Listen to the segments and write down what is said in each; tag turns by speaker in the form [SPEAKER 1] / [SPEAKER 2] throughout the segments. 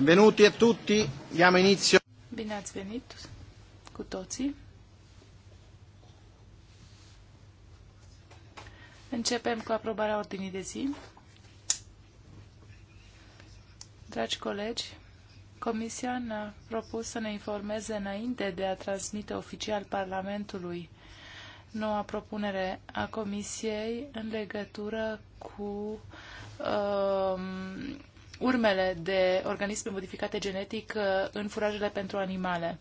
[SPEAKER 1] Benvenuti a tutti, diamo inizio.
[SPEAKER 2] Bine ați venit cu toții. Începem cu aprobarea ordinii de zi. Dragi colegi, Comisia ne-a propus să ne informeze înainte de a transmite oficial Parlamentului noua propunere a Comisiei în legătură cu uh, urmele de organisme modificate genetic uh, în furajele pentru animale.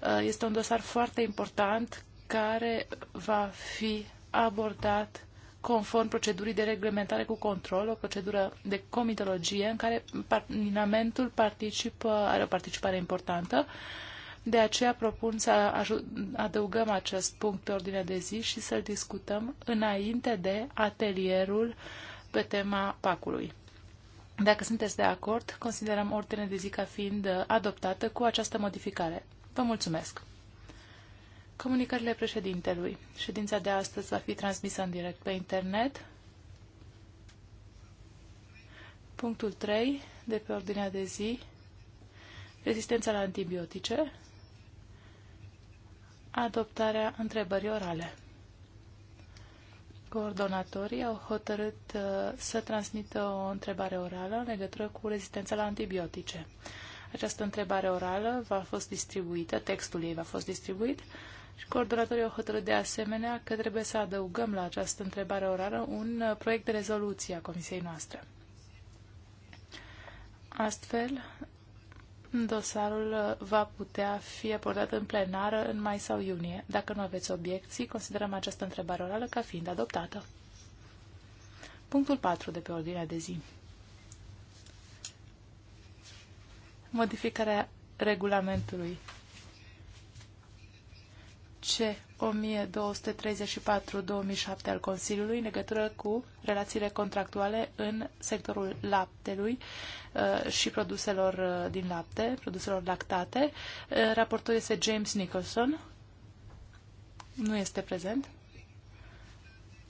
[SPEAKER 2] Uh, este un dosar foarte important care va fi abordat conform procedurii de reglementare cu control, o procedură de comitologie în care Parlamentul participă, are o participare importantă. De aceea propun să adăugăm acest punct pe ordine de zi și să-l discutăm înainte de atelierul pe tema pacului. Dacă sunteți de acord, considerăm ordinea de zi ca fiind uh, adoptată cu această modificare. Vă mulțumesc! Comunicările președintelui. Ședința de astăzi va fi transmisă în direct pe internet. Punctul 3 de pe ordinea de zi. Rezistența la antibiotice. Adoptarea întrebării orale coordonatorii au hotărât uh, să transmită o întrebare orală în legătură cu rezistența la antibiotice. Această întrebare orală va fost distribuită, textul ei va fost distribuit și coordonatorii au hotărât de asemenea că trebuie să adăugăm la această întrebare orală un uh, proiect de rezoluție a comisiei noastre. Astfel, dosarul uh, va putea fi abordat în plenară în mai sau iunie. Dacă nu aveți obiecții, considerăm această întrebare orală ca fiind adoptată. Punctul 4 de pe ordinea de zi. Modificarea regulamentului c 1234-2007 al Consiliului în legătură cu relațiile contractuale în sectorul laptelui uh, și produselor uh, din lapte, produselor lactate. Uh, raportul este James Nicholson. Nu este prezent.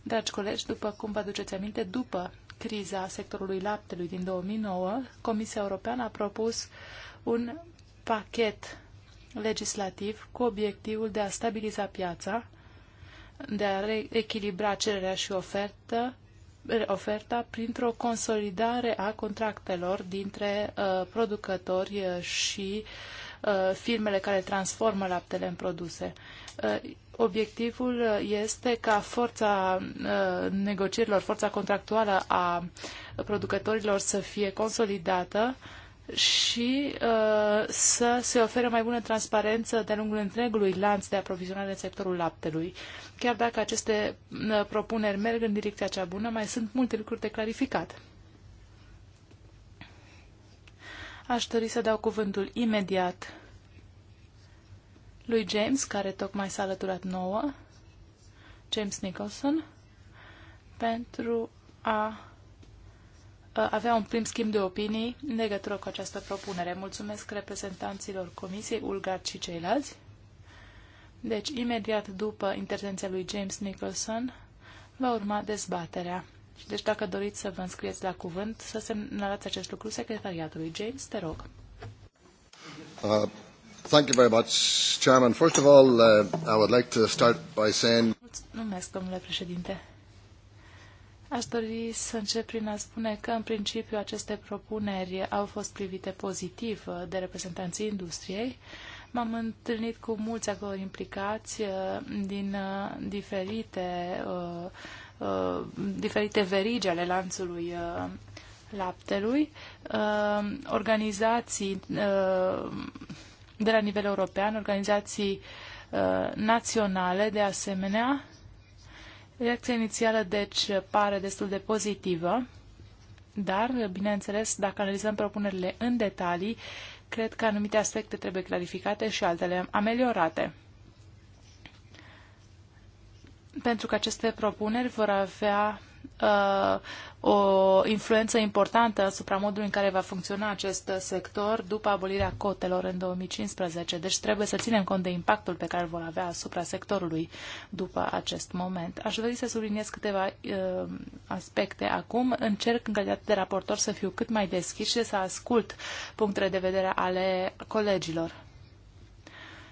[SPEAKER 2] Dragi colegi, după cum vă aduceți aminte, după criza sectorului laptelui din 2009, Comisia Europeană a propus un pachet legislativ cu obiectivul de a stabiliza piața, de a reechilibra cererea și ofertă, oferta printr-o consolidare a contractelor dintre uh, producători uh, și uh, firmele care transformă laptele în produse. Uh, obiectivul uh, este ca forța uh, negocierilor, forța contractuală a producătorilor să fie consolidată uh, și uh, să se ofere mai bună transparență de-a lungul întregului lanț de aprovizionare în sectorul laptelui. Chiar dacă aceste uh, propuneri merg în direcția cea bună, mai sunt multe lucruri de clarificat. Aș dori să dau cuvântul imediat lui James, care tocmai s-a alăturat nouă, James Nicholson, pentru a avea un prim schimb de opinii în legătură cu această propunere. Mulțumesc reprezentanților Comisiei, Ulgar și ceilalți. Deci, imediat după intervenția lui James Nicholson, va urma dezbaterea. Și deci, dacă doriți să vă înscrieți la cuvânt, să semnalați acest lucru secretariatului. James, te rog.
[SPEAKER 3] Uh, thank you very much, Chairman. First of all, uh, I would like to start by saying...
[SPEAKER 2] Mulțumesc, domnule președinte. Aș dori să încep prin a spune că, în principiu, aceste propuneri au fost privite pozitiv de reprezentanții industriei. M-am întâlnit cu mulți acolo implicați uh, din uh, diferite, uh, diferite verigi ale lanțului laptelui, organizații de la nivel european, organizații naționale, de asemenea, Reacția inițială, deci, pare destul de pozitivă, dar, bineînțeles, dacă analizăm propunerile în detalii, cred că anumite aspecte trebuie clarificate și altele ameliorate. Pentru că aceste propuneri vor avea uh, o influență importantă asupra modului în care va funcționa acest sector după abolirea cotelor în 2015. Deci trebuie să ținem cont de impactul pe care îl vor avea asupra sectorului după acest moment. Aș dori să subliniez câteva uh, aspecte acum. Încerc în calitate de raportor să fiu cât mai deschis și să ascult punctele de vedere ale colegilor.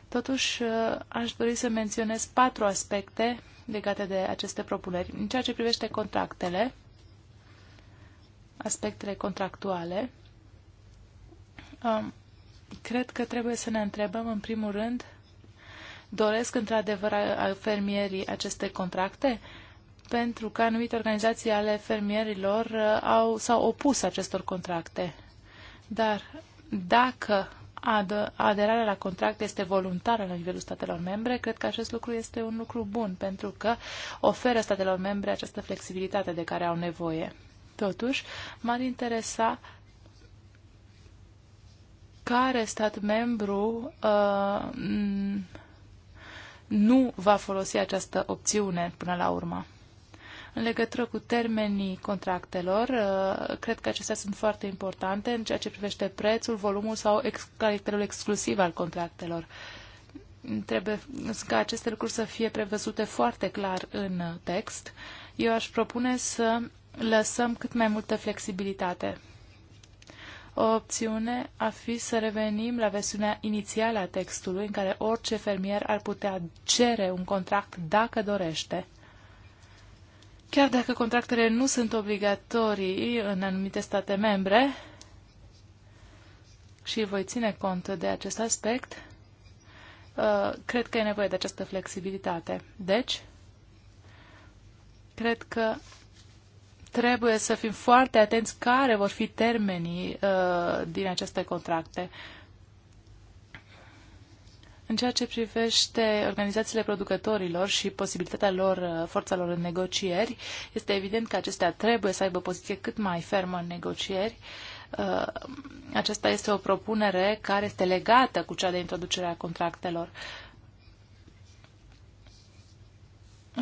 [SPEAKER 2] Totuși, uh, aș dori să menționez patru aspecte legate de aceste propuneri. În ceea ce privește contractele, aspectele contractuale, cred că trebuie să ne întrebăm, în primul rând, doresc într-adevăr fermierii aceste contracte? Pentru că anumite organizații ale fermierilor uh, au, s-au opus acestor contracte. Dar dacă aderarea la contract este voluntară la nivelul statelor membre, cred că acest lucru este un lucru bun, pentru că oferă statelor membre această flexibilitate de care au nevoie. Totuși, m-ar interesa care stat membru uh, nu va folosi această opțiune până la urmă. În legătură cu termenii contractelor, uh, cred că acestea sunt foarte importante în ceea ce privește prețul, volumul sau ex caracterul exclusiv al contractelor. Trebuie ca aceste lucruri să fie prevăzute foarte clar în text. Eu aș propune să lăsăm cât mai multă flexibilitate. O opțiune a fi să revenim la versiunea inițială a textului, în care orice fermier ar putea cere un contract dacă dorește. Chiar dacă contractele nu sunt obligatorii în anumite state membre, și voi ține cont de acest aspect, uh, cred că e nevoie de această flexibilitate. Deci, cred că trebuie să fim foarte atenți care vor fi termenii uh, din aceste contracte. În ceea ce privește organizațiile producătorilor și posibilitatea lor, uh, forța lor în negocieri, este evident că acestea trebuie să aibă poziție cât mai fermă în negocieri. Uh, aceasta este o propunere care este legată cu cea de introducere a contractelor.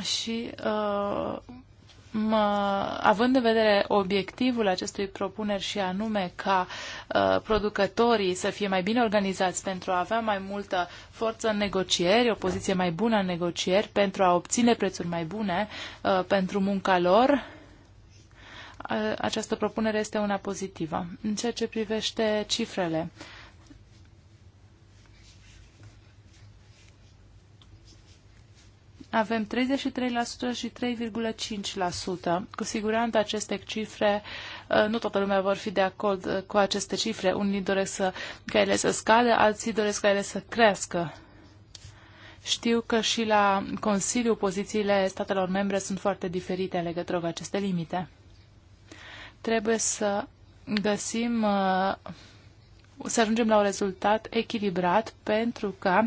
[SPEAKER 2] Și uh, mă, având în vedere obiectivul acestui propuneri și anume ca uh, producătorii să fie mai bine organizați pentru a avea mai multă forță în negocieri, o poziție mai bună în negocieri, pentru a obține prețuri mai bune uh, pentru munca lor, ă, această propunere este una pozitivă. În ceea ce privește cifrele, uh, avem 33% și 3,5%. Cu siguranță aceste cifre, uh, nu toată lumea vor fi de acord uh, cu aceste cifre. Unii doresc să, ca ele să scadă, alții doresc ca ele să crească. Știu că și la Consiliu pozițiile statelor membre sunt foarte diferite în legătură cu aceste limite. Trebuie să găsim, uh, să ajungem la un rezultat echilibrat pentru că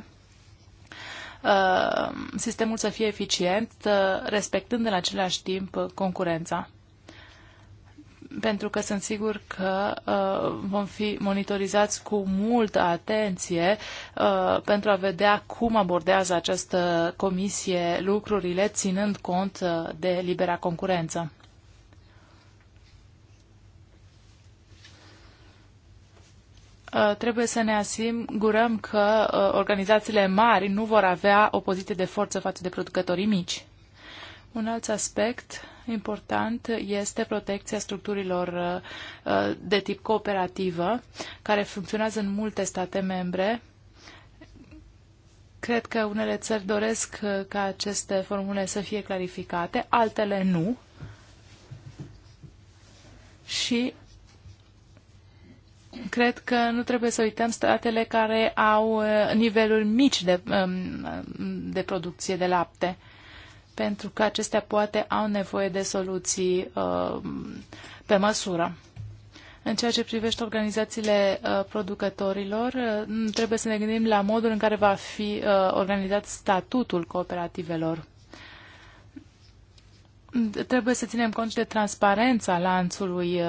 [SPEAKER 2] Uh, sistemul să fie eficient, uh, respectând în același timp concurența. Pentru că sunt sigur că uh, vom fi monitorizați cu multă atenție uh, pentru a vedea cum abordează această comisie lucrurile, ținând cont uh, de libera concurență. Uh, trebuie să ne asigurăm că uh, organizațiile mari nu vor avea o poziție de forță față de producătorii mici. Un alt aspect important este protecția structurilor uh, de tip cooperativă, care funcționează în multe state membre. Cred că unele țări doresc ca aceste formule să fie clarificate, altele nu. Și cred că nu trebuie să uităm statele care au uh, niveluri mici de, um, de producție de lapte, pentru că acestea poate au nevoie de soluții um, pe măsură. În ceea ce privește organizațiile uh, producătorilor, uh, trebuie să ne gândim la modul în care va fi organizat statutul cooperativelor trebuie să ținem cont și de transparența lanțului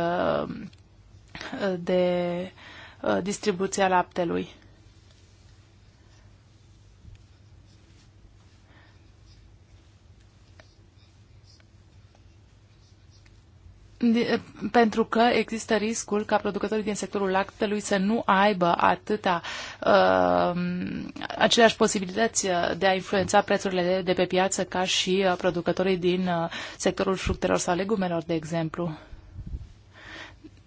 [SPEAKER 2] de uh, distribuția laptelui. Uh, pentru că există riscul ca producătorii din sectorul lactelui să nu aibă atâta uh, aceleași posibilități uh, de a influența prețurile de, de pe piață ca și producătorii din sectorul fructelor sau legumelor, de exemplu.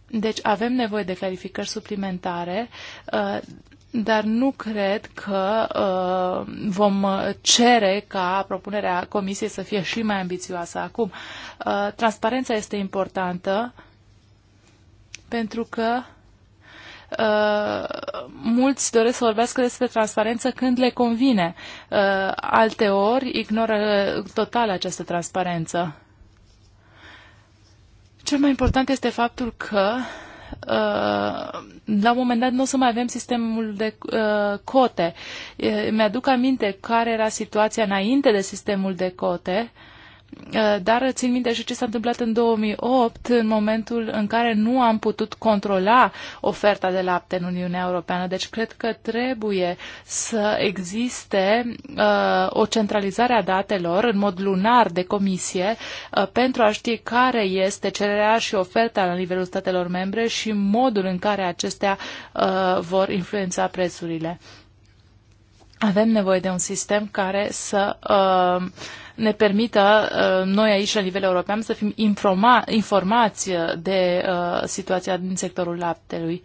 [SPEAKER 2] Deci avem nevoie de clarificări suplimentare, uh, dar nu cred că uh, vom cere ca propunerea Comisiei să fie și mai ambițioasă acum. Uh, transparența este importantă pentru că Uh, mulți doresc să vorbească despre transparență când le convine. Uh, alte ori ignoră total această transparență. Cel mai important este faptul că uh, la un moment dat nu o să mai avem sistemul de uh, cote. Mi-aduc aminte care era situația înainte de sistemul de cote. Uh, Uh, dar țin minte și ce s-a întâmplat în 2008, în momentul în care nu am putut controla oferta de lapte în Uniunea Europeană. Deci cred că trebuie să existe uh, o centralizare a datelor în mod lunar de comisie uh, pentru a ști care este cererea și oferta la nivelul statelor membre și modul în care acestea uh, vor influența prețurile. Avem nevoie de un sistem care să uh, ne permită uh, noi aici, la nivel european, să fim informa- informați uh, de uh, situația din sectorul laptelui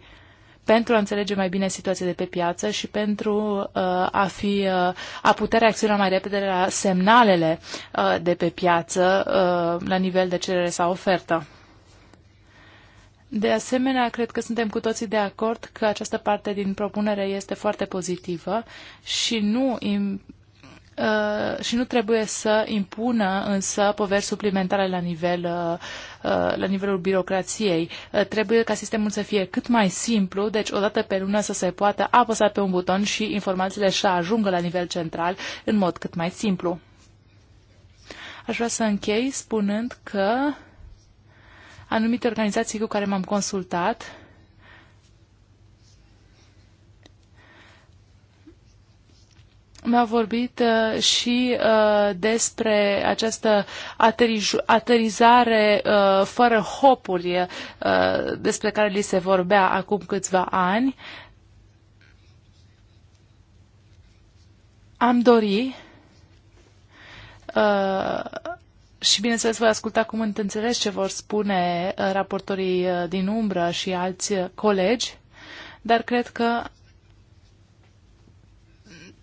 [SPEAKER 2] pentru a înțelege mai bine situația de pe piață și pentru uh, a fi uh, a putea reacționa mai repede la semnalele uh, de pe piață uh, la nivel de cerere sau ofertă. De asemenea, cred că suntem cu toții de acord că această parte din propunere este foarte pozitivă și nu Uh, și nu trebuie să impună însă poveri suplimentare la, nivel, uh, uh, la nivelul birocrației. Trebuie ca sistemul să fie cât mai simplu, deci odată pe lună să se poată apăsa pe un buton și informațiile să ajungă la nivel central în mod cât mai simplu. Aș vrea să închei spunând că anumite organizații cu care m-am consultat mi a vorbit uh, și uh, despre această ateriz- aterizare uh, fără hopuri uh, despre care li se vorbea acum câțiva ani. Am dori uh, și bineînțeles voi asculta cum înțeles ce vor spune uh, raportorii uh, din umbră și alți uh, colegi, dar cred că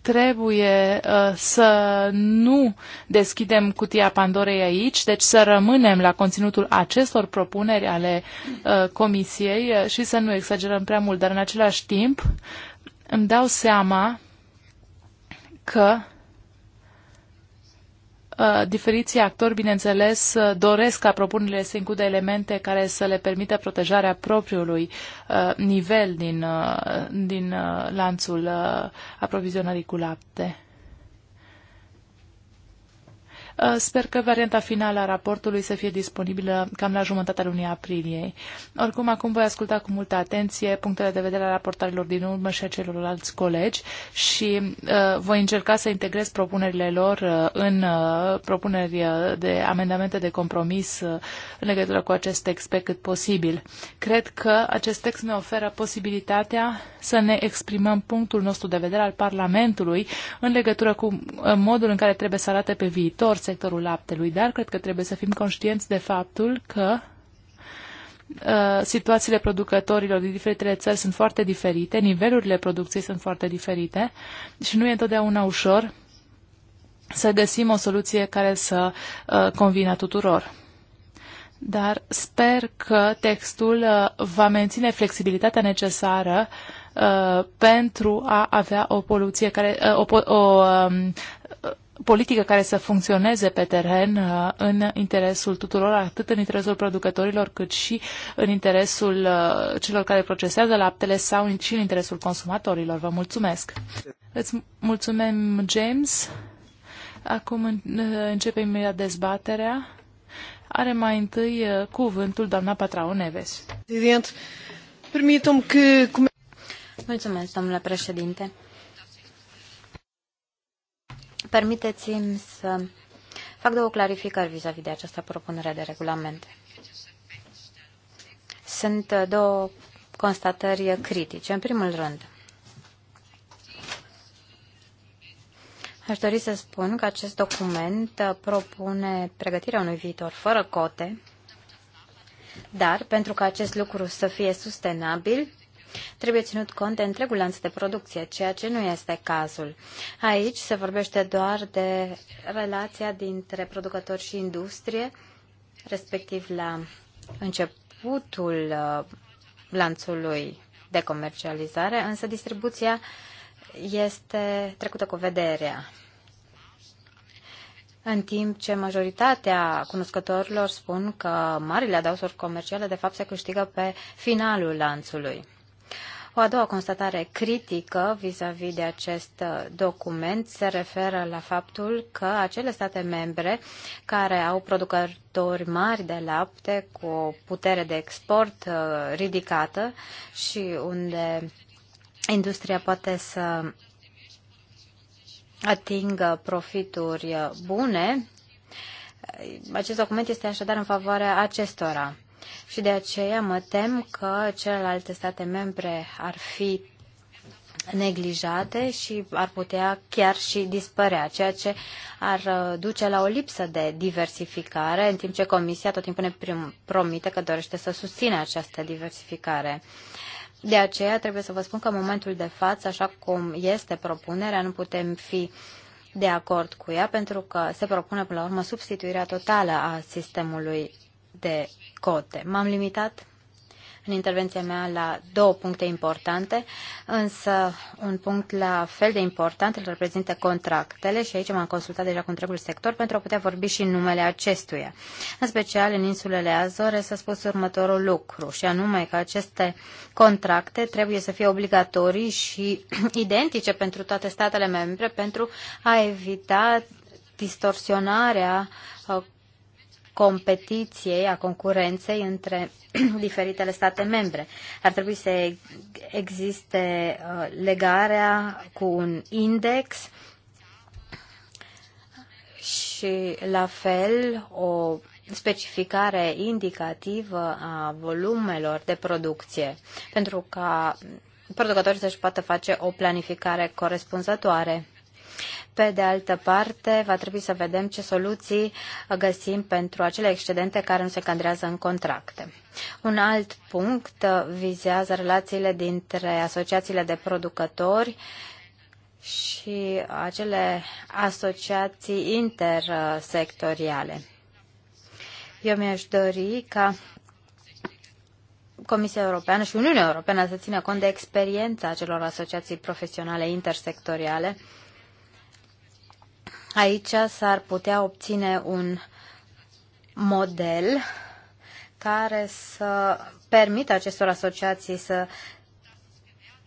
[SPEAKER 2] trebuie uh, să nu deschidem cutia Pandorei aici, deci să rămânem la conținutul acestor propuneri ale uh, Comisiei uh, și să nu exagerăm prea mult, dar în același timp îmi dau seama că uh, Uh, diferiții actori, bineînțeles, uh, doresc ca propunerile să includă elemente care să le permită protejarea propriului uh, nivel din, din lanțul aprovizionării cu lapte. Uh, sper că varianta finală a raportului să fie disponibilă cam la jumătatea lunii aprilie. Oricum, acum voi asculta cu multă atenție punctele de vedere a raportarilor din urmă și a celorlalți colegi și uh, voi încerca să integrez propunerile lor uh, în uh, propuneri uh, de amendamente de compromis uh, în legătură cu acest text pe cât posibil. Cred că acest text ne oferă posibilitatea să ne exprimăm punctul nostru de vedere al Parlamentului în legătură cu uh, modul în care trebuie să arate pe viitor sectorul laptelui, dar cred că trebuie să fim conștienți de faptul că uh, situațiile producătorilor din diferitele țări sunt foarte diferite, nivelurile producției sunt foarte diferite și nu e întotdeauna ușor să găsim o soluție care să uh, convină tuturor dar sper că textul uh, va menține flexibilitatea necesară pentru a avea o poluție care, o, o, um, politică care să funcționeze pe teren uh, în interesul tuturor, atât în interesul producătorilor, cât și în interesul uh, celor care procesează laptele sau și în interesul consumatorilor. Vă mulțumesc! Îți mulțumim, James! Acum uh, începe imediat dezbaterea. Are mai întâi cuvântul doamna Patrao Neves.
[SPEAKER 3] Mulțumesc, domnule președinte. Permiteți-mi să fac două clarificări vis-a-vis -vis de această propunere de regulament. Sunt uh, două constatări critice. În primul rând, Aș dori să spun că acest document uh, propune pregătirea unui viitor fără cote, dar pentru ca acest lucru să fie sustenabil, trebuie ținut cont de întregul lanț de producție, ceea ce nu este cazul. Aici se vorbește doar de relația dintre producători și industrie, respectiv la începutul uh, lanțului de comercializare, însă distribuția este trecută cu vederea. În timp ce majoritatea cunoscătorilor spun că marile adausuri comerciale de fapt se câștigă pe finalul lanțului. O a doua constatare critică vis-a-vis -vis de acest uh, document se referă la faptul că acele state membre care au producători mari de lapte cu o putere de export uh, ridicată și unde industria poate să atingă profituri uh, bune. Acest document este așadar în favoarea acestora și de aceea mă tem că celelalte state membre ar fi neglijate și ar putea chiar și dispărea, ceea ce ar uh, duce la o lipsă de diversificare, în timp ce Comisia tot timpul ne promite că dorește să susține această diversificare. De aceea trebuie să vă spun că în momentul de față, așa cum este propunerea, nu putem fi de acord cu ea, pentru că se propune până la urmă substituirea totală a sistemului de cote. M-am limitat în intervenția mea la două puncte importante, însă un punct la fel de important îl reprezintă contractele și aici m-am consultat deja cu întregul sector pentru a putea vorbi și în numele acestuia. În special în insulele Azore s-a spus următorul lucru și anume că aceste contracte trebuie să fie obligatorii și identice pentru toate statele membre pentru a evita distorsionarea uh, competiției, a concurenței între diferitele state membre. Ar trebui să existe uh, legarea cu un index și la fel o specificare indicativă a volumelor de producție pentru ca producătorii să-și poată face o planificare corespunzătoare. Pe de altă parte, va trebui să vedem ce soluții găsim pentru acele excedente care nu se cadrează în contracte. Un alt punct vizează relațiile dintre asociațiile de producători și acele asociații intersectoriale. Eu mi-aș dori ca Comisia Europeană și Uniunea Europeană să țină cont de experiența acelor asociații profesionale intersectoriale Aici s-ar putea obține un model care să permită acestor asociații să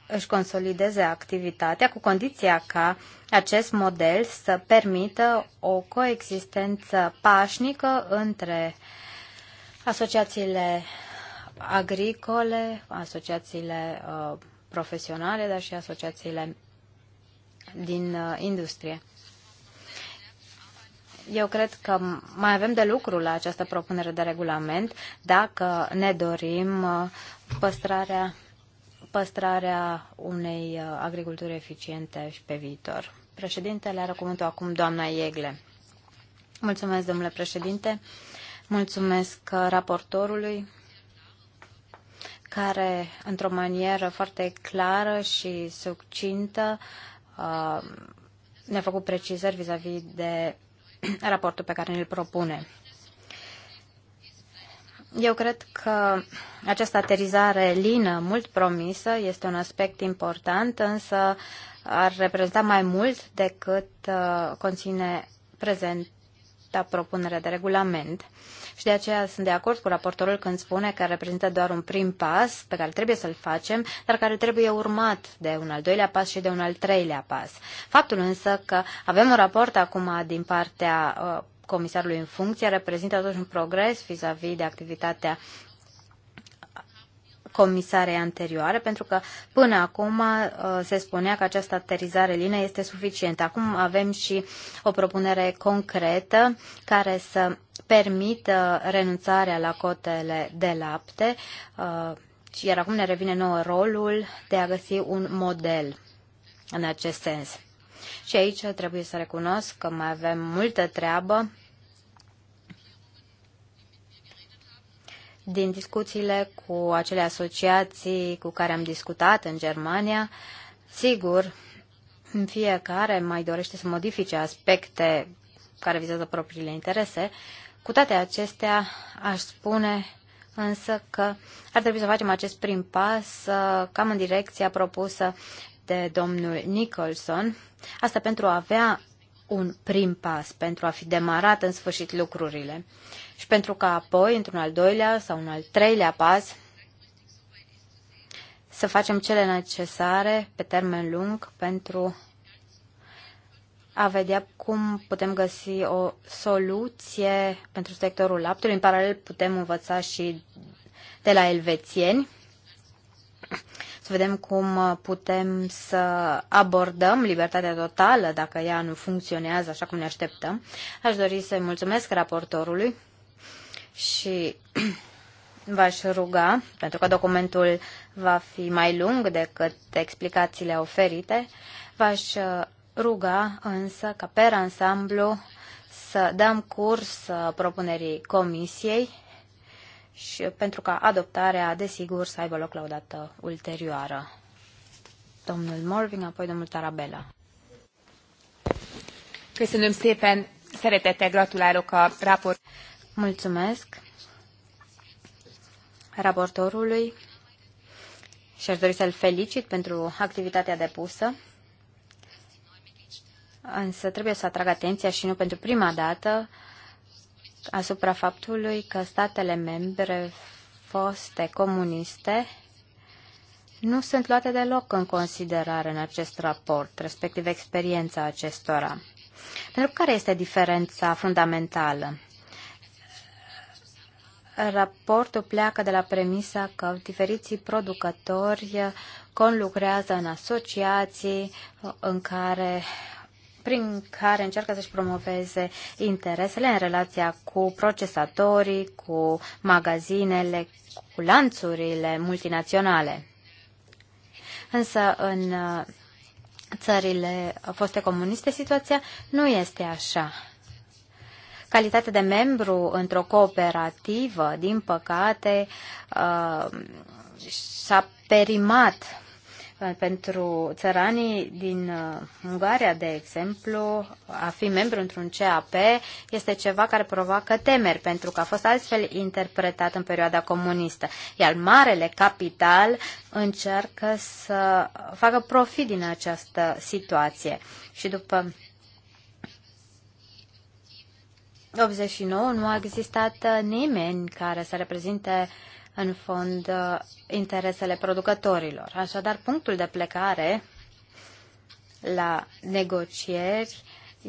[SPEAKER 3] își consolideze activitatea cu condiția ca acest model să permită o coexistență pașnică între asociațiile agricole, asociațiile uh, profesionale, dar și asociațiile din uh, industrie eu cred că mai avem de lucru la această propunere de regulament dacă ne dorim uh, păstrarea, păstrarea unei uh, agriculturi eficiente și pe viitor. Președintele are cuvântul acum doamna Iegle. Mulțumesc, domnule președinte. Mulțumesc uh, raportorului care, într-o manieră foarte clară și succintă, ne-a făcut precizări vis-a-vis -vis de raportul pe care ne-l propune. Eu cred că această aterizare lină, mult promisă, este un aspect important, însă ar reprezenta mai mult decât uh, conține prezenta propunere de regulament și de aceea sunt de acord cu raportorul când spune că reprezintă doar un prim pas pe care trebuie să-l facem, dar care trebuie urmat de un al doilea pas și de un al treilea pas. Faptul însă că avem un raport acum din partea uh, comisarului în funcție reprezintă totuși un progres vis-a-vis -vis de activitatea comisarei anterioare, pentru că până acum uh, se spunea că această aterizare lină este suficientă. Acum avem și o propunere concretă care să permită renunțarea la cotele de lapte, uh, iar acum ne revine nouă rolul de a găsi un model în acest sens. Și aici trebuie să recunosc că mai avem multă treabă Din discuțiile cu acele asociații cu care am discutat în Germania, sigur, în fiecare mai dorește să modifice aspecte care vizează propriile interese. Cu toate acestea, aș spune însă că ar trebui să facem acest prim pas uh, cam în direcția propusă de domnul Nicholson, asta pentru a avea un prim pas pentru a fi demarat în sfârșit lucrurile și pentru că apoi, într-un al doilea sau un al treilea pas, să facem cele necesare pe termen lung pentru a vedea cum putem găsi o soluție pentru sectorul laptului. În paralel putem învăța și de la elvețieni să vedem cum uh, putem să abordăm libertatea totală dacă ea nu funcționează așa cum ne așteptăm. Aș dori să-i mulțumesc raportorului și v-aș ruga, pentru că documentul va fi mai lung decât explicațiile oferite, v-aș uh, ruga însă ca per ansamblu să dăm curs uh, propunerii comisiei și pentru ca adoptarea, desigur, să aibă loc la o dată ulterioară. Domnul Morving, apoi domnul Tarabella. Köszönöm szépen, szeretettel gratulálok a raport. Mulțumesc raportorului și aș dori să-l felicit pentru activitatea depusă. Însă trebuie să atrag atenția și nu pentru prima dată asupra faptului că statele membre foste comuniste nu sunt luate deloc în considerare în acest raport, respectiv experiența acestora. Pentru care este diferența fundamentală? Raportul pleacă de la premisa că diferiții producători conlucrează în asociații în care prin care încearcă să-și promoveze interesele în relația cu procesatorii, cu magazinele, cu lanțurile multinaționale. Însă în uh, țările foste comuniste situația nu este așa. Calitatea de membru într-o cooperativă, din păcate, uh, s-a perimat Uh, pentru țăranii din uh, Ungaria, de exemplu, a fi membru într-un CAP este ceva care provoacă temeri, pentru că a fost altfel interpretat în perioada comunistă. Iar marele capital încearcă să facă profit din această situație. Și după 89 nu a existat uh, nimeni care să reprezinte uh, în fond uh, interesele producătorilor. Așadar, punctul de plecare la negocieri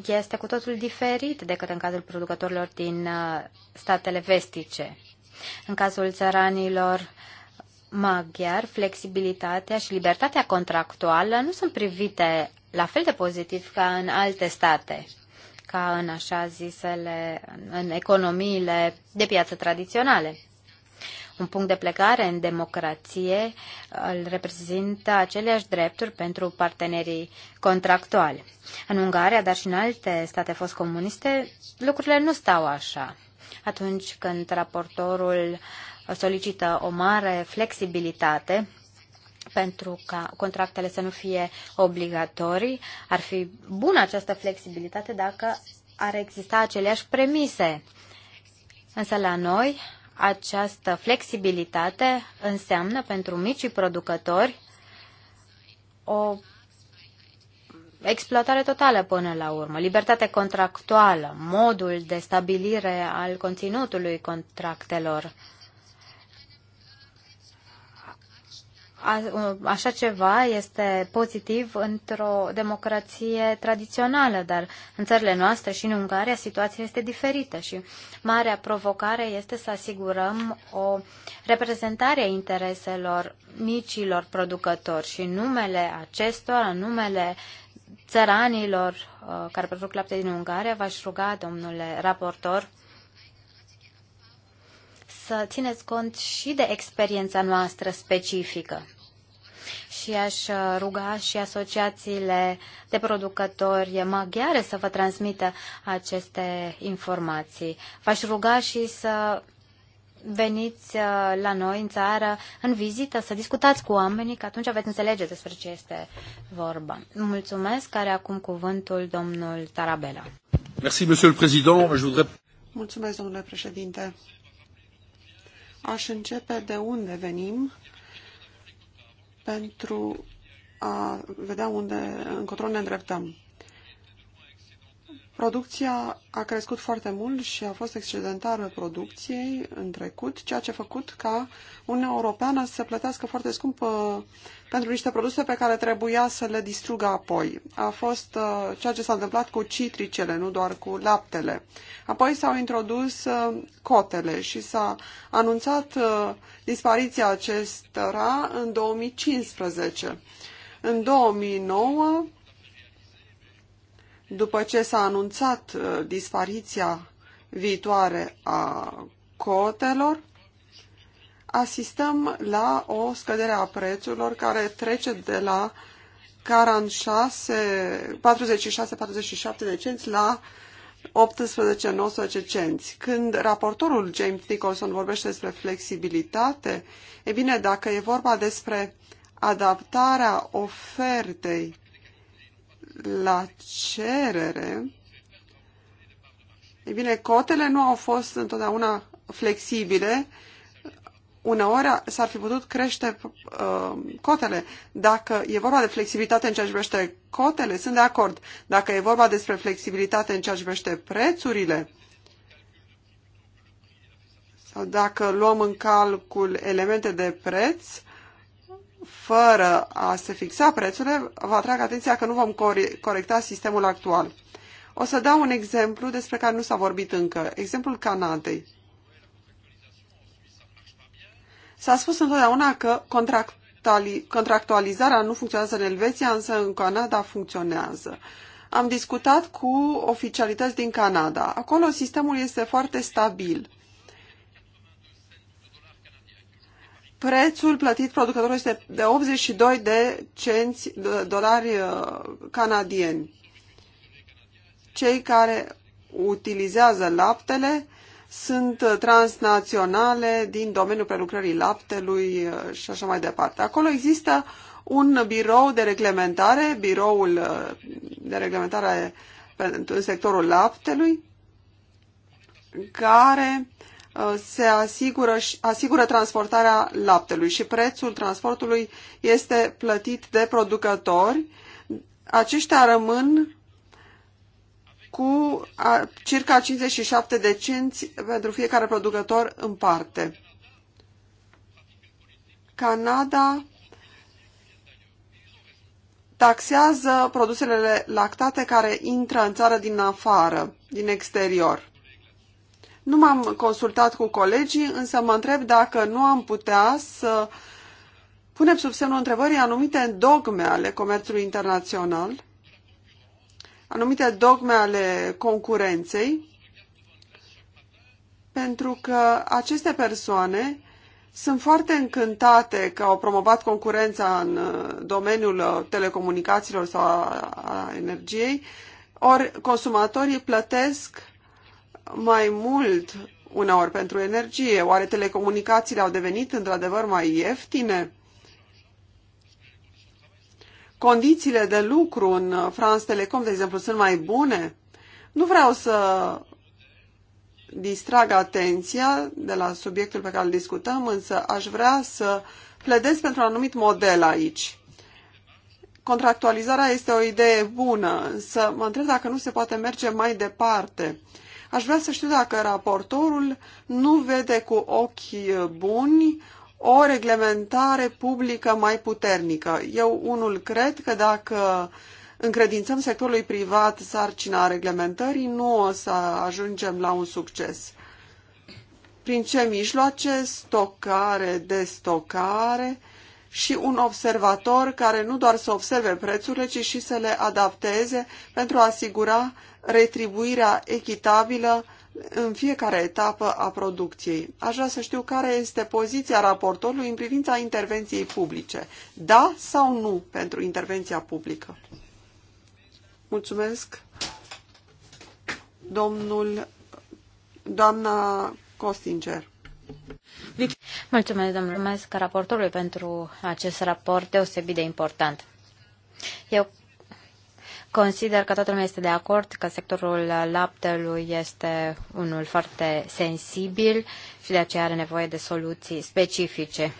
[SPEAKER 3] este cu totul diferit decât în cazul producătorilor din uh, statele vestice. În cazul țăranilor maghiar, flexibilitatea și libertatea contractuală nu sunt privite la fel de pozitiv ca în alte state, ca în așa zisele, în economiile de piață tradiționale. Un punct de plecare în democrație îl reprezintă aceleași drepturi pentru partenerii contractuali. În Ungaria, dar și în alte state fost comuniste, lucrurile nu stau așa. Atunci când raportorul solicită o mare flexibilitate, pentru ca contractele să nu fie obligatorii. Ar fi bună această flexibilitate dacă ar exista aceleași premise. Însă la noi această flexibilitate înseamnă pentru micii producători o exploatare totală până la urmă, libertate contractuală, modul de stabilire al conținutului contractelor Uh, așa ceva este pozitiv într-o democrație tradițională, dar în țările noastre și în Ungaria situația este diferită și marea provocare este să asigurăm o reprezentare a intereselor micilor producători și numele acestora, numele țăranilor uh, care produc lapte din Ungaria, v-aș ruga, domnule raportor, să țineți cont și de experiența noastră specifică și aș uh, ruga și asociațiile de producători maghiare să vă transmită aceste informații. V-aș ruga și să veniți uh, la noi în țară, în vizită, să discutați cu oamenii, că atunci veți înțelege despre ce este vorba. Mulțumesc, care acum cuvântul domnul Tarabela.
[SPEAKER 2] Merci, monsieur le président.
[SPEAKER 1] Mulțumesc, domnule președinte. Aș începe de unde venim pentru a vedea unde încotro ne îndreptăm. Producția a crescut foarte mult și a fost excedentară producției în trecut, ceea ce a făcut ca Uniunea Europeană să plătească foarte scump uh, pentru niște produse pe care trebuia să le distrugă apoi. A fost uh, ceea ce s-a întâmplat cu citricele, nu doar cu laptele. Apoi s-au introdus uh, cotele și s-a anunțat dispariția acestora în 2015. În 2009, după ce s-a anunțat uh, dispariția viitoare a cotelor, asistăm la o scădere a prețurilor care trece de la 46, 46-47 de cenți la 18-19 cenți. Când raportorul James Nicholson vorbește despre flexibilitate, e bine, dacă e vorba despre adaptarea ofertei la cerere, e bine, cotele nu au fost întotdeauna flexibile uneori s-ar fi putut crește uh, cotele. Dacă e vorba de flexibilitate în ceea ce privește cotele, sunt de acord. Dacă e vorba despre flexibilitate în ceea ce privește prețurile, sau dacă luăm în calcul elemente de preț, fără a se fixa prețurile, vă atrag atenția că nu vom corecta sistemul actual. O să dau un exemplu despre care nu s-a vorbit încă, exemplul Canadei. S-a spus întotdeauna că contractualizarea nu funcționează în Elveția, însă în Canada funcționează. Am discutat cu oficialități din Canada. Acolo sistemul este foarte stabil. Prețul plătit producătorului este de 82 de cenți de dolari uh, canadieni. Cei care utilizează laptele sunt uh, transnaționale din domeniul prelucrării laptelui uh, și așa mai departe. Acolo există un birou de reglementare, biroul uh, de reglementare în sectorul laptelui, care se asigură, asigură transportarea laptelui și prețul transportului este plătit de producători. Aceștia rămân cu circa 57 de cenți pentru fiecare producător în parte. Canada taxează produsele lactate care intră în țară din afară, din exterior. Nu m-am consultat cu colegii, însă mă întreb dacă nu am putea să punem sub semnul întrebării anumite dogme ale comerțului internațional anumite dogme ale concurenței, pentru că aceste persoane sunt foarte încântate că au promovat concurența în uh, domeniul uh, telecomunicațiilor sau a energiei, ori consumatorii plătesc mai mult uneori pentru energie. Oare telecomunicațiile au devenit într-adevăr mai ieftine? condițiile de lucru în France Telecom, de exemplu, sunt mai bune? Nu vreau să distrag atenția de la subiectul pe care îl discutăm, însă aș vrea să pledez pentru un anumit model aici. Contractualizarea este o idee bună, însă mă întreb dacă nu se poate merge mai departe. Aș vrea să știu dacă raportorul nu vede cu ochi buni o reglementare publică mai puternică. Eu unul cred că dacă încredințăm sectorului privat sarcina reglementării, nu o să ajungem la un succes. Prin ce mijloace? Stocare, destocare și un observator care nu doar să observe prețurile, ci și să le adapteze pentru a asigura retribuirea echitabilă în fiecare etapă a producției. Aș vrea să știu care este poziția raportorului în privința intervenției publice. Da sau nu pentru intervenția publică? Mulțumesc. Domnul, doamna Costinger. Mulțumesc, domnule Mulțumesc raportorului
[SPEAKER 3] pentru acest raport deosebit de important. Eu Consider că toată lumea este de acord că sectorul laptelui este unul foarte sensibil și de aceea are nevoie de soluții specifice.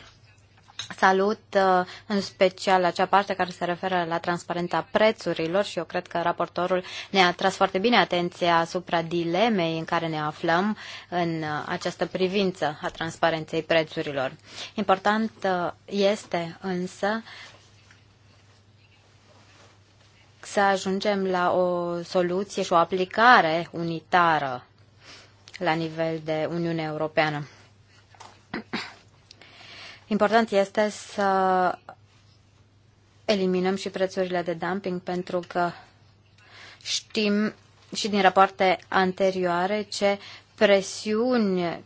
[SPEAKER 3] Salut uh, în special acea parte care se referă la transparența prețurilor și eu cred că raportorul ne-a tras foarte bine atenția asupra dilemei în care ne aflăm în uh, această privință a transparenței prețurilor. Important uh, este însă să ajungem la o soluție și o aplicare unitară la nivel de Uniune Europeană. Important este să eliminăm și prețurile de dumping pentru că știm și din rapoarte anterioare ce presiuni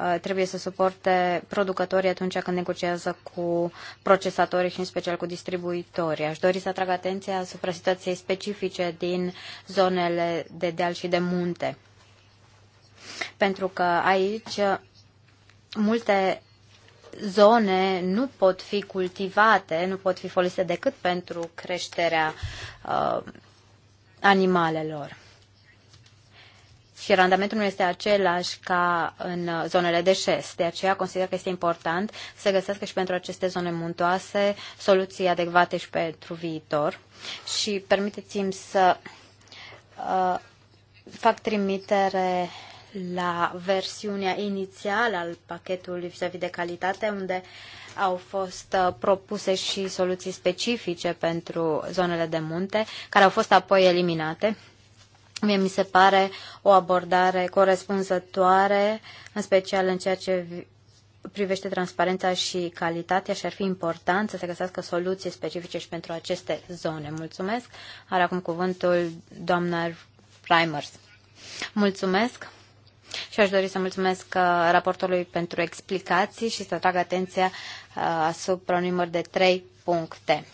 [SPEAKER 3] Uh, trebuie să suporte producătorii atunci când negociază cu procesatorii și în special cu distribuitorii. Aș dori să atrag atenția asupra situației specifice din zonele de deal și de munte. Pentru că aici multe zone nu pot fi cultivate, nu pot fi folosite decât pentru creșterea uh, animalelor și randamentul nu este același ca în zonele de șes. De aceea consider că este important să găsească și pentru aceste zone muntoase soluții adecvate și pentru viitor. Și permiteți-mi să uh, fac trimitere la versiunea inițială al pachetului vis a -vis de calitate, unde au fost uh, propuse și soluții specifice pentru zonele de munte, care au fost apoi eliminate. Mie mi se pare o abordare corespunzătoare, în special în ceea ce privește transparența și calitatea și ar fi important să se găsească soluții specifice și pentru aceste zone. Mulțumesc. Are acum cuvântul doamna Reimers. Mulțumesc. Și aș dori să mulțumesc uh, raportorului pentru explicații și să trag atenția uh, asupra unui număr de trei puncte.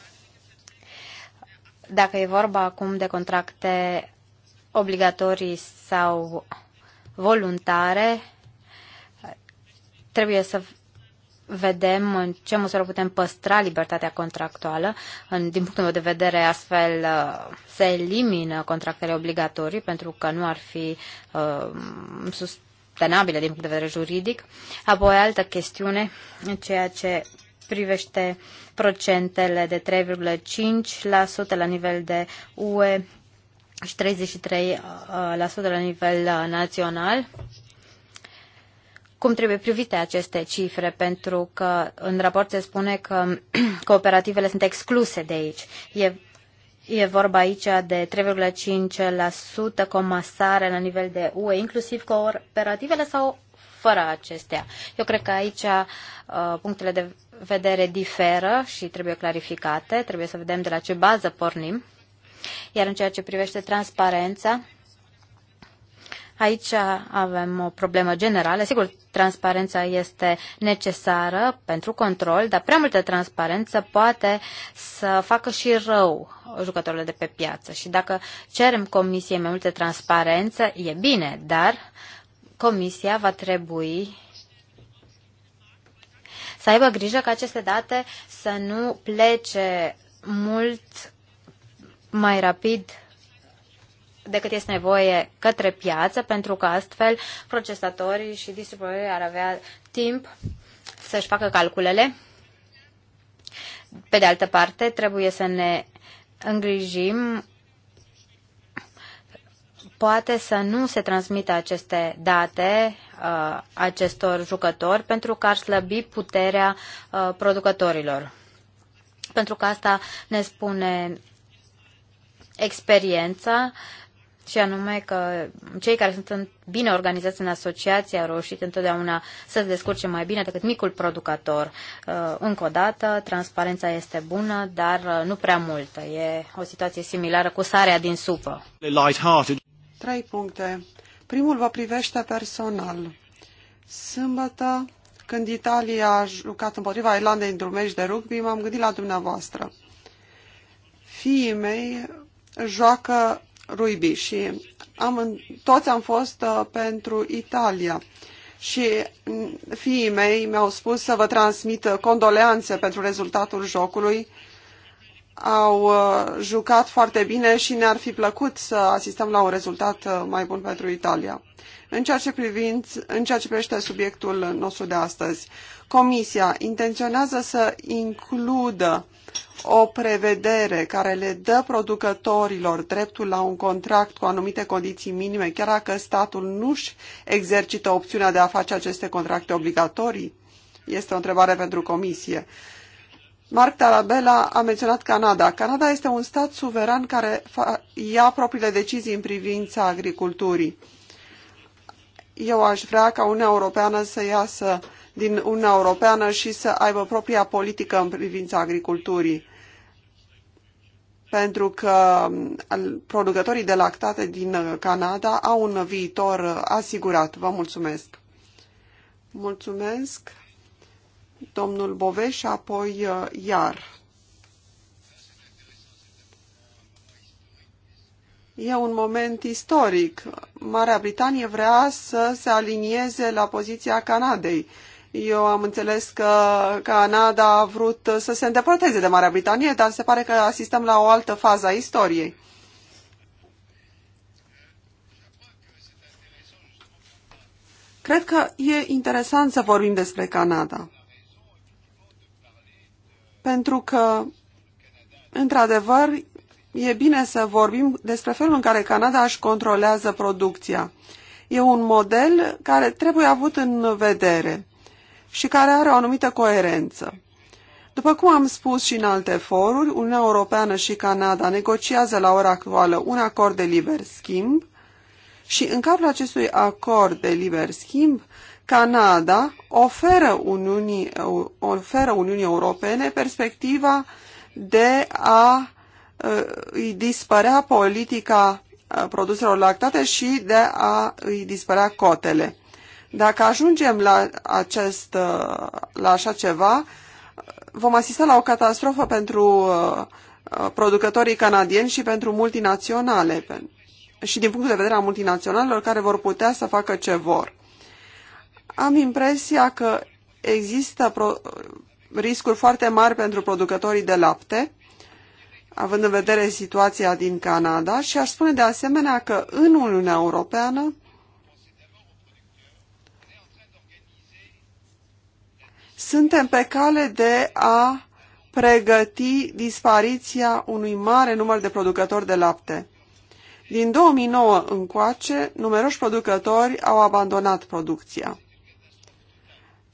[SPEAKER 3] Dacă e vorba acum de contracte obligatorii sau voluntare, trebuie să vedem în ce măsură putem păstra libertatea contractuală. În, din punctul meu de vedere, astfel uh, se elimină contractele obligatorii pentru că nu ar fi uh, sustenabile din punct de vedere juridic. Apoi, altă chestiune, ceea ce privește procentele de 3,5% la nivel de UE și 33% uh, la nivel uh, național. Cum trebuie privite aceste cifre? Pentru că în raport se spune că cooperativele sunt excluse de aici. E, e vorba aici de 3,5% comasare la nivel de UE, inclusiv cooperativele sau fără acestea. Eu cred că aici uh, punctele de vedere diferă și trebuie clarificate, trebuie să vedem de la ce bază pornim. Iar în ceea ce privește transparența, Aici avem o problemă generală. Sigur, transparența este necesară pentru control, dar prea multă transparență poate să facă și rău jucătorilor de pe piață. Și dacă cerem comisiei mai multă transparență, e bine, dar comisia va trebui să aibă grijă ca aceste date să nu plece mult mai rapid decât este nevoie către piață, pentru că astfel procesatorii și distribuitorii ar avea timp să-și facă calculele. Pe de altă parte, trebuie să ne îngrijim poate să nu se transmită aceste date uh, acestor jucători pentru că ar slăbi puterea uh, producătorilor. Pentru că asta ne spune experiența și anume că cei care sunt bine organizați în asociație au reușit întotdeauna să se descurce mai bine decât micul producător. Uh, încă o dată, transparența este bună, dar uh, nu prea multă. E o situație similară
[SPEAKER 1] cu sarea din supă. Trei puncte. Primul vă privește personal. Sâmbătă, când Italia a jucat împotriva Irlandei într-un meci de rugby, m-am gândit la dumneavoastră. Fiii mei joacă rugby și am, toți am fost uh, pentru Italia și mm, fiii mei mi-au spus să vă transmit uh, condoleanțe pentru rezultatul jocului au uh, jucat foarte bine și ne-ar fi plăcut să asistăm la un rezultat uh, mai bun pentru Italia. În ceea ce, privinț, în ceea ce privește subiectul nostru de astăzi, Comisia intenționează să includă o prevedere care le dă producătorilor dreptul la un contract cu anumite condiții minime, chiar dacă statul nu-și exercită opțiunea de a face aceste contracte obligatorii? Este o întrebare pentru Comisie. Mark Tarabella a menționat Canada. Canada este un stat suveran care ia propriile decizii în privința agriculturii. Eu aș vrea ca Uniunea Europeană să iasă din Uniunea Europeană și să aibă propria politică în privința agriculturii. Pentru că um, producătorii de lactate din uh, Canada au un viitor uh, asigurat. Vă mulțumesc! Mulțumesc! domnul Bove și apoi uh, Iar. E un moment istoric. Marea Britanie vrea să se alinieze la poziția Canadei. Eu am înțeles că Canada a vrut să se îndepărteze de Marea Britanie, dar se pare că asistăm la o altă fază a istoriei. Cred că e interesant să vorbim despre Canada pentru că, într-adevăr, e bine să vorbim despre felul în care Canada își controlează producția. E un model care trebuie avut în vedere și care are o anumită coerență. După cum am spus și în alte foruri, Uniunea Europeană și Canada negociază la ora actuală un acord de liber schimb și în cadrul acestui acord de liber schimb Canada oferă Uniunii, oferă Uniunii Europene perspectiva de a ă, îi dispărea politica ă, produselor lactate și de a îi dispărea cotele. Dacă ajungem la, acest, ă, la așa ceva, vom asista la o catastrofă pentru producătorii canadieni și pentru multinaționale și din punctul de vedere al multinaționalelor care vor putea să facă ce vor am impresia că există riscuri foarte mari pentru producătorii de lapte, având în vedere situația din Canada și aș spune de asemenea că în Uniunea Europeană suntem pe cale de a pregăti dispariția unui mare număr de producători de lapte. Din 2009 încoace, numeroși producători au abandonat producția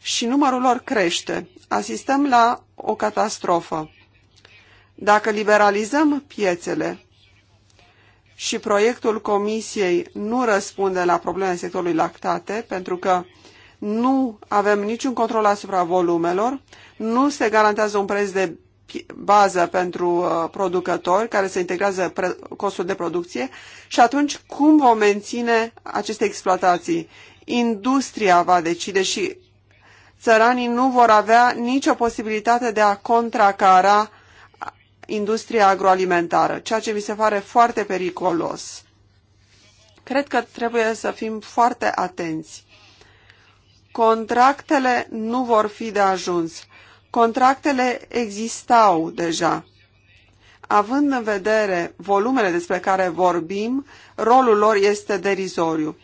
[SPEAKER 1] și numărul lor crește. Asistăm la o catastrofă. Dacă liberalizăm piețele și proiectul Comisiei nu răspunde la problemele sectorului lactate, pentru că nu avem niciun control asupra volumelor, nu se garantează un preț de bază pentru uh, producători care se integrează costul de producție și atunci cum vom menține aceste exploatații? Industria va decide și țăranii nu vor avea nicio posibilitate de a contracara industria agroalimentară, ceea ce mi se pare foarte periculos. Cred că trebuie să fim foarte atenți. Contractele nu vor fi de ajuns. Contractele existau deja. Având în vedere volumele despre care vorbim, rolul lor este derizoriu.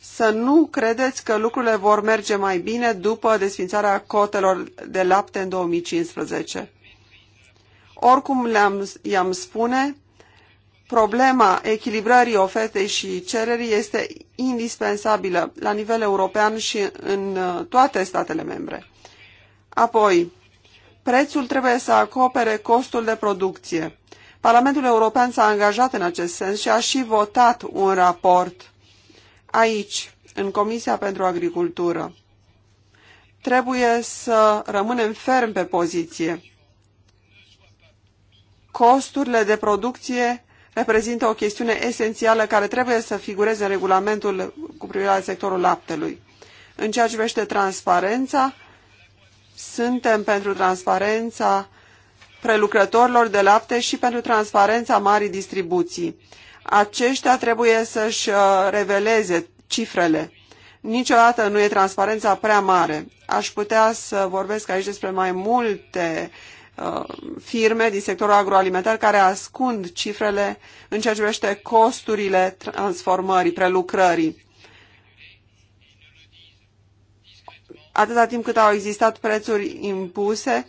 [SPEAKER 1] să nu credeți că lucrurile vor merge mai bine după desfințarea cotelor de lapte în 2015. Oricum le-am, i-am spune, problema echilibrării ofertei și cererii este indispensabilă la nivel european și în uh, toate statele membre. Apoi, prețul trebuie să acopere costul de producție. Parlamentul European s-a angajat în acest sens și a și votat un raport aici, în Comisia pentru Agricultură. Trebuie să rămânem ferm pe poziție. Costurile de producție reprezintă o chestiune esențială care trebuie să figureze în regulamentul cu privire la sectorul laptelui. În ceea ce privește transparența, suntem pentru transparența prelucrătorilor de lapte și pentru transparența marii distribuții aceștia trebuie să-și uh, reveleze cifrele. Niciodată nu e transparența prea mare. Aș putea să vorbesc aici despre mai multe uh, firme din sectorul agroalimentar care ascund cifrele în ceea ce privește costurile transformării, prelucrării. Atâta timp cât au existat prețuri impuse,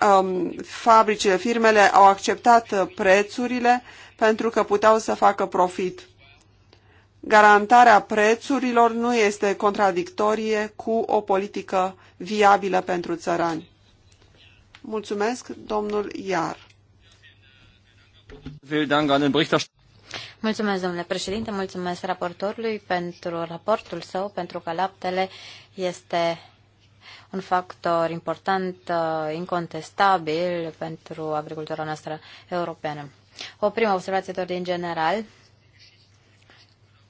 [SPEAKER 1] um, fabricile, firmele au acceptat uh, prețurile pentru că puteau să facă profit. Garantarea prețurilor nu este contradictorie cu o politică viabilă pentru țărani. Mulțumesc, domnul Iar.
[SPEAKER 3] Mulțumesc, domnule președinte, mulțumesc raportorului pentru raportul său, pentru că laptele este un factor important, uh, incontestabil pentru agricultura noastră europeană. O primă observație tot din general.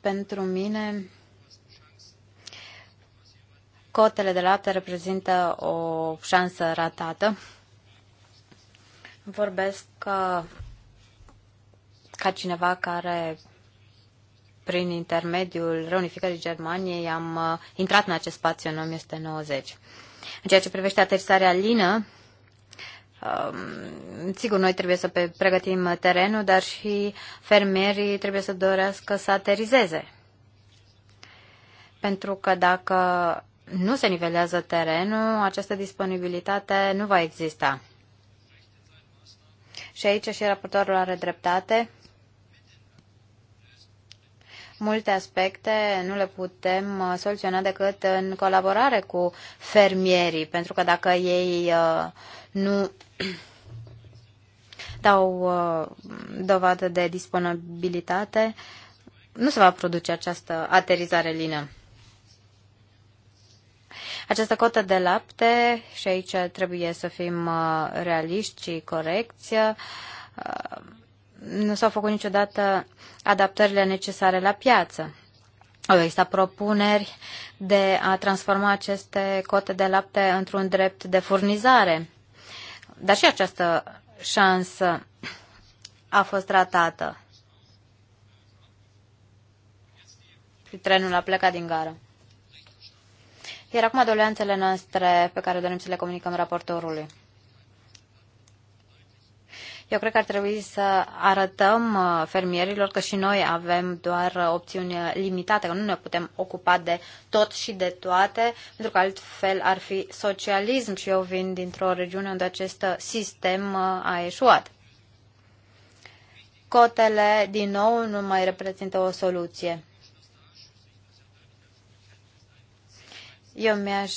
[SPEAKER 3] Pentru mine, cotele de lapte reprezintă o șansă ratată. Vorbesc ca, uh, ca cineva care prin intermediul reunificării Germaniei am uh, intrat în acest spațiu în 1990. În ceea ce privește aterisarea lină, um, sigur, noi trebuie să pregătim terenul, dar și fermierii trebuie să dorească să aterizeze. Pentru că dacă nu se nivelează terenul, această disponibilitate nu va exista. Și aici și raportorul are dreptate multe aspecte nu le putem uh, soluționa decât în colaborare cu fermierii, pentru că dacă ei uh, nu dau uh, dovadă de disponibilitate, nu se va produce această aterizare lină. Această cotă de lapte, și aici trebuie să fim realiști și corecți, nu s-au făcut niciodată adaptările necesare la piață. Au existat propuneri de a transforma aceste cote de lapte într-un drept de furnizare. Dar și această șansă a fost ratată. Trenul a plecat din gară. Iar acum doleanțele noastre pe care dorim să le comunicăm raportorului. Eu cred că ar trebui să arătăm uh, fermierilor că și noi avem doar uh, opțiuni uh, limitate, că nu ne putem ocupa de tot și de toate, pentru că altfel ar fi socialism și eu vin dintr-o regiune unde acest sistem a eșuat. Cotele, din nou, nu mai reprezintă o soluție. Eu mi-aș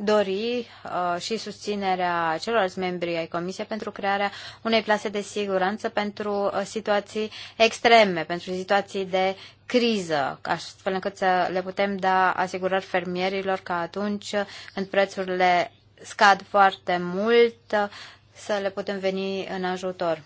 [SPEAKER 3] dori uh, și susținerea celorlalți membri ai Comisiei pentru crearea unei plase de siguranță pentru uh, situații extreme, pentru situații de criză, astfel încât să le putem da asigurări fermierilor că atunci când prețurile scad foarte mult, să le putem veni în ajutor.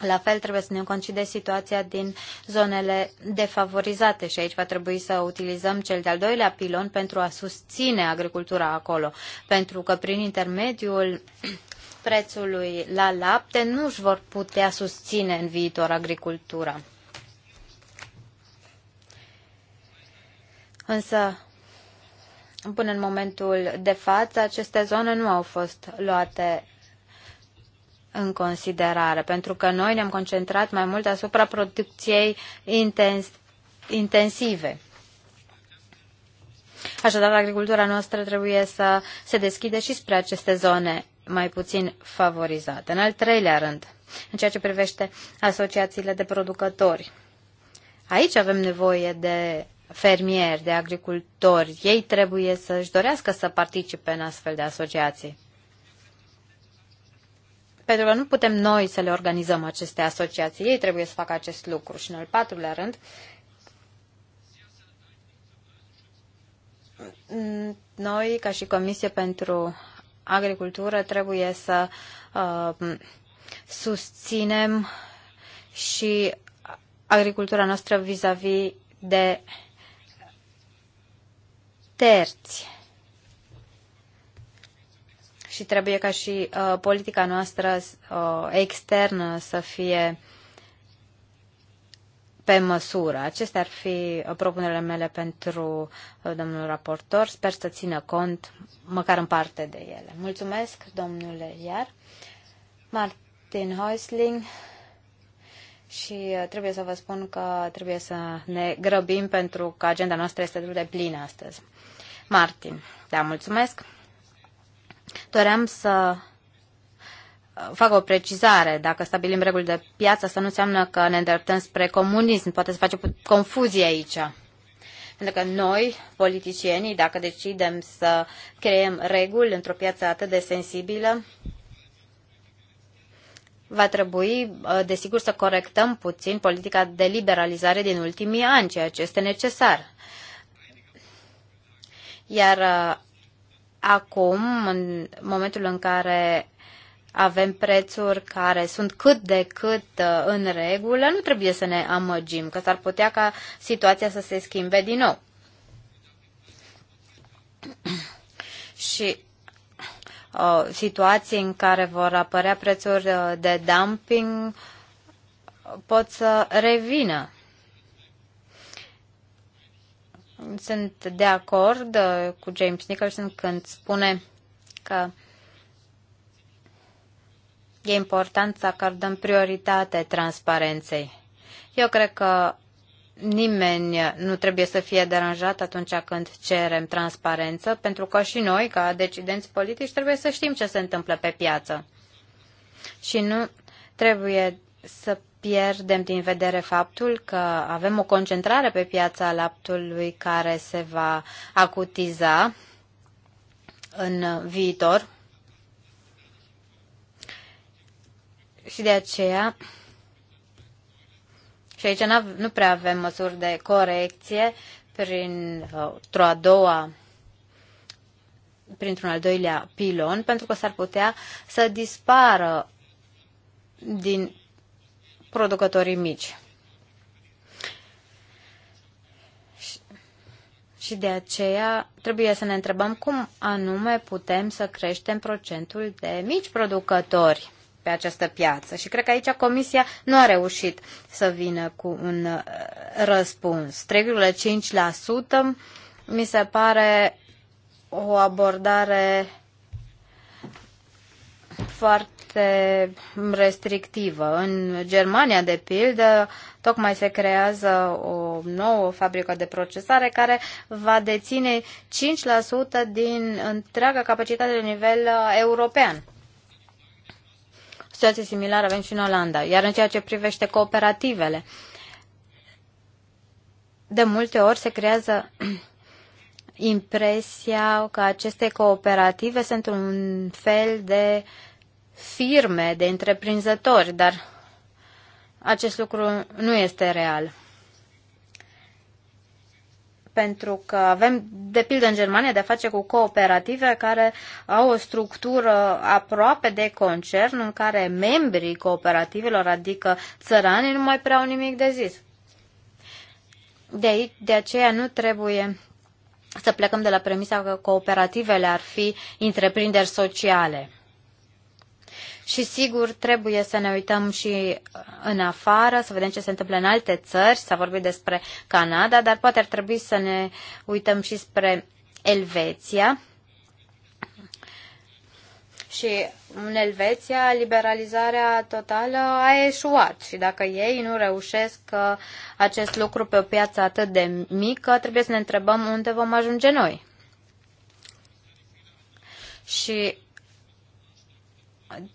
[SPEAKER 3] La fel trebuie să ne concide situația din zonele defavorizate și aici va trebui să utilizăm cel de-al doilea pilon pentru a susține agricultura acolo, pentru că prin intermediul prețului la lapte nu își vor putea susține în viitor agricultura. Însă, până în momentul de față, aceste zone nu au fost luate în considerare, pentru că noi ne-am concentrat mai mult asupra producției intens, intensive. Așadar, agricultura noastră trebuie să se deschide și spre aceste zone mai puțin favorizate. În al treilea rând, în ceea ce privește asociațiile de producători. Aici avem nevoie de fermieri, de agricultori. Ei trebuie să-și dorească să participe în astfel de asociații. Pentru că nu putem noi să le organizăm aceste asociații. Ei trebuie să facă acest lucru. Și în al patrulea rând, noi, ca și Comisie pentru Agricultură, trebuie să uh, susținem și agricultura noastră vis-a-vis -vis de terți și trebuie ca și uh, politica noastră uh, externă să fie pe măsură. Acestea ar fi uh, propunerile mele pentru uh, domnul raportor. Sper să țină cont măcar în parte de ele. Mulțumesc, domnule Iar. Martin Heusling. Și uh, trebuie să vă spun că trebuie să ne grăbim pentru că agenda noastră este destul de plină astăzi. Martin, da, mulțumesc. Doream să uh, fac o precizare. Dacă stabilim reguli de piață, asta nu înseamnă că ne îndreptăm spre comunism. Poate să face confuzie aici. Pentru că noi, politicienii, dacă decidem să creăm reguli într-o piață atât de sensibilă, va trebui, uh, desigur, să corectăm puțin politica de liberalizare din ultimii ani, ceea ce este necesar. Iar uh, acum, în momentul în care avem prețuri care sunt cât de cât uh, în regulă, nu trebuie să ne amăgim, că s-ar putea ca situația să se schimbe din nou. Și uh, situații în care vor apărea prețuri uh, de dumping uh, pot să revină. Sunt de acord uh, cu James Nicholson când spune că e important să acordăm prioritate transparenței. Eu cred că nimeni nu trebuie să fie deranjat atunci când cerem transparență, pentru că și noi, ca decidenți politici, trebuie să știm ce se întâmplă pe piață. Și nu trebuie să pierdem din vedere faptul că avem o concentrare pe piața laptului care se va acutiza în viitor. Și de aceea, și aici nu prea avem măsuri de corecție printr-o uh, a doua printr-un al doilea pilon, pentru că s-ar putea să dispară din producătorii mici. Și de aceea trebuie să ne întrebăm cum anume putem să creștem procentul de mici producători pe această piață. Și cred că aici Comisia nu a reușit să vină cu un uh, răspuns. 3,5% mi se pare o abordare foarte restrictivă. În Germania, de pildă, tocmai se creează o nouă fabrică de procesare care va deține 5% din întreaga capacitate de nivel uh, european. Situație similară avem și în Olanda. Iar în ceea ce privește cooperativele, de multe ori se creează impresia că aceste cooperative sunt un fel de firme, de întreprinzători, dar acest lucru nu este real. Pentru că avem, de pildă în Germania, de a face cu cooperative care au o structură aproape de concern în care membrii cooperativelor, adică țăranii, nu mai prea au nimic de zis. De, aici, de aceea nu trebuie să plecăm de la premisa că cooperativele ar fi întreprinderi sociale. Și sigur, trebuie să ne uităm și în afară, să vedem ce se întâmplă în alte țări, s-a vorbit despre Canada, dar poate ar trebui să ne uităm și spre Elveția, și în Elveția, liberalizarea totală a eșuat și dacă ei nu reușesc uh, acest lucru pe o piață atât de mică, trebuie să ne întrebăm unde vom ajunge noi. Și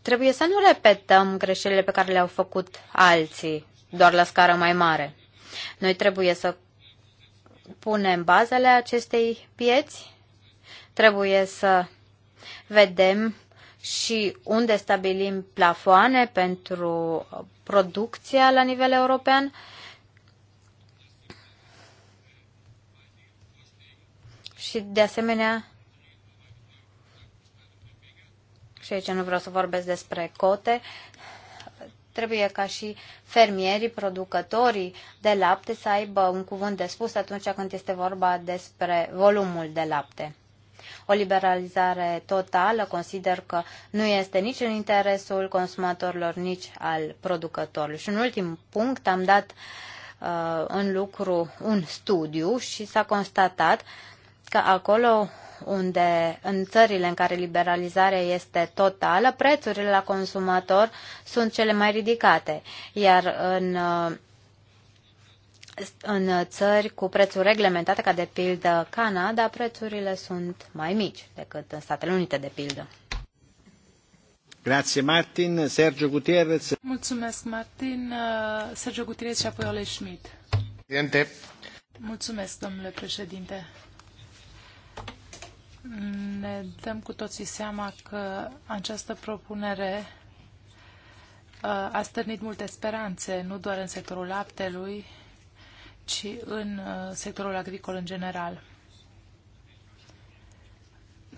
[SPEAKER 3] trebuie să nu repetăm greșelile pe care le-au făcut alții, doar la scară mai mare. Noi trebuie să punem bazele acestei pieți, trebuie să vedem și unde stabilim plafoane pentru producția la nivel european. Și de asemenea, și aici nu vreau să vorbesc despre cote, trebuie ca și fermierii, producătorii de lapte să aibă un cuvânt de spus atunci când este vorba despre volumul de lapte o liberalizare totală consider că nu este nici în interesul consumatorilor, nici al producătorilor. Și un ultim punct, am dat uh, în lucru un studiu și s-a constatat că acolo unde în țările în care liberalizarea este totală, prețurile la consumator sunt cele mai ridicate, iar în uh, în țări cu prețuri reglementate, ca de pildă Canada, prețurile sunt mai mici decât în Statele Unite, de pildă.
[SPEAKER 2] Grazie Martin, Sergio Gutierrez. Mulțumesc Martin, Sergio Gutierrez și apoi Ole Schmidt. Presidente. Mulțumesc, domnule președinte. Ne dăm cu toții seama că această propunere uh, a stârnit multe speranțe, nu doar în sectorul laptelui, ci în uh, sectorul agricol în general.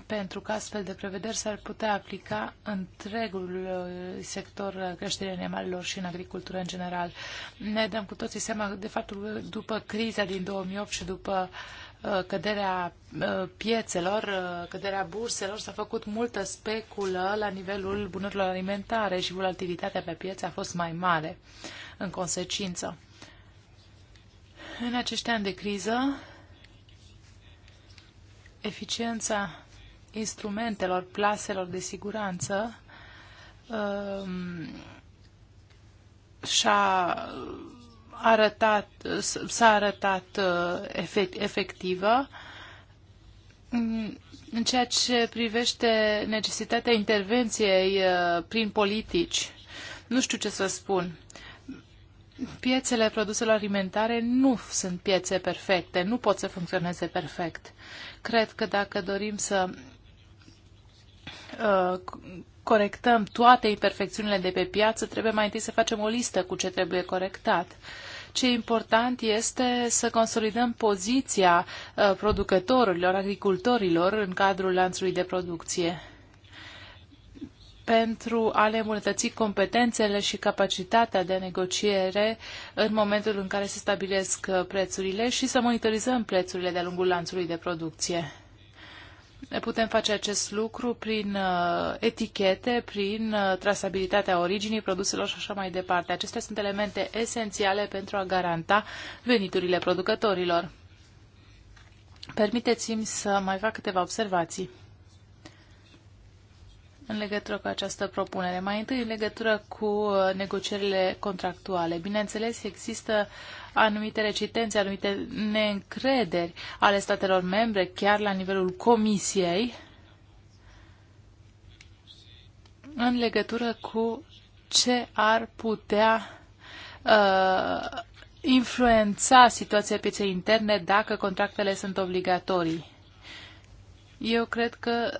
[SPEAKER 2] Pentru că astfel de prevederi s-ar putea aplica întregul uh, sector uh, creșterii animalelor și în agricultură în general. Ne dăm cu toții seama de fapt, după criza din 2008 și după căderea piețelor, căderea burselor, s-a făcut multă speculă la nivelul bunurilor alimentare și volatilitatea pe piețe a fost mai mare în consecință. În acești ani de criză, eficiența instrumentelor, plaselor de siguranță um, și-a arătat, s-a arătat uh, efectivă mm, în ceea ce privește necesitatea intervenției uh, prin politici. Nu știu ce să spun piețele produselor alimentare nu sunt piețe perfecte, nu pot să funcționeze perfect. Cred că dacă dorim să uh, corectăm toate imperfecțiunile de pe piață, trebuie mai întâi să facem o listă cu ce trebuie corectat. Ce important este să consolidăm poziția uh, producătorilor, agricultorilor în cadrul lanțului de producție pentru a le îmbunătăți competențele și capacitatea de negociere în momentul în care se stabilesc uh, prețurile și să monitorizăm prețurile de-a lungul lanțului de producție. Putem face acest lucru prin uh, etichete, prin uh, trasabilitatea originii produselor și așa mai departe. Acestea sunt elemente esențiale pentru a garanta veniturile producătorilor. Permiteți-mi să mai fac câteva observații în legătură cu această propunere. Mai întâi, în legătură cu uh, negocierile contractuale. Bineînțeles, există anumite recitențe, anumite neîncrederi ale statelor membre, chiar la nivelul comisiei, în legătură cu ce ar putea uh, influența situația pieței interne dacă contractele sunt obligatorii. Eu cred că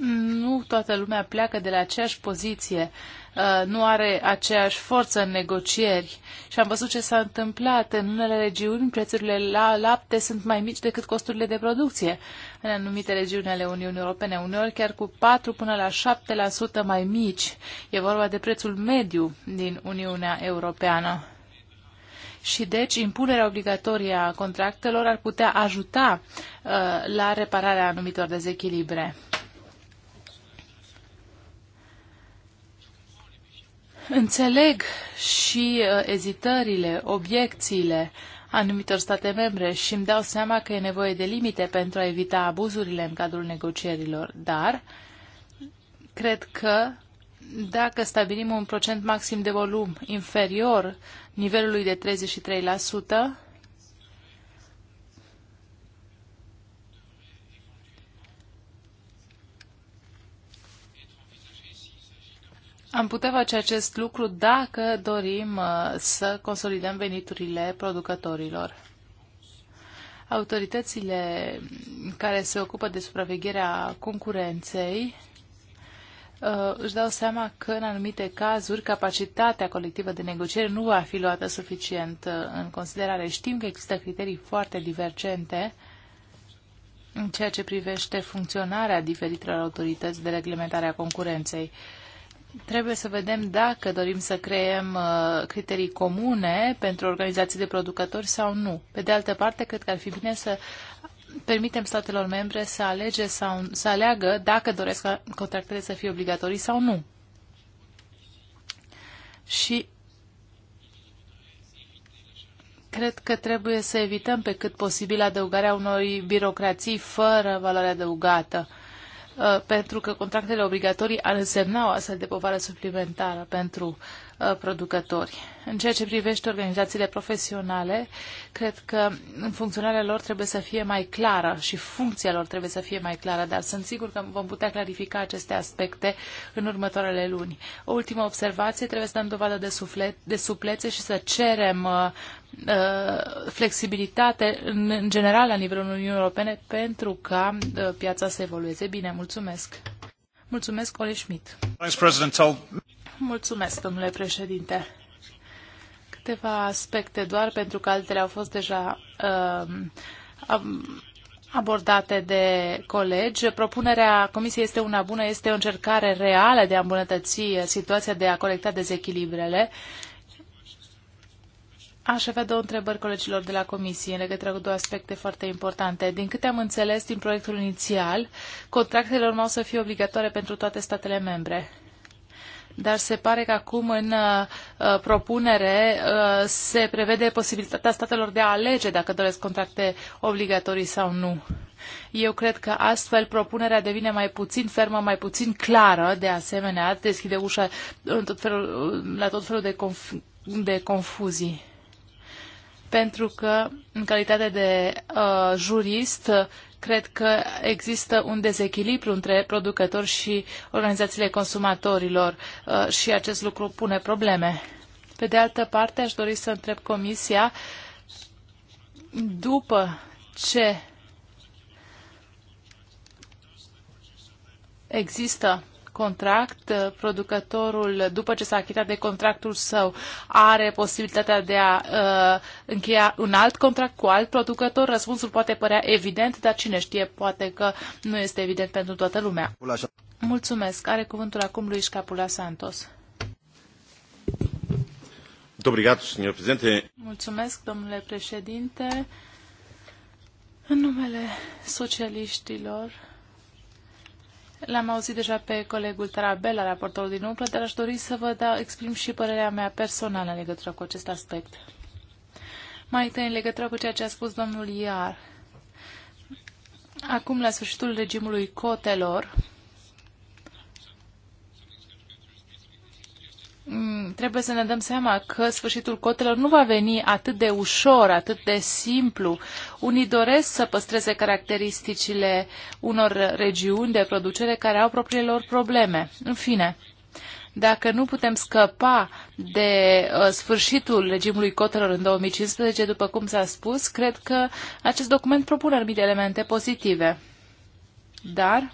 [SPEAKER 2] nu toată lumea pleacă de la aceeași poziție, uh, nu are aceeași forță în negocieri. Și am văzut ce s-a întâmplat. În unele regiuni, prețurile la lapte sunt mai mici decât costurile de producție. În anumite regiuni ale Uniunii Europene, uneori chiar cu 4 până la 7% mai mici. E vorba de prețul mediu din Uniunea Europeană. Și deci impunerea obligatorie a contractelor ar putea ajuta uh, la repararea anumitor dezechilibre. Înțeleg și uh, ezitările, obiecțiile anumitor state membre și îmi dau seama că e nevoie de limite pentru a evita abuzurile în cadrul negocierilor, dar cred că dacă stabilim un procent maxim de volum inferior nivelului de 33%, Am putea face acest lucru dacă dorim uh, să consolidăm veniturile producătorilor. Autoritățile care se ocupă de supravegherea concurenței uh, își dau seama că în anumite cazuri capacitatea colectivă de negociere nu va fi luată suficient uh, în considerare. Știm că există criterii foarte divergente în ceea ce privește funcționarea diferitelor autorități de reglementare a concurenței trebuie să vedem dacă dorim să creăm uh, criterii comune pentru organizații de producători sau nu. Pe de altă parte, cred că ar fi bine să permitem statelor membre să alege sau să aleagă dacă doresc ca contractele să fie obligatorii sau nu. Și cred că trebuie să evităm pe cât posibil adăugarea unor birocrații fără valoare adăugată. Uh, Uh, pentru că contractele obligatorii ar însemna o astfel de povară suplimentară pentru Uh, producători. În ceea ce privește organizațiile profesionale, cred că funcționarea lor trebuie să fie mai clară și funcția lor trebuie să fie mai clară, dar sunt sigur că vom putea clarifica aceste aspecte în următoarele luni. O ultimă observație, trebuie să dăm dovadă de, suflet, de suplețe și să cerem uh, uh flexibilitate în, în general la nivelul Uniunii Europene pentru ca uh, piața să evolueze bine. Mulțumesc! Mulțumesc, Ole Schmidt! Mulțumesc, domnule președinte. Câteva aspecte doar, pentru că altele au fost deja uh, abordate de colegi. Propunerea Comisiei este una bună, este o încercare reală de a îmbunătăți situația de a colecta dezechilibrele. Aș avea două întrebări colegilor de la Comisie în legătură cu două aspecte foarte importante. Din câte am înțeles din proiectul inițial, contractele urmau să fie obligatoare pentru toate statele membre dar se pare că acum în uh, uh, propunere uh, se prevede posibilitatea statelor de a alege dacă doresc contracte obligatorii sau nu. Eu cred că astfel propunerea devine mai puțin fermă, mai puțin clară, de asemenea, deschide ușa tot felul, la tot felul de, conf- de confuzii. Pentru că, în calitate de uh, jurist, cred că există un dezechilibru între producători și organizațiile consumatorilor uh, și acest lucru pune probleme. Pe de altă parte, aș dori să întreb Comisia, după ce există contract, uh, producătorul, după ce s-a achitat de contractul său, are posibilitatea de a uh, încheia un alt contract cu alt producător? Răspunsul poate părea evident, dar cine știe, poate că nu este evident pentru toată lumea. Mulțumesc. Are cuvântul acum lui Capula Santos. Mulțumesc, domnule președinte. În numele socialiștilor L-am auzit deja pe colegul Tarabella, raportorul din umbră, dar aș dori să vă da, exprim și părerea mea personală în legătură cu acest aspect. Mai întâi, în legătură cu ceea ce a spus domnul Iar. Acum, la sfârșitul regimului cotelor, Mm, trebuie să ne dăm seama că sfârșitul cotelor nu va veni atât de ușor, atât de simplu. Unii doresc să păstreze caracteristicile unor regiuni de producere care au propriile lor probleme. În fine, dacă nu putem scăpa de uh, sfârșitul regimului cotelor în 2015, după cum s-a spus, cred că acest document propune anumite elemente pozitive. Dar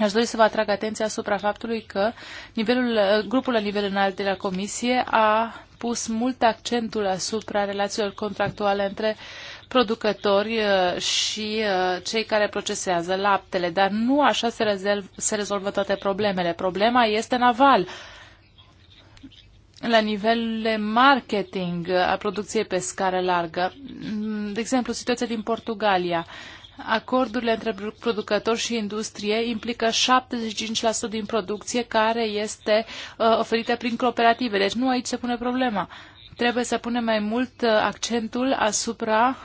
[SPEAKER 2] Aș dori să vă atrag atenția asupra faptului că nivelul, grupul la nivel înalt de la Comisie a pus mult accentul asupra relațiilor contractuale între producători uh, și uh, cei care procesează laptele, dar nu așa se, rezolv, se rezolvă toate problemele. Problema este în aval. La nivel de marketing uh, a producției pe scară largă, mm, de exemplu, situația din Portugalia, acordurile între producători și industrie implică 75% din producție care este uh, oferită prin cooperative. Deci nu aici se pune problema. Trebuie să punem mai mult uh, accentul asupra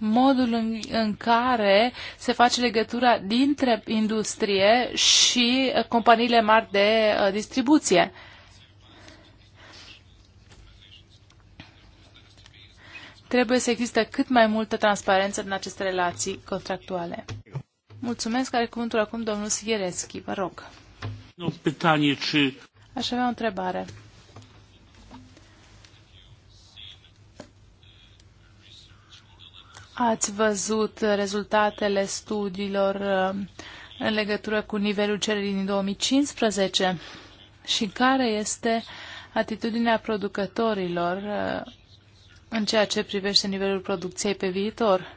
[SPEAKER 2] modul în, în care se face legătura dintre industrie și uh, companiile mari de uh, distribuție. Uh, Trebuie să existe cât mai multă transparență în aceste relații contractuale. Mulțumesc, are cuvântul acum domnul Sighereschi, vă rog. No, pytanie, czy... Aș avea o întrebare. Ați văzut rezultatele studiilor uh, în legătură cu nivelul cererii din 2015 și care este atitudinea producătorilor uh, în ceea ce privește nivelul producției pe viitor.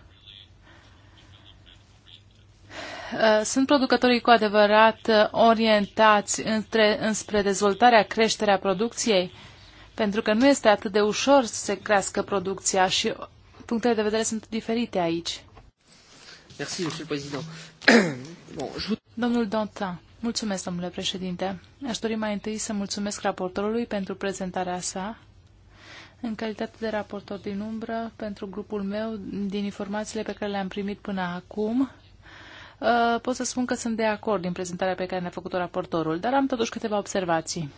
[SPEAKER 2] Uh, sunt producătorii cu adevărat uh, orientați între, înspre dezvoltarea, creșterea producției? Pentru că nu este atât de ușor să se crească producția și punctele de vedere sunt diferite aici.
[SPEAKER 1] Merci, monsieur président. bon, je...
[SPEAKER 2] Domnul Dantin, mulțumesc, domnule președinte. Aș dori mai întâi să mulțumesc raportorului pentru prezentarea sa în calitate de raportor din umbră, pentru grupul meu, din informațiile pe care le-am primit până acum, uh, pot să spun că sunt de acord din prezentarea pe care ne-a făcut-o raportorul, dar am totuși câteva observații.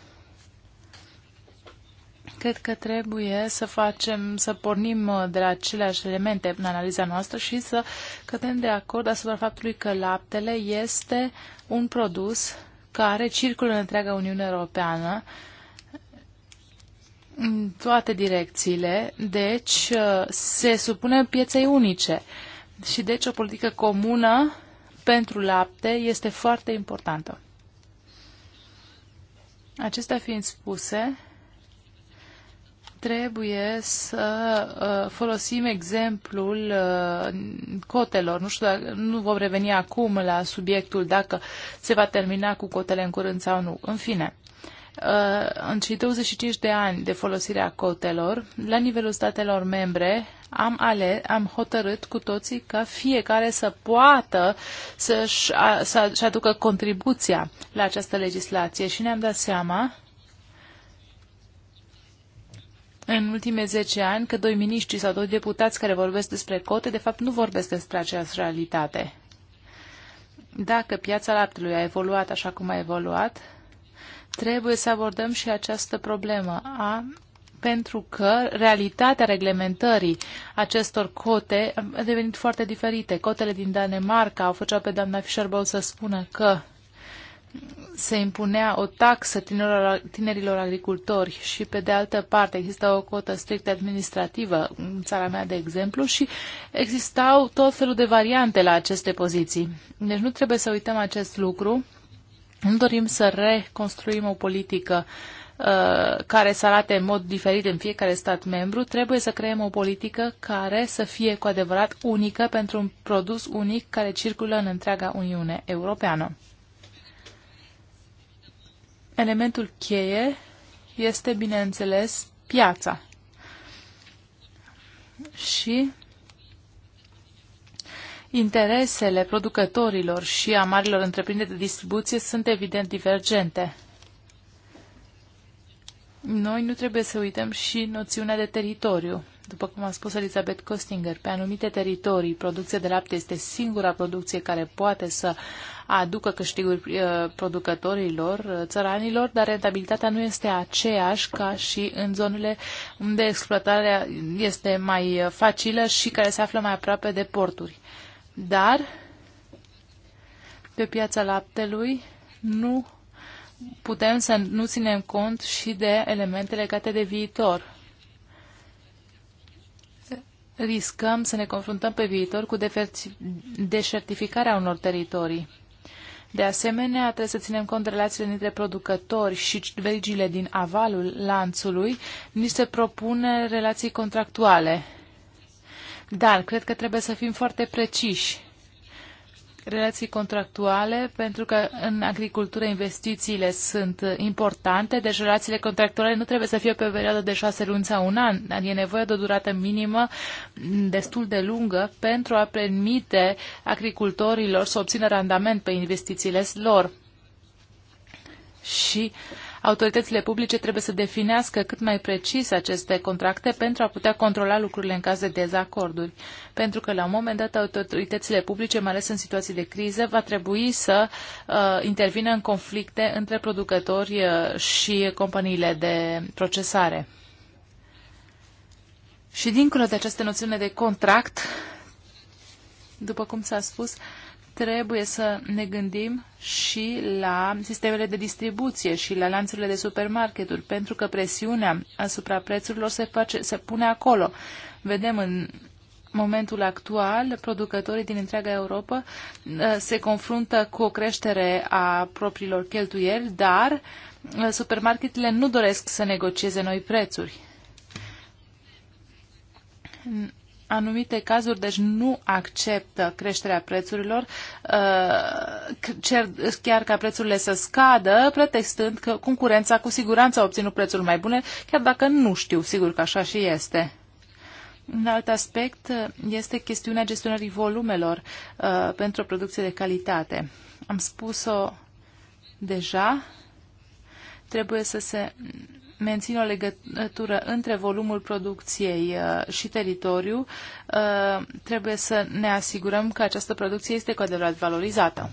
[SPEAKER 2] Cred că trebuie să facem, să pornim uh, de la aceleași elemente în analiza noastră și să cădem de acord asupra faptului că laptele este un produs care circulă în întreaga Uniune Europeană în toate direcțiile, deci uh, se supune pieței unice. Și deci o politică comună pentru lapte este foarte importantă. Acestea fiind spuse, trebuie să uh, folosim exemplul uh, cotelor. Nu știu, dacă, nu vom reveni acum la subiectul dacă se va termina cu cotele în curând sau nu. În fine, Uh, în cei 25 de ani de folosire a cotelor, la nivelul statelor membre, am, ale, am hotărât cu toții ca fiecare să poată să-și să -și aducă contribuția la această legislație și ne-am dat seama în ultimele 10 ani că doi miniștri sau doi deputați care vorbesc despre cote, de fapt, nu vorbesc despre această realitate. Dacă piața laptelui a evoluat așa cum a evoluat, trebuie să abordăm și această problemă a pentru că realitatea reglementării acestor cote a devenit foarte diferite. Cotele din Danemarca au făcut pe doamna Fischerbowl să spună că se impunea o taxă tinerilor, tinerilor agricultori și, pe de altă parte, exista o cotă strict administrativă în țara mea, de exemplu, și existau tot felul de variante la aceste poziții. Deci nu trebuie să uităm acest lucru nu dorim să reconstruim o politică uh, care să arate în mod diferit în fiecare stat membru, trebuie să creăm o politică care să fie cu adevărat unică pentru un produs unic care circulă în întreaga Uniune Europeană. Elementul cheie este, bineînțeles, piața. Și Interesele producătorilor și a marilor întreprinderi de distribuție sunt evident divergente. Noi nu trebuie să uităm și noțiunea de teritoriu. După cum a spus Elizabeth Costinger, pe anumite teritorii, producția de lapte este singura producție care poate să aducă câștiguri uh, producătorilor, uh, țăranilor, dar rentabilitatea nu este aceeași ca și în zonele unde exploatarea este mai uh, facilă și care se află mai aproape de porturi. Dar pe piața laptelui nu putem să nu ținem cont și de elemente legate de viitor. Riscăm să ne confruntăm pe viitor cu deșertificarea unor teritorii. De asemenea, trebuie să ținem cont de relațiile dintre producători și vergile din avalul lanțului. Ni se propune relații contractuale dar cred că trebuie să fim foarte preciși. Relații contractuale, pentru că în agricultură investițiile sunt importante, deci relațiile contractuale nu trebuie să fie pe o perioadă de șase luni sau un an. dar E nevoie de o durată minimă destul de lungă pentru a permite agricultorilor să obțină randament pe investițiile lor. Și uh, Autoritățile publice trebuie să definească cât mai precis aceste contracte pentru a putea controla lucrurile în caz de dezacorduri. Pentru că la un moment dat autoritățile publice, mai ales în situații de criză, va trebui să uh, intervină în conflicte între producători uh, și companiile de procesare. Și dincolo de această noțiune de contract, după cum s-a spus, uh, trebuie să ne gândim și la sistemele de distribuție și la lanțurile de supermarketuri, pentru că presiunea asupra prețurilor se, face, se pune acolo. Vedem în momentul actual, producătorii din întreaga Europa uh, se confruntă cu o creștere a propriilor cheltuieli, dar uh, supermarketurile nu doresc să negocieze noi prețuri anumite cazuri, deci nu acceptă creșterea prețurilor, uh, cer chiar ca prețurile să scadă, pretextând că concurența cu siguranță a obținut prețuri mai bune, chiar dacă nu știu sigur că așa și este. Un alt aspect uh, este chestiunea gestionării volumelor uh, pentru o producție de calitate. Am spus-o deja, trebuie să se mențin o legătură între volumul producției uh, și teritoriu, uh, trebuie să ne asigurăm că această producție este cu adevărat valorizată.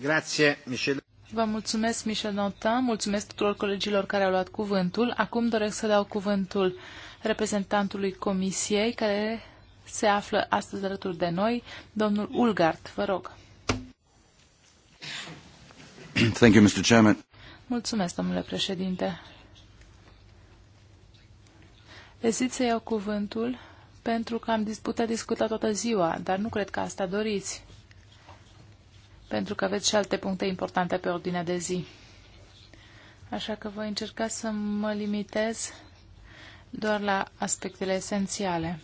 [SPEAKER 3] Grazie, Michel.
[SPEAKER 2] Vă mulțumesc, Michel Nota, mulțumesc tuturor colegilor care au luat cuvântul. Acum doresc să dau cuvântul reprezentantului Comisiei, care se află astăzi alături de noi, domnul Ulgart. Vă rog. Thank you, Mr. Chairman. Mulțumesc, domnule președinte. Lăsiți să iau cuvântul pentru că am disputat discuta toată ziua, dar nu cred că asta doriți, pentru că aveți și alte puncte importante pe ordinea de zi. Așa că voi încerca să mă limitez doar la aspectele esențiale.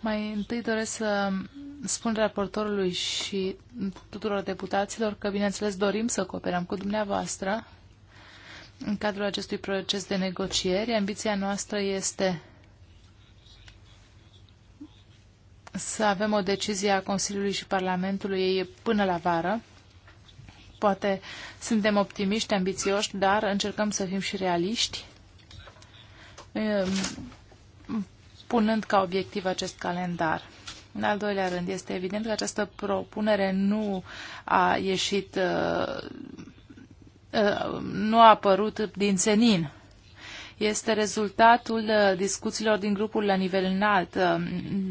[SPEAKER 2] Mai întâi doresc să spun raportorului și tuturor deputaților că, bineînțeles, dorim să cooperăm cu dumneavoastră în cadrul acestui proces de negocieri, ambiția noastră este să avem o decizie a Consiliului și Parlamentului ei până la vară. Poate suntem optimiști, ambițioși, dar încercăm să fim și realiști, ehm, punând ca obiectiv acest calendar. În al doilea rând, este evident că această propunere nu a ieșit Uh, nu a apărut din senin. Este rezultatul uh, discuțiilor din grupul la nivel înalt uh,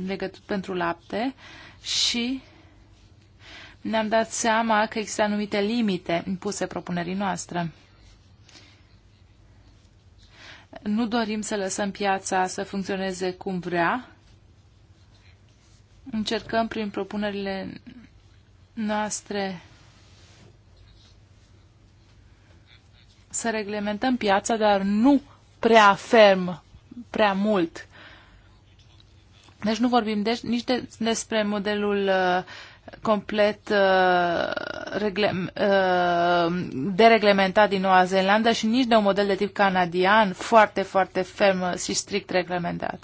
[SPEAKER 2] legătut pentru lapte și ne-am dat seama că există anumite limite impuse propunerii noastre. Nu dorim să lăsăm piața să funcționeze cum vrea. Încercăm prin propunerile noastre să reglementăm piața, dar nu prea ferm, prea mult. Deci nu vorbim de, nici de, despre modelul uh, complet uh, regle, uh, dereglementat din Noua Zeelandă și nici de un model de tip canadian foarte, foarte ferm și strict reglementat.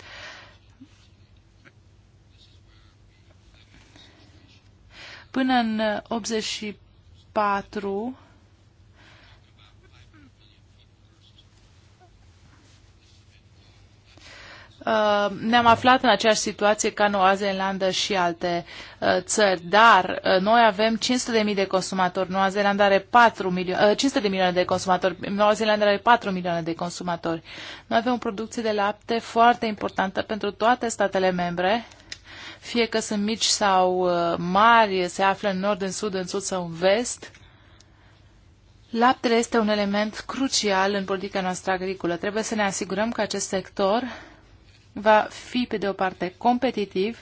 [SPEAKER 2] Până în 84 Uh, ne-am aflat în aceeași situație ca Noua Zeelandă și alte uh, țări, dar uh, noi avem 500.000 de consumatori, Noua Zeelandă are 4 milioane, 500 de milioane de consumatori, Noua Zeelandă are 4 milioane de consumatori. Noi avem o producție de lapte foarte importantă pentru toate statele membre, fie că sunt mici sau mari, se află în nord, în sud, în sud sau în vest. Laptele este un element crucial în politica noastră agricolă. Trebuie să ne asigurăm că acest sector va fi, pe de o parte, competitiv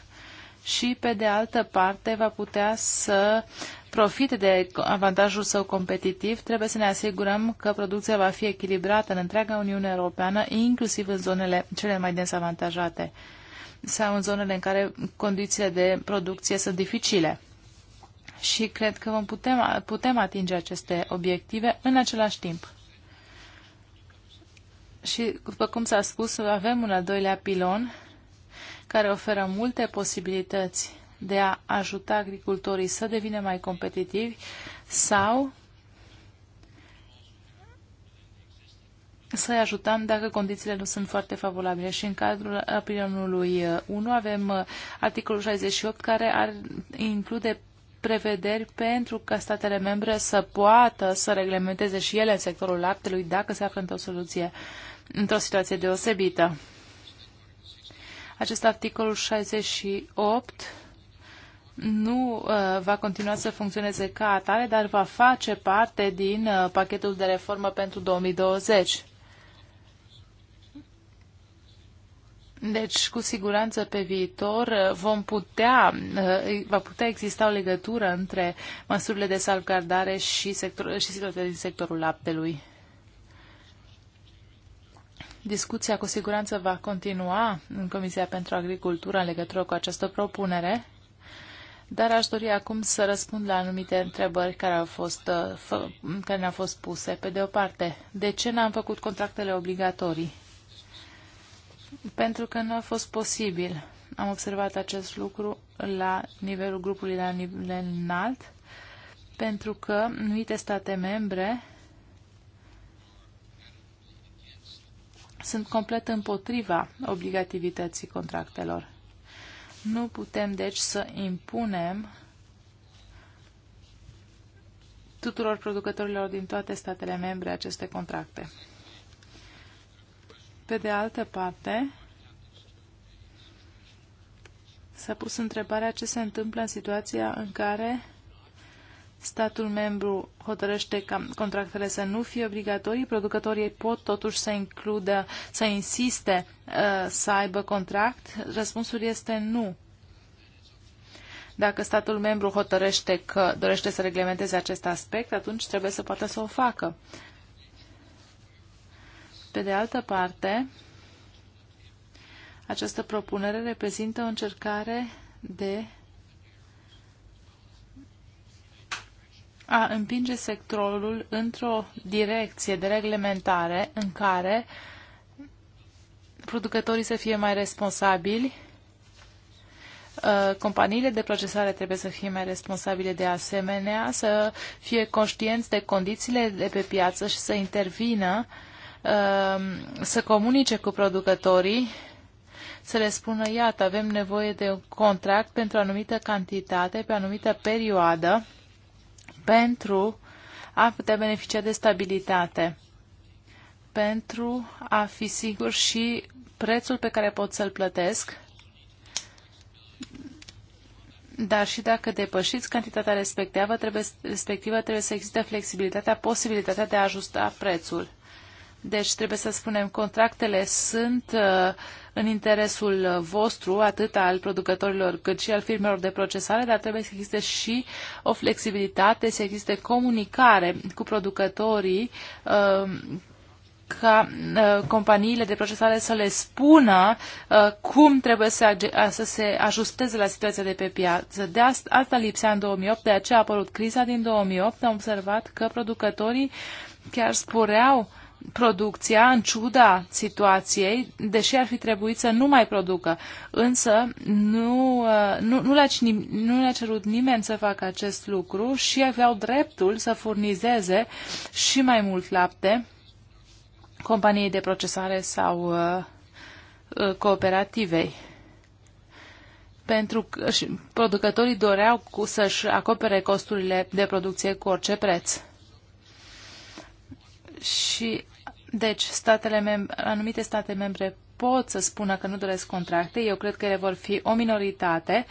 [SPEAKER 2] și, pe de altă parte, va putea să profite de avantajul său competitiv. Trebuie să ne asigurăm că producția va fi echilibrată în întreaga Uniune Europeană, inclusiv în zonele cele mai dezavantajate sau în zonele în care condițiile de producție sunt dificile. Și cred că vom putem, putem atinge aceste obiective în același timp. Și, după cum s-a spus, avem un al doilea pilon care oferă multe posibilități de a ajuta agricultorii să devină mai competitivi sau să-i ajutăm dacă condițiile nu sunt foarte favorabile. Și în cadrul pilonului 1 uh, avem uh, articolul 68 care ar include prevederi pentru ca statele membre să poată să reglementeze și ele sectorul laptelui dacă se află într-o soluție uh, într-o situație deosebită. Acest articolul 68 nu uh, va continua să funcționeze ca atare, dar va face parte din uh, pachetul de reformă pentru 2020. Deci, cu siguranță, pe viitor uh, vom putea, uh, va putea exista o legătură între măsurile de salvgardare și, sector, și situația din sectorul laptelui. Discuția cu siguranță va continua în Comisia pentru Agricultură în legătură cu această propunere, dar aș dori acum să răspund la anumite întrebări care au fost, uh, care ne-au fost puse. Pe de o parte, de ce n-am făcut contractele obligatorii? Pentru că nu a fost posibil. Am observat acest lucru la nivelul grupului la nivel înalt, pentru că anumite state membre Sunt complet împotriva obligativității contractelor. Nu putem, deci, să impunem tuturor producătorilor din toate statele membre aceste contracte. Pe de altă parte, s-a pus întrebarea ce se întâmplă în situația în care statul membru hotărăște ca contractele să nu fie obligatorii, producătorii pot totuși să includă, să insiste uh, să aibă contract? Răspunsul este nu. Dacă statul membru hotărăște că dorește să reglementeze acest aspect, atunci trebuie să poată să o facă. Pe de altă parte, această propunere reprezintă o încercare de a împinge sectorul într-o direcție de reglementare în care producătorii să fie mai responsabili, uh, companiile de procesare trebuie să fie mai responsabile de asemenea, să fie conștienți de condițiile de pe piață și să intervină, uh, să comunice cu producătorii să le spună, iată, avem nevoie de un contract pentru o anumită cantitate, pe o anumită perioadă, pentru a putea beneficia de stabilitate, pentru a fi sigur și prețul pe care pot să-l plătesc, dar și dacă depășiți cantitatea respectivă, trebuie, respectivă, trebuie să existe flexibilitatea, posibilitatea de a ajusta prețul. Deci trebuie să spunem, contractele sunt uh, în interesul vostru, atât al producătorilor cât și al firmelor de procesare, dar trebuie să existe și o flexibilitate, să existe comunicare cu producătorii uh, ca uh, companiile de procesare să le spună uh, cum trebuie să, să se ajusteze la situația de pe piață. De asta, asta lipsea în 2008, de aceea a apărut criza din 2008. Am observat că producătorii chiar spuneau producția în ciuda situației, deși ar fi trebuit să nu mai producă. Însă nu, uh, nu, nu, le-a, le cerut nimeni să facă acest lucru și aveau dreptul să furnizeze și mai mult lapte companiei de procesare sau uh, uh, cooperativei pentru că producătorii doreau să-și acopere costurile de producție cu orice preț. Și deci, statele mem- anumite state membre pot să spună că nu doresc contracte, eu cred că ele vor fi o minoritate,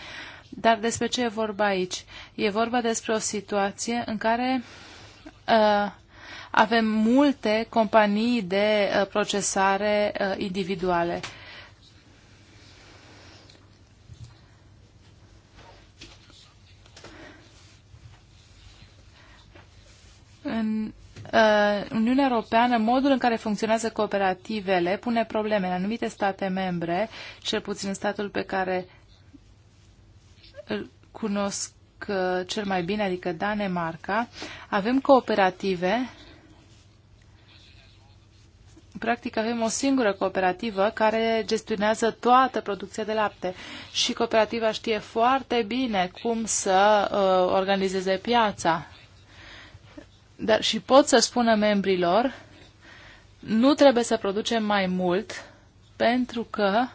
[SPEAKER 2] dar despre ce e vorba aici? E vorba despre o situație în care uh, avem multe companii de uh, procesare uh, individuale. În Uh, Uniunea Europeană, modul în care funcționează cooperativele pune probleme în anumite state membre, cel puțin în statul pe care îl cunosc uh, cel mai bine, adică Danemarca, avem cooperative practic avem o singură cooperativă care gestionează toată producția de lapte și cooperativa știe foarte bine cum să uh, organizeze piața. Dar și pot să spună membrilor, nu trebuie să producem mai mult pentru că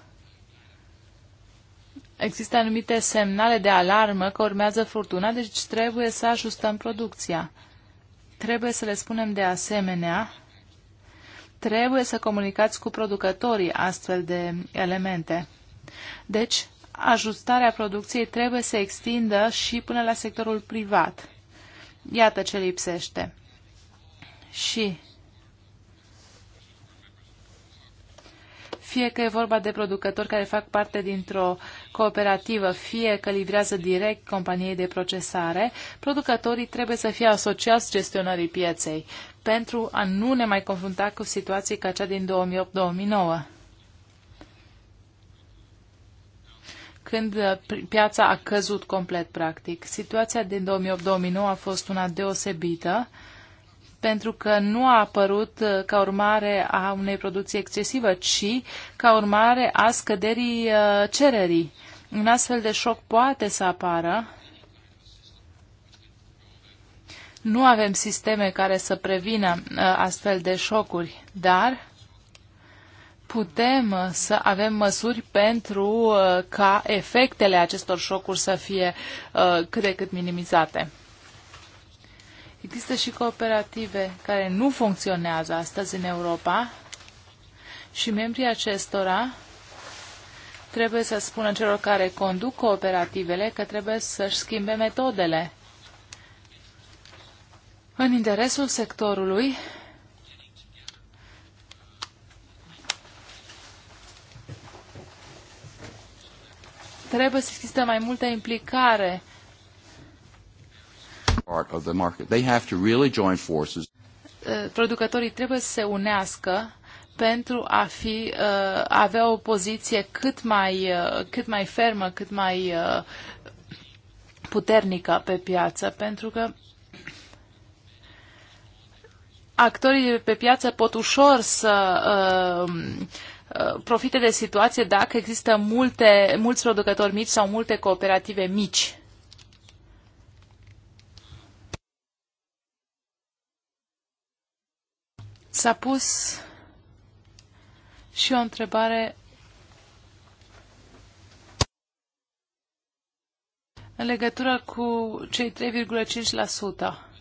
[SPEAKER 2] există anumite semnale de alarmă că urmează furtuna, deci trebuie să ajustăm producția. Trebuie să le spunem de asemenea, trebuie să comunicați cu producătorii astfel de elemente. Deci, ajustarea producției trebuie să extindă și până la sectorul privat. Iată ce lipsește. Și fie că e vorba de producători care fac parte dintr-o cooperativă, fie că livrează direct companiei de procesare, producătorii trebuie să fie asociați gestionării pieței pentru a nu ne mai confrunta cu situații ca cea din 2008-2009. când uh, piața a căzut complet, practic. Situația din 2008-2009 a fost una deosebită, pentru că nu a apărut uh, ca urmare a unei producții excesivă, ci ca urmare a scăderii uh, cererii. Un astfel de șoc poate să apară. Nu avem sisteme care să prevină astfel de șocuri, dar putem uh, să avem măsuri pentru uh, ca efectele acestor șocuri să fie uh, cât de cât minimizate. Există și cooperative care nu funcționează astăzi în Europa și membrii acestora trebuie să spună celor care conduc cooperativele că trebuie să-și schimbe metodele în interesul sectorului trebuie să existe mai multă implicare.
[SPEAKER 3] Of the market. They have to really join forces.
[SPEAKER 2] Uh, producătorii trebuie să se unească pentru a fi uh, avea o poziție cât mai uh, cât mai fermă, cât mai uh, puternică pe piață, pentru că actorii pe piață pot ușor să uh, Uh, profite de situație dacă există multe, mulți producători mici sau multe cooperative mici. S-a pus și o întrebare în legătură cu cei 3,5%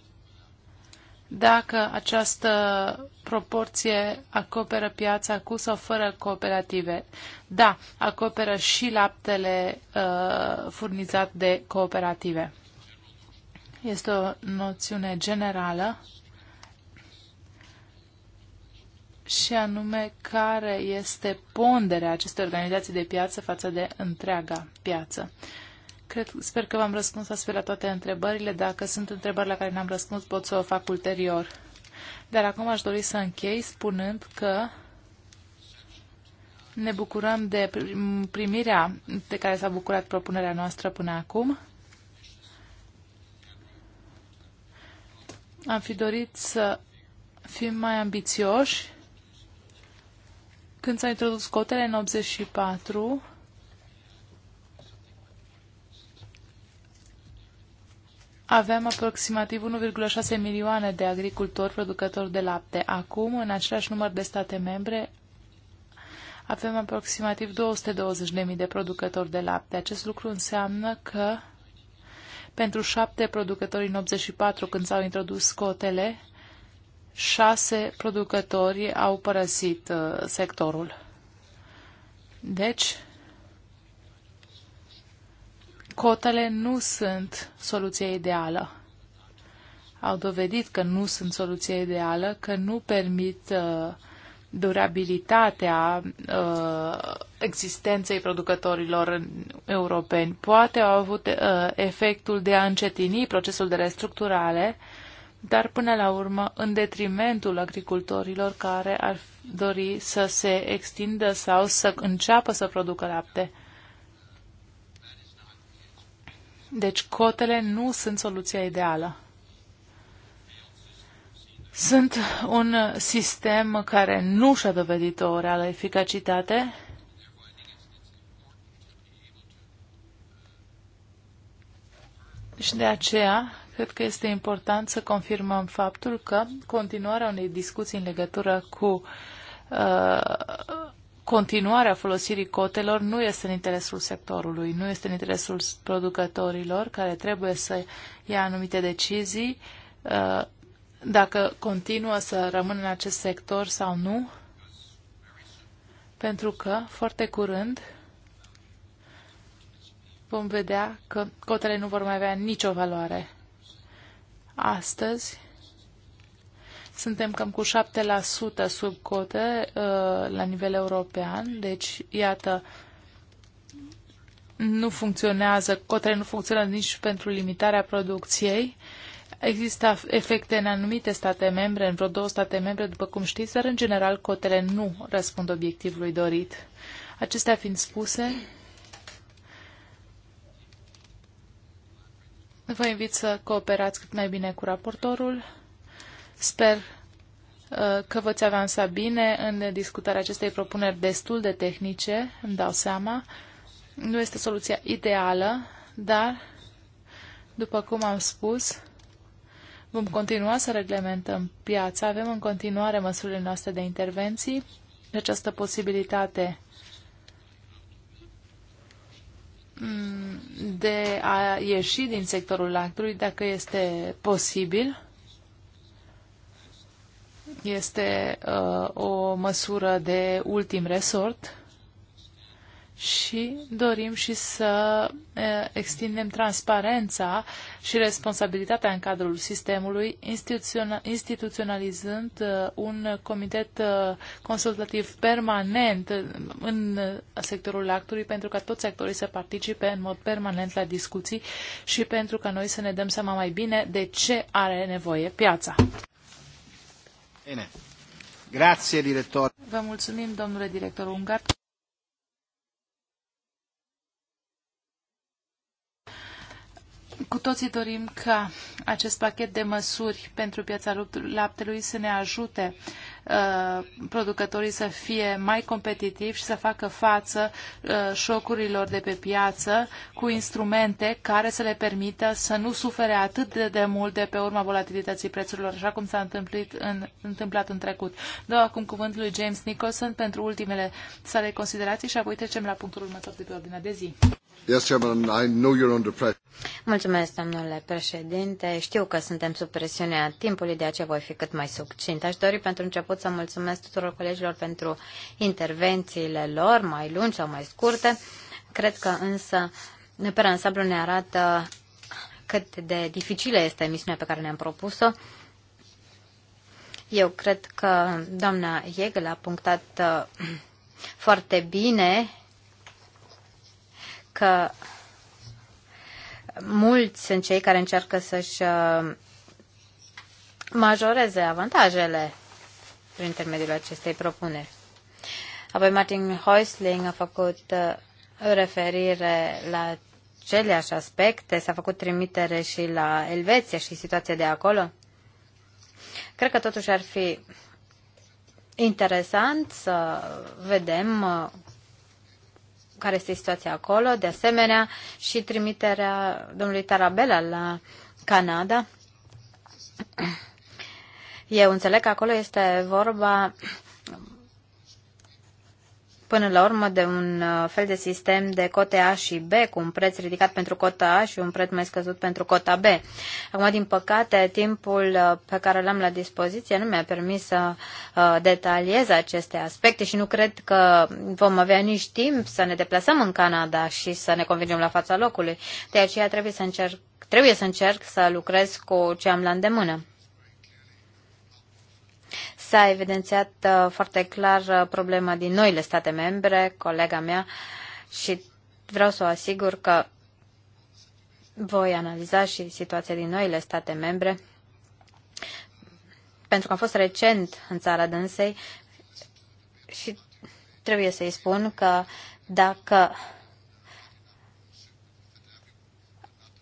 [SPEAKER 2] dacă această proporție acoperă piața cu sau fără cooperative. Da, acoperă și laptele uh, furnizat de cooperative. Este o noțiune generală și anume care este ponderea acestei organizații de piață față de întreaga piață. Uh, Cred, sper că v-am răspuns astfel la toate întrebările. Dacă sunt întrebări la care n-am răspuns, pot să o fac ulterior. Dar acum aș dori să închei spunând că ne bucurăm de primirea de care s-a bucurat propunerea noastră până acum. Am fi dorit să fim mai ambițioși. Când s-a introdus cotele în 84, Avem aproximativ 1,6 milioane de agricultori producători de lapte. Acum, în același număr de state membre, avem aproximativ 220.000 de producători de lapte. Acest lucru înseamnă că pentru șapte producători în 84, când s-au introdus cotele, șase producători au părăsit uh, sectorul. Deci, cotele nu sunt soluția ideală. Au dovedit că nu sunt soluția ideală, că nu permit uh, durabilitatea uh, existenței producătorilor europeni. Poate au avut uh, efectul de a încetini procesul de restructurare, dar până la urmă în detrimentul agricultorilor care ar dori să se extindă sau să înceapă să producă lapte. Deci cotele nu sunt soluția ideală. Sunt un sistem care nu și-a dovedit o reală eficacitate. Și de aceea, cred că este important să confirmăm faptul că continuarea unei discuții în legătură cu uh, continuarea folosirii cotelor nu este în interesul sectorului, nu este în interesul producătorilor care trebuie să ia anumite decizii uh, dacă continuă să rămână în acest sector sau nu, pentru că foarte curând vom vedea că cotele nu vor mai avea nicio valoare. Astăzi, suntem cam cu 7% sub cote uh, la nivel european, deci, iată, nu funcționează, cotele nu funcționează nici pentru limitarea producției. Există efecte în anumite state membre, în vreo două state membre, după cum știți, dar în general cotele nu răspund obiectivului dorit. Acestea fiind spuse, vă invit să cooperați cât mai bine cu raportorul Sper uh, că ți avansa bine în discutarea acestei propuneri destul de tehnice, îmi dau seama. Nu este soluția ideală, dar, după cum am spus, vom continua să reglementăm piața, avem în continuare măsurile noastre de intervenții, această posibilitate mm, de a ieși din sectorul lactului, dacă este posibil, este uh, o măsură de ultim resort și dorim și să uh, extindem transparența și responsabilitatea în cadrul sistemului, instituțional, instituționalizând uh, un comitet uh, consultativ permanent în sectorul actului pentru ca toți actorii să participe în mod permanent la discuții și pentru ca noi să ne dăm seama mai bine de ce are nevoie piața. Bine. Grazie, director. Vă mulțumim, domnule director Ungar. Cu toții dorim ca acest pachet de măsuri pentru piața laptelui să ne ajute uh, producătorii să fie mai competitivi și să facă față uh, șocurilor de pe piață cu instrumente care să le permită să nu sufere atât de, de mult de pe urma volatilității prețurilor, așa cum s-a întâmplat în, întâmplat în trecut. Dau acum cuvântul lui James Nicholson pentru ultimele sale considerații și
[SPEAKER 3] apoi trecem la punctul următor de pe ordinea de zi. Yes, Chairman, I know you're under pressure. Mulțumesc, domnule președinte. Știu că suntem sub presiunea timpului, de aceea voi fi cât mai succint. Aș dori pentru început să mulțumesc tuturor colegilor pentru intervențiile lor, mai lungi sau mai scurte. Cred că însă, pe ansamblu, ne arată cât de dificilă este misiunea pe care ne-am propus-o. Eu cred că doamna Iegel a punctat uh, foarte bine că mulți sunt cei care încearcă să-și uh, majoreze avantajele prin intermediul acestei propuneri. Apoi Martin Heusling a făcut uh, referire la aceleași aspecte, s-a făcut trimitere și la Elveția și situația de acolo. Cred că totuși ar fi interesant să vedem uh, care este situația acolo, de asemenea și trimiterea domnului Tarabella la Canada. Eu înțeleg că acolo este vorba până la urmă de un uh, fel de sistem de cote A și B, cu un preț ridicat pentru cota A și un preț mai scăzut pentru cota B. Acum, din păcate, timpul uh, pe care l-am la dispoziție nu mi-a permis să uh, detaliez aceste aspecte și nu cred că vom avea nici timp să ne deplasăm în Canada și să ne convingem la fața locului. De aceea trebuie să încerc, trebuie să încerc să lucrez cu ce am la îndemână. S-a evidențiat uh, foarte clar uh, problema din noile state membre, colega mea, și vreau să o asigur că voi analiza și situația din noile state membre, pentru că am fost recent în țara dânsei și trebuie să-i spun că dacă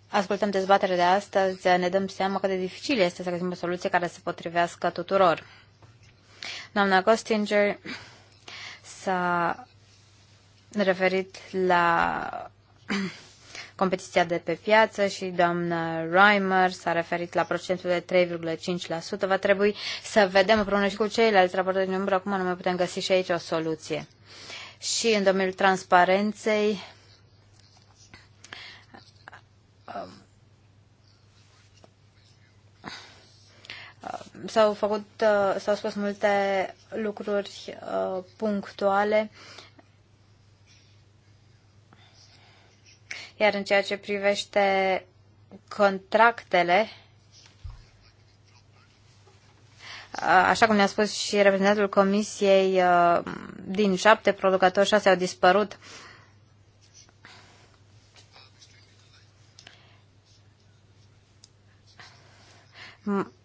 [SPEAKER 3] ascultăm dezbaterea de astăzi, ne dăm seama cât de dificil este să găsim o soluție care să potrivească tuturor. Doamna Gostinger s-a referit la competiția de pe piață și doamna Reimer s-a referit la procentul de 3,5%. Va trebui să vedem împreună și cu ceilalți raportări din umbră, acum nu mai putem găsi și aici o soluție. Și în domeniul transparenței, s-au făcut, uh, s-au spus multe lucruri uh, punctuale. Iar în ceea ce privește contractele, uh, așa cum ne-a spus și reprezentantul comisiei, din șapte producători, șase au dispărut. M-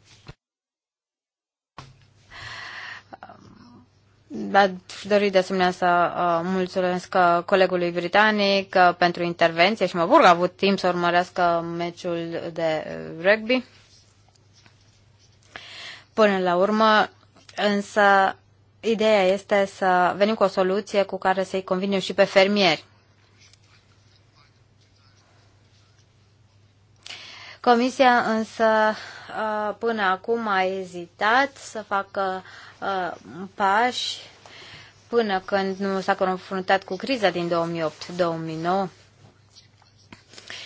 [SPEAKER 3] Aș dori de asemenea să uh, mulțumesc uh, colegului britanic uh, pentru intervenție și mă bucur că a avut timp să urmărească meciul de rugby. Până la urmă, însă, ideea este să venim cu o soluție cu care să-i convinem și pe fermieri. Comisia însă uh, până acum a ezitat să facă uh, pași până când nu s-a confruntat cu criza din 2008-2009.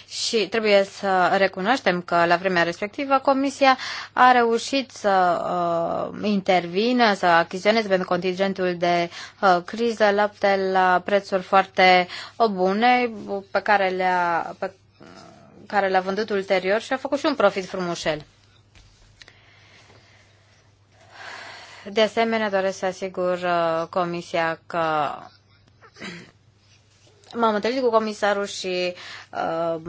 [SPEAKER 3] Și trebuie să recunoaștem că la vremea respectivă Comisia a reușit să uh, intervină, să achiziționeze pentru contingentul de uh, criză lapte la prețuri foarte uh, bune pe care le-a, pe care l-a vândut ulterior și a făcut și un profit frumușel. De asemenea, doresc să asigur uh, Comisia că m-am întâlnit cu comisarul și uh,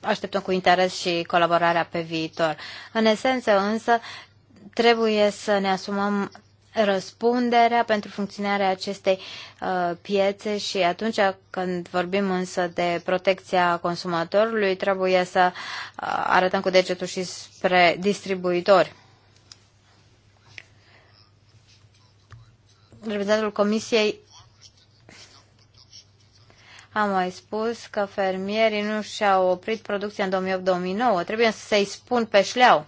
[SPEAKER 3] așteptăm cu interes și colaborarea pe viitor. În esență, însă, trebuie să ne asumăm răspunderea pentru funcționarea acestei uh, piețe și atunci când vorbim însă de protecția consumatorului, trebuie să uh, arătăm cu degetul și spre distribuitori. Reprezentantul Comisiei a mai spus că fermierii nu și-au oprit producția în 2008-2009. Trebuie să se-i spun pe șleau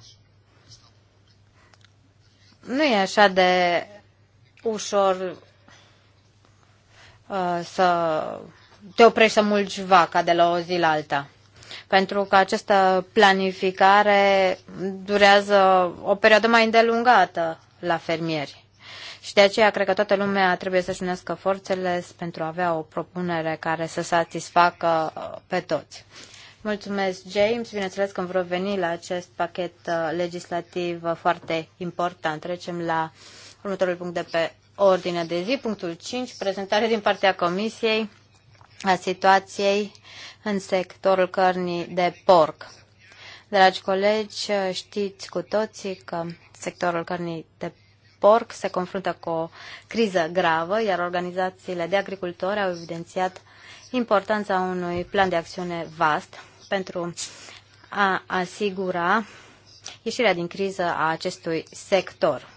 [SPEAKER 3] nu e așa de ușor uh, să te oprești să mulci vaca de la o zi la alta. Pentru că această planificare durează o perioadă mai îndelungată la fermieri. Și de aceea cred că toată lumea trebuie să-și unească forțele pentru a avea o propunere care să satisfacă uh, pe toți. Mulțumesc, James. Bineînțeles că vom reveni la acest pachet uh, legislativ uh, foarte important. Trecem la următorul punct de pe ordinea de zi, punctul 5, prezentare din partea Comisiei a situației în sectorul cărnii de porc. Dragi colegi, uh, știți cu toții că sectorul cărnii de porc se confruntă cu o criză gravă, iar organizațiile de agricultori au evidențiat importanța unui plan de acțiune vast pentru a asigura ieșirea din criză a acestui sector.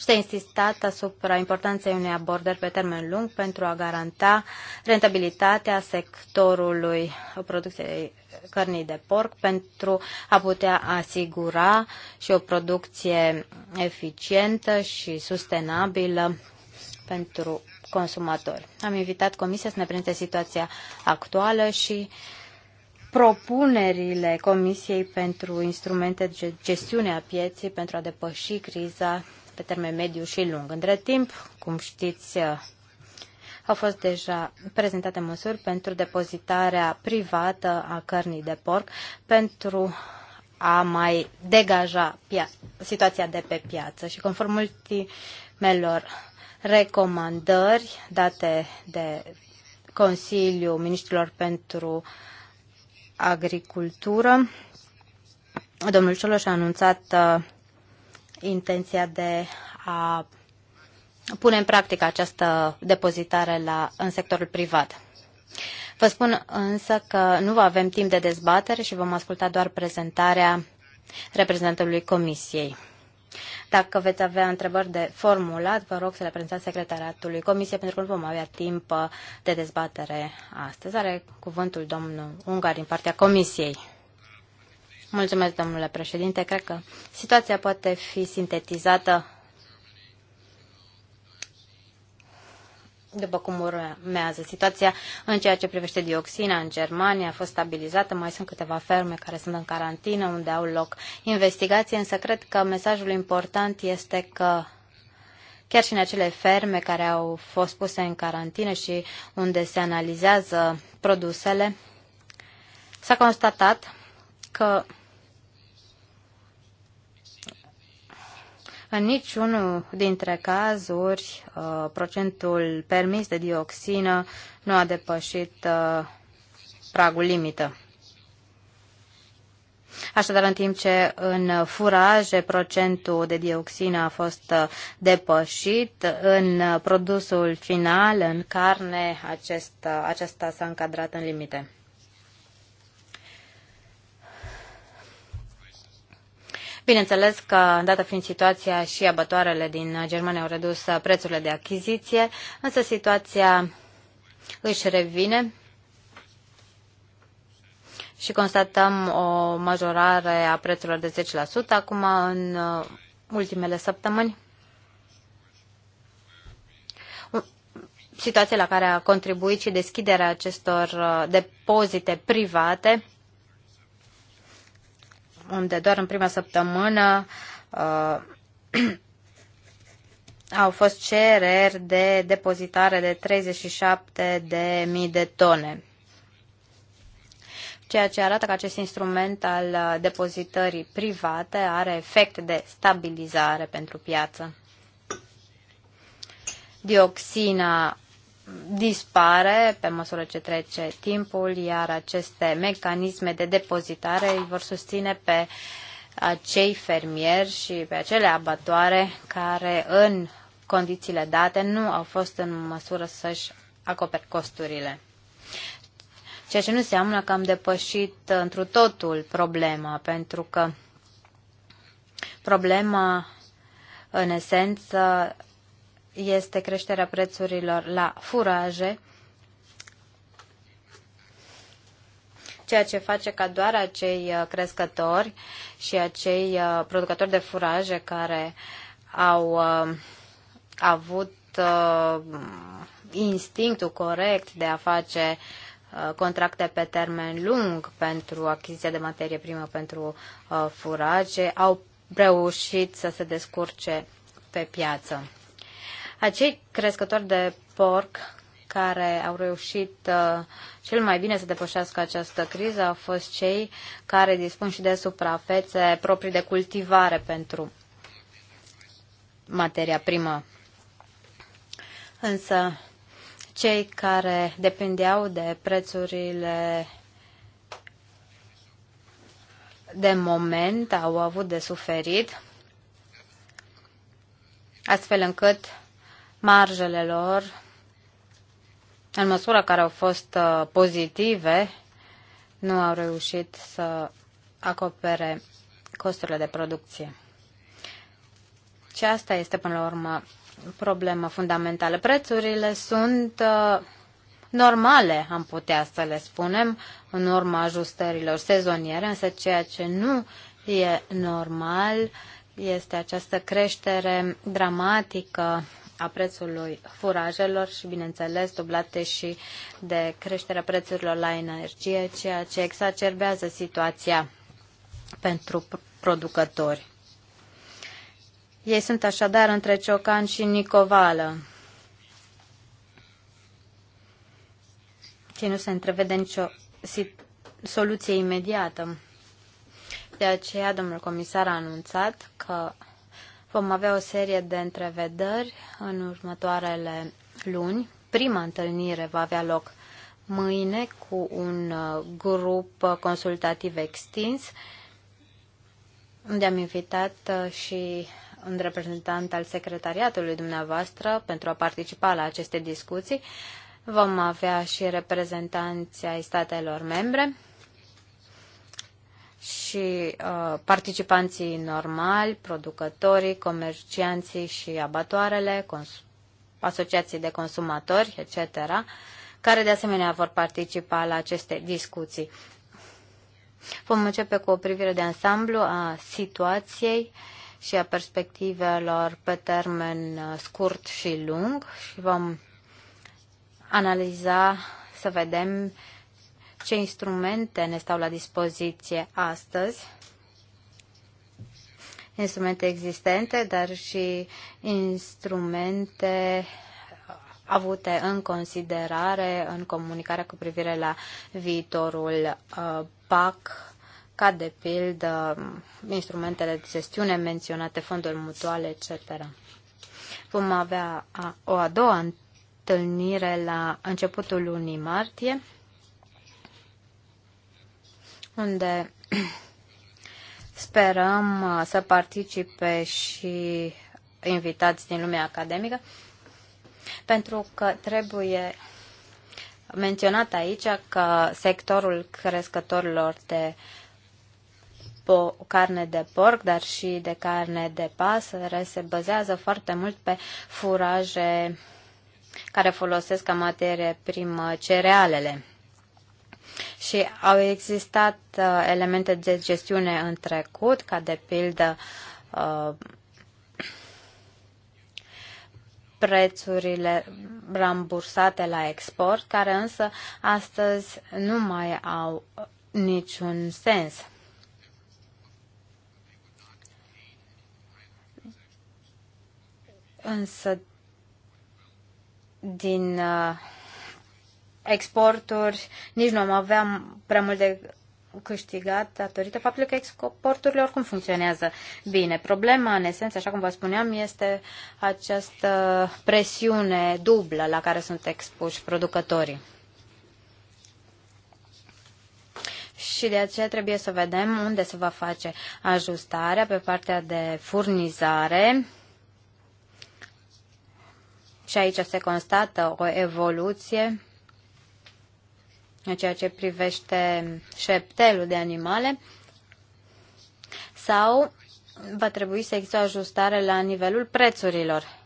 [SPEAKER 3] Și a insistat asupra importanței unei abordări pe termen lung pentru a garanta rentabilitatea sectorului producției cărnii de porc pentru a putea asigura și o producție eficientă și sustenabilă pentru consumatori. Am invitat Comisia să ne prezinte situația actuală și uh, propunerile Comisiei pentru instrumente de gestiune a pieței pentru a depăși criza pe termen mediu și lung. Între timp, cum știți, au fost deja prezentate măsuri pentru depozitarea privată a cărnii de porc pentru a mai degaja situația de pe piață și conform ultimelor recomandări date de Consiliul Ministrilor pentru uh, agricultură. Domnul Cioloș a anunțat uh, intenția de a pune în practică această depozitare la, în sectorul privat. Vă spun însă că nu avem timp de dezbatere și vom asculta doar prezentarea reprezentantului Comisiei. Dacă veți avea întrebări de formulat, vă rog să le prezentați secretariatului Comisiei, pentru că nu vom avea timp uh, de dezbatere astăzi. Are cuvântul domnul Ungar din partea Comisiei. Mulțumesc, domnule președinte. Cred că situația poate fi sintetizată după cum urmează. Situația în ceea ce privește dioxina în Germania a fost stabilizată, mai sunt câteva ferme care sunt în carantină unde au loc investigații, însă cred că mesajul important este că chiar și în acele ferme care au fost puse în carantină și unde se analizează produsele, s-a constatat că În niciunul dintre cazuri, uh, procentul permis de dioxină nu a depășit uh, pragul limită. Așadar, în timp ce în furaje procentul de dioxină a fost uh, depășit, în produsul final, în carne, acesta, acesta s-a încadrat în limite. Bineînțeles că, dată fiind situația și abătoarele din Germania au redus prețurile de achiziție, însă situația își revine și constatăm o majorare a prețurilor de 10% acum în uh, ultimele săptămâni. situația la care a contribuit și deschiderea acestor uh, depozite private unde doar în prima săptămână uh, au fost cereri de depozitare de 37.000 de de tone ceea ce arată că acest instrument al uh, depozitării private are efect de stabilizare pentru piață. Dioxina dispare pe măsură ce trece timpul, iar aceste mecanisme de depozitare îi vor susține pe acei fermieri și pe acele abatoare care în condițiile date nu au fost în măsură să-și acopere costurile. Ceea ce nu înseamnă că am depășit întru totul problema, pentru că problema în esență este creșterea prețurilor la furaje, ceea ce face ca doar acei uh, crescători și acei uh, producători de furaje care au uh, avut instinctul corect de a face contracte pe termen lung pentru achiziția de materie primă pentru furaje, au reușit să se descurce pe piață. Acei crescători de porc care au reușit uh, cel mai bine să depășească această criză au fost cei care dispun și de suprafețe proprii de cultivare pentru materia primă. Însă, cei care depindeau de prețurile de moment au avut de suferit, astfel încât marjele lor, în măsura care au fost uh, pozitive, nu au reușit să acopere costurile de producție. Și asta este, până la urmă, problema fundamentală. Prețurile sunt uh, normale, am putea să le spunem, în urma ajustărilor sezoniere, însă ceea ce nu e normal este această creștere dramatică a prețului furajelor și, bineînțeles, dublate și de creșterea prețurilor la energie, ceea ce exacerbează situația pentru producători. Ei sunt așadar între Ciocan și Nicovală. Și nu se întrevede nicio soluție imediată. De aceea, domnul comisar a anunțat că Vom avea o serie de întrevederi în următoarele luni. Prima întâlnire va avea loc mâine cu un uh, grup uh, consultativ extins, unde am invitat uh, și un reprezentant al secretariatului dumneavoastră pentru a participa la aceste discuții. Vom avea și reprezentanții ai statelor membre și uh, participanții normali, producătorii, comercianții și abatoarele, asociații de consumatori, etc., care de asemenea vor participa la aceste discuții. Vom începe cu o privire de ansamblu a situației și a perspectivelor pe termen uh, scurt și lung și vom analiza să vedem uh, ce instrumente ne stau la dispoziție astăzi, instrumente existente, dar și instrumente avute în considerare în comunicarea cu privire la viitorul uh, PAC, ca de pildă instrumentele de gestiune menționate, fonduri mutuale, etc. Vom avea o a doua întâlnire la începutul lunii martie unde sperăm uh, să participe și invitați din lumea academică, pentru că trebuie menționat aici că sectorul crescătorilor de po- carne de porc, dar și de carne de pasăre se bazează foarte mult pe furaje care folosesc ca materie primă cerealele și au existat uh, elemente de gestiune în trecut, ca de pildă uh, prețurile rambursate la export, care însă astăzi nu mai au niciun sens. Însă, din uh, exporturi, nici nu am avea prea mult de câștigat datorită faptului că exporturile oricum funcționează bine. Problema, în esență, așa cum vă spuneam, este această presiune dublă la care sunt expuși producătorii. Și de aceea trebuie să vedem unde se va face ajustarea pe partea de furnizare. Și aici se constată o evoluție în ceea ce privește șeptelul de animale sau va trebui să există o ajustare la nivelul prețurilor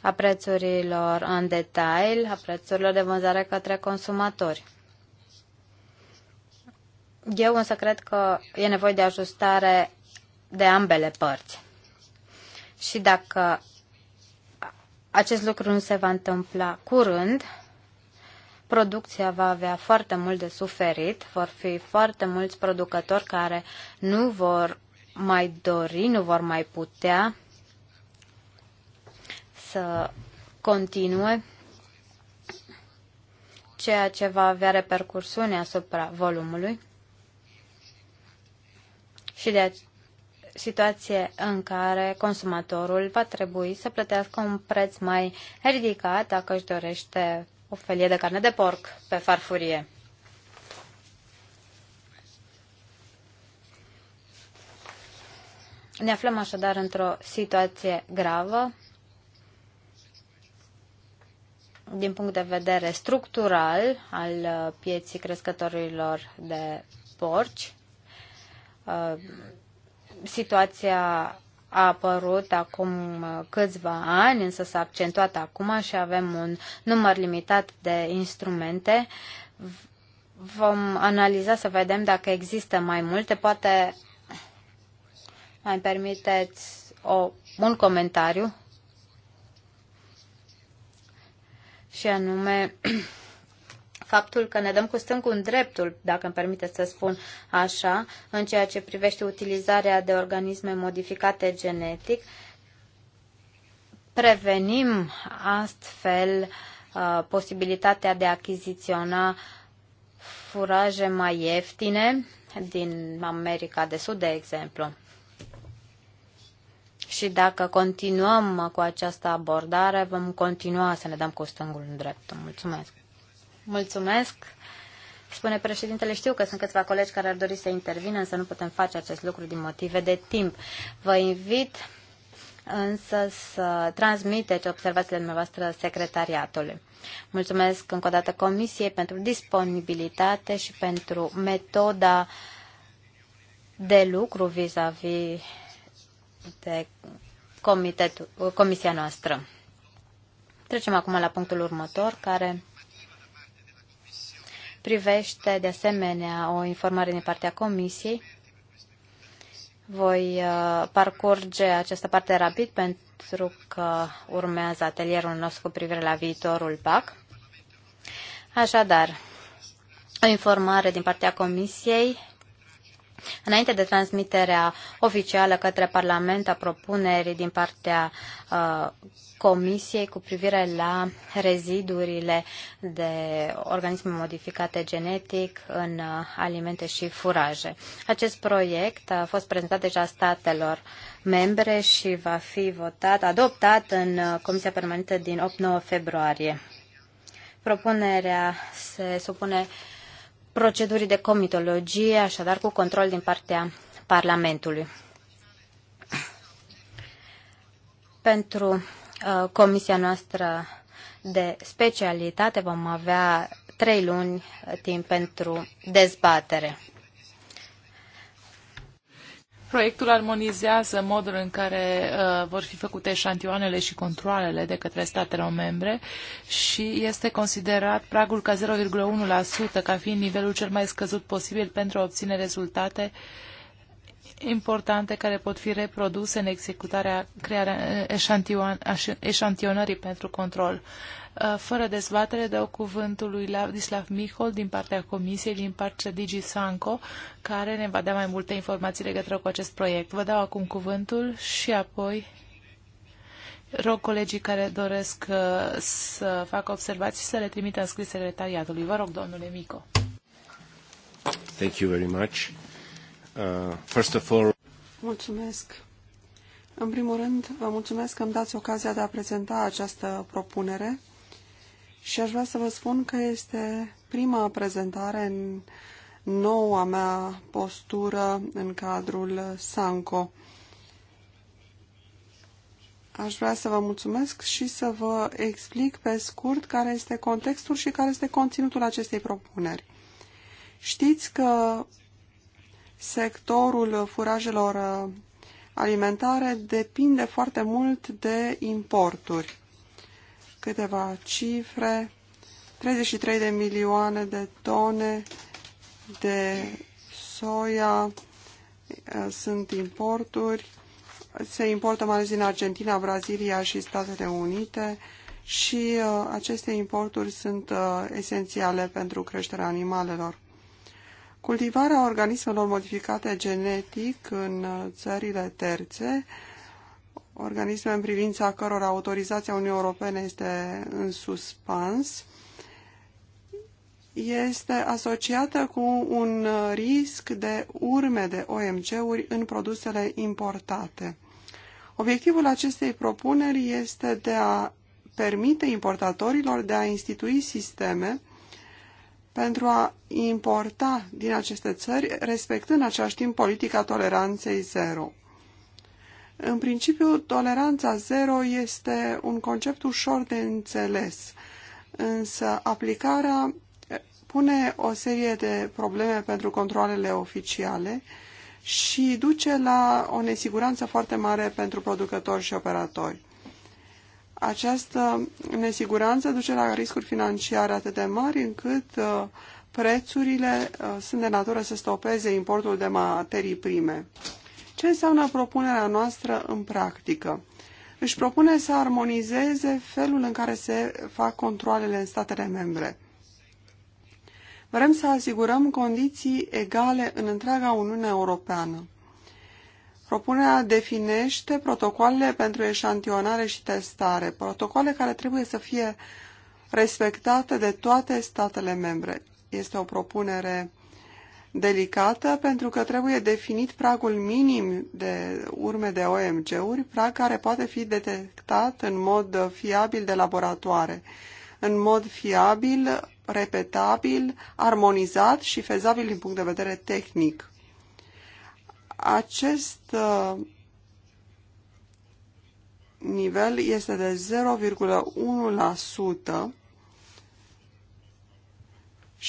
[SPEAKER 3] a prețurilor în detail, a prețurilor de vânzare către consumatori. Eu însă cred că e nevoie de ajustare de ambele părți. Și dacă acest lucru nu se va întâmpla curând, producția va avea foarte mult de suferit, vor fi foarte mulți producători care nu vor mai dori, nu vor mai putea să continue, ceea ce va avea repercursiune asupra volumului și de situație în care consumatorul va trebui să plătească un preț mai ridicat dacă își dorește o felie de carne de porc pe farfurie. Ne aflăm așadar într-o situație gravă din punct de vedere structural al uh, pieții crescătorilor de porci. Uh, situația a apărut acum uh, câțiva ani, însă s-a accentuat acum și avem un număr limitat de instrumente. Vom analiza să vedem dacă există mai multe. Poate mai permiteți o, un comentariu și anume faptul că ne dăm cu stângul în dreptul, dacă îmi permite să spun așa, în ceea ce privește utilizarea de organisme modificate genetic, prevenim astfel uh, posibilitatea de a achiziționa furaje mai ieftine din America de Sud, de exemplu. Și dacă continuăm cu această abordare, vom continua să ne dăm cu stângul în dreptul. Mulțumesc! Mulțumesc. Spune președintele, știu că sunt câțiva colegi care ar dori să intervină, însă nu putem face acest lucru din motive de timp. Vă invit însă să transmiteți observațiile dumneavoastră secretariatului. Mulțumesc încă o dată Comisiei pentru disponibilitate și pentru metoda de lucru vis-a-vis -vis de comitetul, comisia noastră. Trecem acum la punctul următor, care privește de asemenea o informare din partea Comisiei. Voi uh, parcurge această parte rapid pentru că urmează atelierul nostru cu privire la viitorul PAC. Așadar, o informare din partea Comisiei Înainte de transmiterea oficială către Parlament a propunerii din partea uh, Comisiei cu privire la rezidurile de organisme modificate genetic în uh, alimente și furaje. Acest proiect a fost prezentat deja statelor membre și va fi votat, adoptat în uh, Comisia Permanentă din 8-9 februarie. Propunerea se supune uh, procedurii de comitologie, așadar cu control din partea Parlamentului. Pentru uh, comisia noastră de specialitate vom avea trei luni timp pentru dezbatere.
[SPEAKER 2] Proiectul armonizează modul în care uh, vor fi făcute șantioanele și controlele de către statele membre și este considerat pragul ca 0,1% ca fiind nivelul cel mai scăzut posibil pentru a obține rezultate importante care pot fi reproduse în executarea crearea uh, eșantionării pentru control. Uh, fără dezbatere, dau cuvântul lui Ladislav Mihol din partea Comisiei, din partea Digi Sanco, care ne va da mai multe informații legătură cu acest proiect. Vă dau acum cuvântul și apoi rog colegii care doresc uh, să facă observații să le trimită în scris secretariatului. Vă rog, domnule Mico. Thank you very much. Uh, first of all...
[SPEAKER 1] Mulțumesc. În primul rând, vă mulțumesc că îmi dați ocazia de a prezenta această propunere și aș vrea să vă spun că este prima prezentare în noua mea postură în cadrul Sanco. Aș vrea să vă mulțumesc și să vă explic pe scurt care este contextul și care este conținutul acestei propuneri. Știți că sectorul furajelor alimentare depinde foarte mult de importuri câteva cifre. 33 de milioane de tone de soia uh, sunt importuri. Se importă mai ales din Argentina, Brazilia și Statele Unite și uh, aceste importuri sunt uh, esențiale pentru creșterea animalelor. Cultivarea organismelor modificate genetic în țările terțe organisme în privința cărora autorizația Uniunii Europene este în suspans, este asociată cu un risc de urme de omc uri în produsele importate. Obiectivul acestei propuneri este de a permite importatorilor de a institui sisteme pentru a importa din aceste țări, respectând în același timp politica toleranței zero. În principiu, toleranța zero este un concept ușor de înțeles, însă aplicarea pune o serie de probleme pentru controlele oficiale și duce la o nesiguranță foarte mare pentru producători și operatori. Această nesiguranță duce la riscuri financiare atât de mari încât uh, prețurile uh, sunt de natură să stopeze importul de materii prime. Ce înseamnă propunerea noastră în practică? Își propune să armonizeze felul în care se fac controlele în statele membre. Vrem să asigurăm condiții egale în întreaga Uniune Europeană. Propunerea definește protocoalele pentru eșantionare și testare, protocoale care trebuie să fie respectate de toate statele membre. Este o propunere delicată pentru că trebuie definit pragul minim de urme de OMG-uri, prag care poate fi detectat în mod fiabil de laboratoare, în mod fiabil, repetabil, armonizat și fezabil din punct de vedere tehnic. Acest uh, nivel este de 0,1%,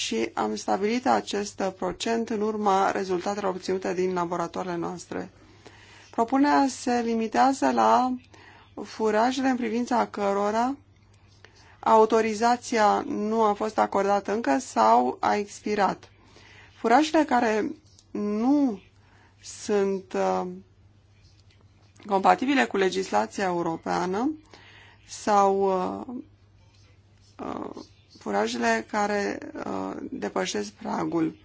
[SPEAKER 1] și am stabilit acest procent în urma rezultatelor obținute din laboratoarele noastre. Propunerea se limitează la furajele în privința cărora autorizația nu a fost acordată încă sau a expirat. Furajele care nu sunt uh, compatibile cu legislația europeană sau uh, uh, furajele care uh, depășesc pragul.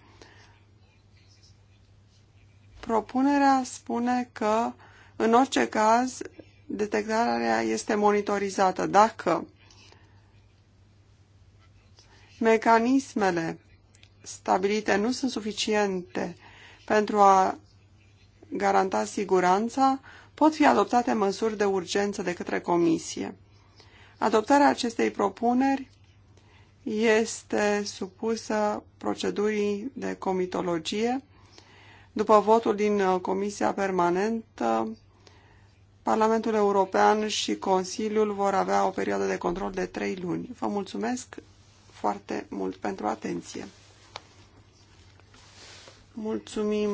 [SPEAKER 1] Propunerea spune că, în orice caz, detectarea este monitorizată. Dacă mecanismele stabilite nu sunt suficiente pentru a garanta siguranța, pot fi adoptate măsuri de urgență de către Comisie. Adoptarea acestei propuneri este supusă procedurii de comitologie. După votul din uh, Comisia Permanentă, Parlamentul European și Consiliul vor avea o perioadă de control de trei luni. Vă mulțumesc foarte mult pentru atenție. Mulțumim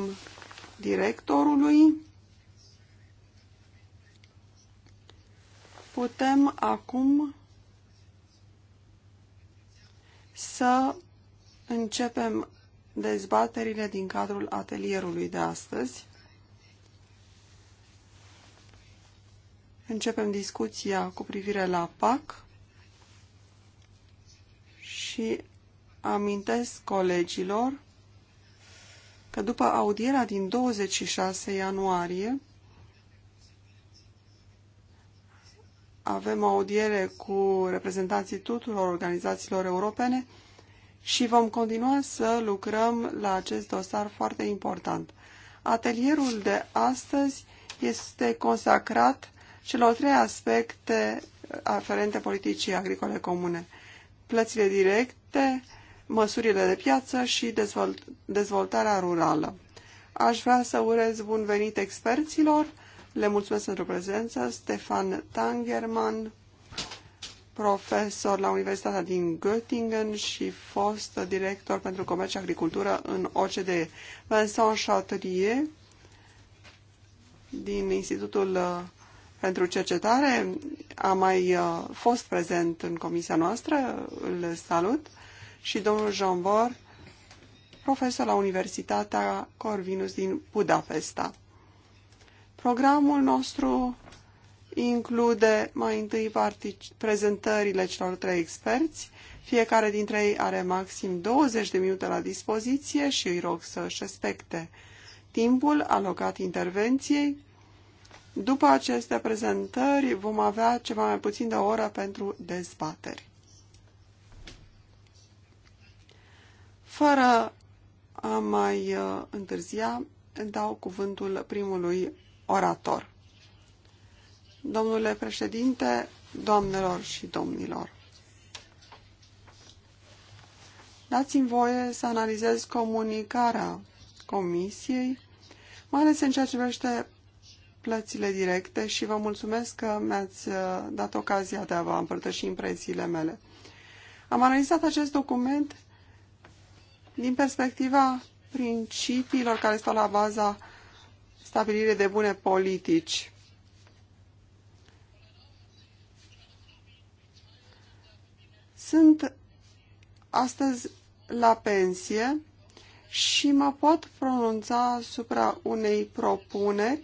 [SPEAKER 1] directorului. Putem acum să începem dezbaterile din cadrul atelierului de astăzi. Începem discuția cu privire la PAC și amintesc colegilor că după audierea din 26 ianuarie avem o audiere cu reprezentanții tuturor organizațiilor europene și vom continua să lucrăm la acest dosar foarte important. Atelierul de astăzi este consacrat celor trei aspecte aferente politicii agricole comune. Plățile directe, măsurile de piață și dezvoltarea rurală. Aș vrea să urez bun venit experților le mulțumesc pentru prezență. Stefan Tangerman, profesor la Universitatea din Göttingen și fost director pentru comerț și agricultură în OCDE. Vincent Chatrier, din Institutul uh, pentru Cercetare, a mai uh, fost prezent în comisia noastră, îl salut, și domnul Jean Bor, profesor la Universitatea Corvinus din Budapesta. Programul nostru include mai întâi prezentările celor trei experți. Fiecare dintre ei are maxim 20 de minute la dispoziție și îi rog să își respecte timpul alocat intervenției. După aceste prezentări vom avea ceva mai puțin de o oră pentru dezbateri. Fără a mai uh, întârzia, dau cuvântul primului orator. Domnule președinte, doamnelor și domnilor, dați-mi voie să analizez comunicarea Comisiei, mai ales în ceea ce privește plățile directe și vă mulțumesc că mi-ați uh, dat ocazia de a vă împărtăși impresiile mele. Am analizat acest document din perspectiva principiilor care stau la baza stabilire de bune politici. Sunt astăzi la pensie și mă pot pronunța asupra unei propuneri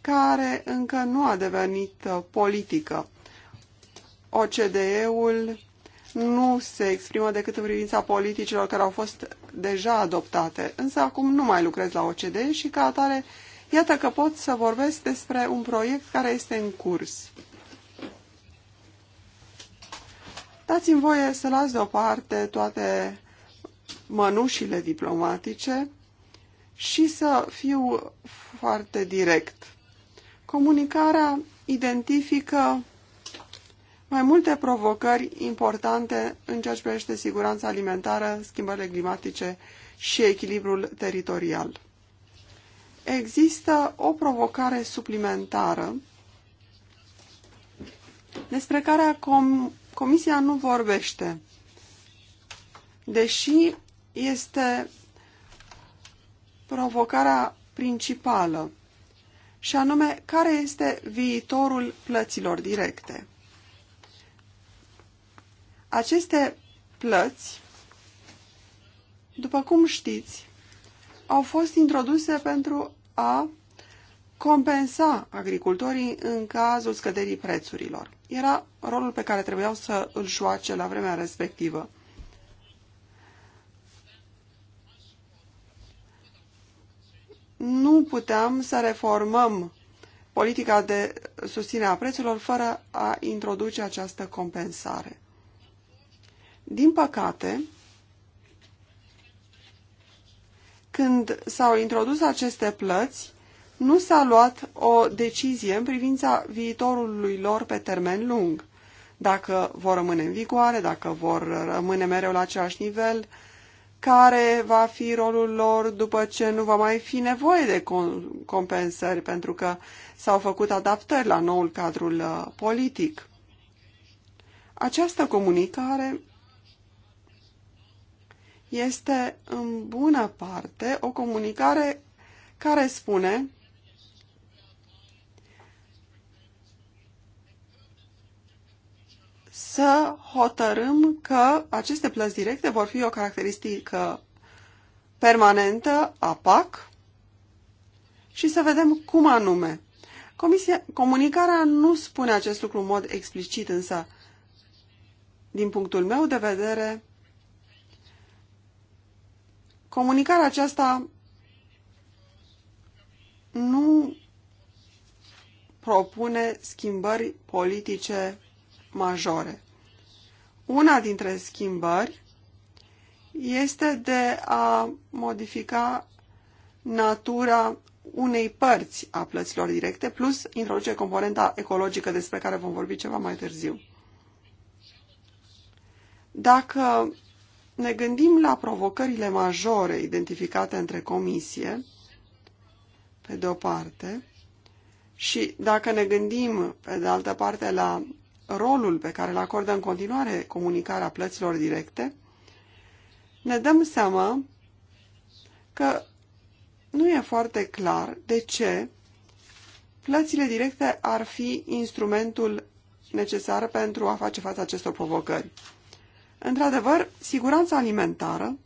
[SPEAKER 1] care încă nu a devenit uh, politică. OCDE-ul nu se exprimă decât în privința politicilor care au fost deja adoptate, însă acum nu mai lucrez la OCDE și ca atare Iată că pot să vorbesc despre un proiect care este în curs. Dați-mi voie să las deoparte toate mănușile diplomatice și să fiu foarte direct. Comunicarea identifică mai multe provocări importante în ceea ce privește siguranța alimentară, schimbările climatice și echilibrul teritorial există o provocare suplimentară despre care com Comisia nu vorbește, deși este provocarea principală, și anume care este viitorul plăților directe. Aceste plăți, după cum știți, au fost introduse pentru a compensa agricultorii în cazul scăderii prețurilor. Era rolul pe care trebuiau să îl joace la vremea respectivă. Nu puteam să reformăm politica de susținere a prețurilor fără a introduce această compensare. Din păcate, Când s-au introdus aceste plăți, nu s-a luat o decizie în privința viitorului lor pe termen lung. Dacă vor rămâne în vigoare, dacă vor rămâne mereu la același nivel, care va fi rolul lor după ce nu va mai fi nevoie de compensări, pentru că s-au făcut adaptări la noul cadrul uh, politic. Această comunicare este în bună parte o comunicare care spune să hotărâm că aceste plăți directe vor fi o caracteristică permanentă a PAC și să vedem cum anume. Comisia, comunicarea nu spune acest lucru în mod explicit, însă, din punctul meu de vedere, Comunicarea aceasta nu propune schimbări politice majore. Una dintre schimbări este de a modifica natura unei părți a plăților directe, plus introduce componenta ecologică despre care vom vorbi ceva mai târziu. Dacă ne gândim la provocările majore identificate între comisie, pe de o parte, și dacă ne gândim, pe de altă parte, la rolul pe care îl acordă în continuare comunicarea plăților directe, ne dăm seama că nu e foarte clar de ce plățile directe ar fi instrumentul necesar pentru a face față acestor provocări. Într-adevăr, siguranța alimentară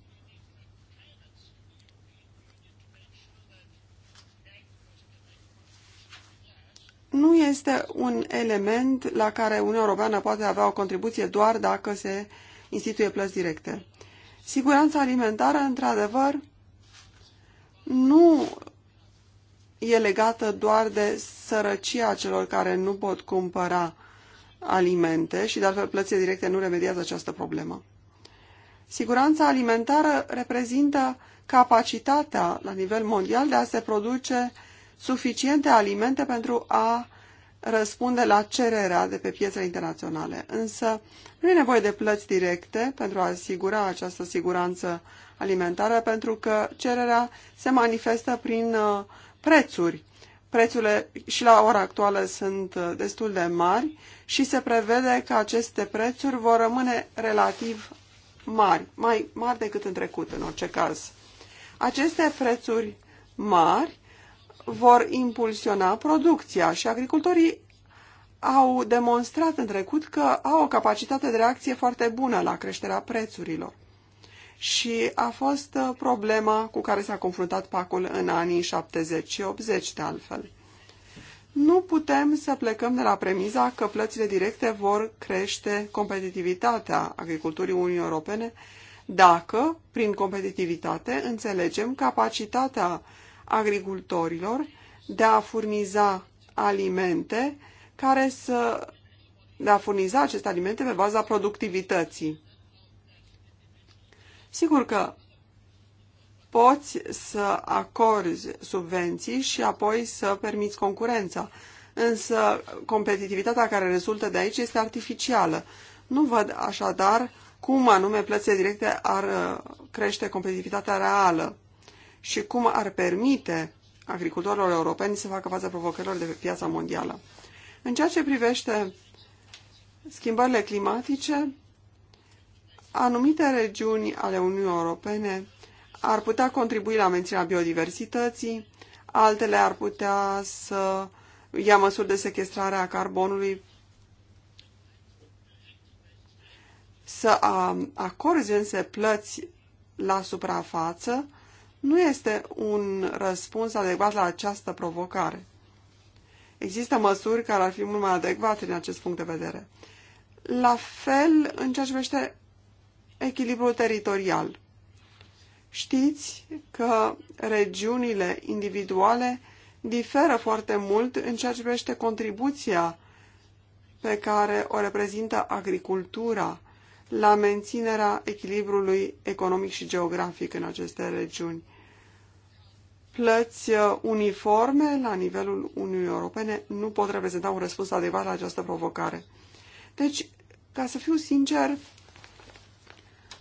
[SPEAKER 1] nu este un element la care Uniunea Europeană poate avea o contribuție doar dacă se instituie plăți directe. Siguranța alimentară, într-adevăr, nu e legată doar de sărăcia celor care nu pot cumpăra alimente și, de altfel, plățile directe nu remediază această problemă. Siguranța alimentară reprezintă capacitatea la nivel mondial de a se produce suficiente alimente pentru a răspunde la cererea de pe piețele internaționale. Însă nu e nevoie de plăți directe pentru a asigura această siguranță alimentară, pentru că cererea se manifestă prin uh, prețuri. Prețurile și la ora actuală sunt uh, destul de mari și se prevede că aceste prețuri vor rămâne relativ mari, mai mari decât în trecut în orice caz. Aceste prețuri mari vor impulsiona producția și agricultorii au demonstrat în trecut că au o capacitate de reacție foarte bună la creșterea prețurilor. Și a fost uh, problema cu care s-a confruntat pacul în anii 70 și 80 de altfel. Nu putem să plecăm de la premiza că plățile directe vor crește competitivitatea agriculturii Uniunii Europene dacă, prin competitivitate, înțelegem capacitatea agricultorilor de a furniza alimente care să de a furniza aceste alimente pe baza productivității. Sigur că poți să acorzi subvenții și apoi să permiți concurența. Însă competitivitatea care rezultă de aici este artificială. Nu văd așadar cum anume plățile directe ar uh, crește competitivitatea reală și cum ar permite agricultorilor europeni să facă față provocărilor de pe piața mondială. În ceea ce privește schimbările climatice, anumite regiuni ale Uniunii Europene ar putea contribui la menținerea biodiversității, altele ar putea să ia măsuri de sequestrare a carbonului, să acorzi însă plăți la suprafață nu este un răspuns adecvat la această provocare. Există măsuri care ar fi mult mai adecvate din acest punct de vedere. La fel, în ceea ce privește echilibrul teritorial. Știți că regiunile individuale diferă foarte mult în ceea ce privește contribuția pe care o reprezintă agricultura la menținerea echilibrului economic și geografic în aceste regiuni. Plăți uh, uniforme la nivelul Uniunii Europene nu pot reprezenta un răspuns adevărat la această provocare. Deci, ca să fiu sincer,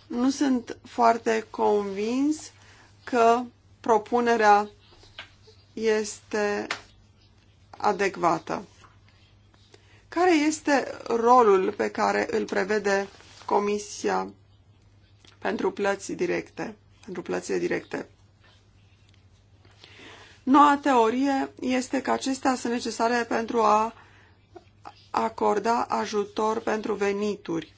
[SPEAKER 1] nu sunt foarte convins că propunerea este adecvată. Care este rolul pe care îl prevede Comisia pentru plăți directe, pentru plățile directe? Noua teorie este că acestea sunt necesare pentru a acorda ajutor pentru venituri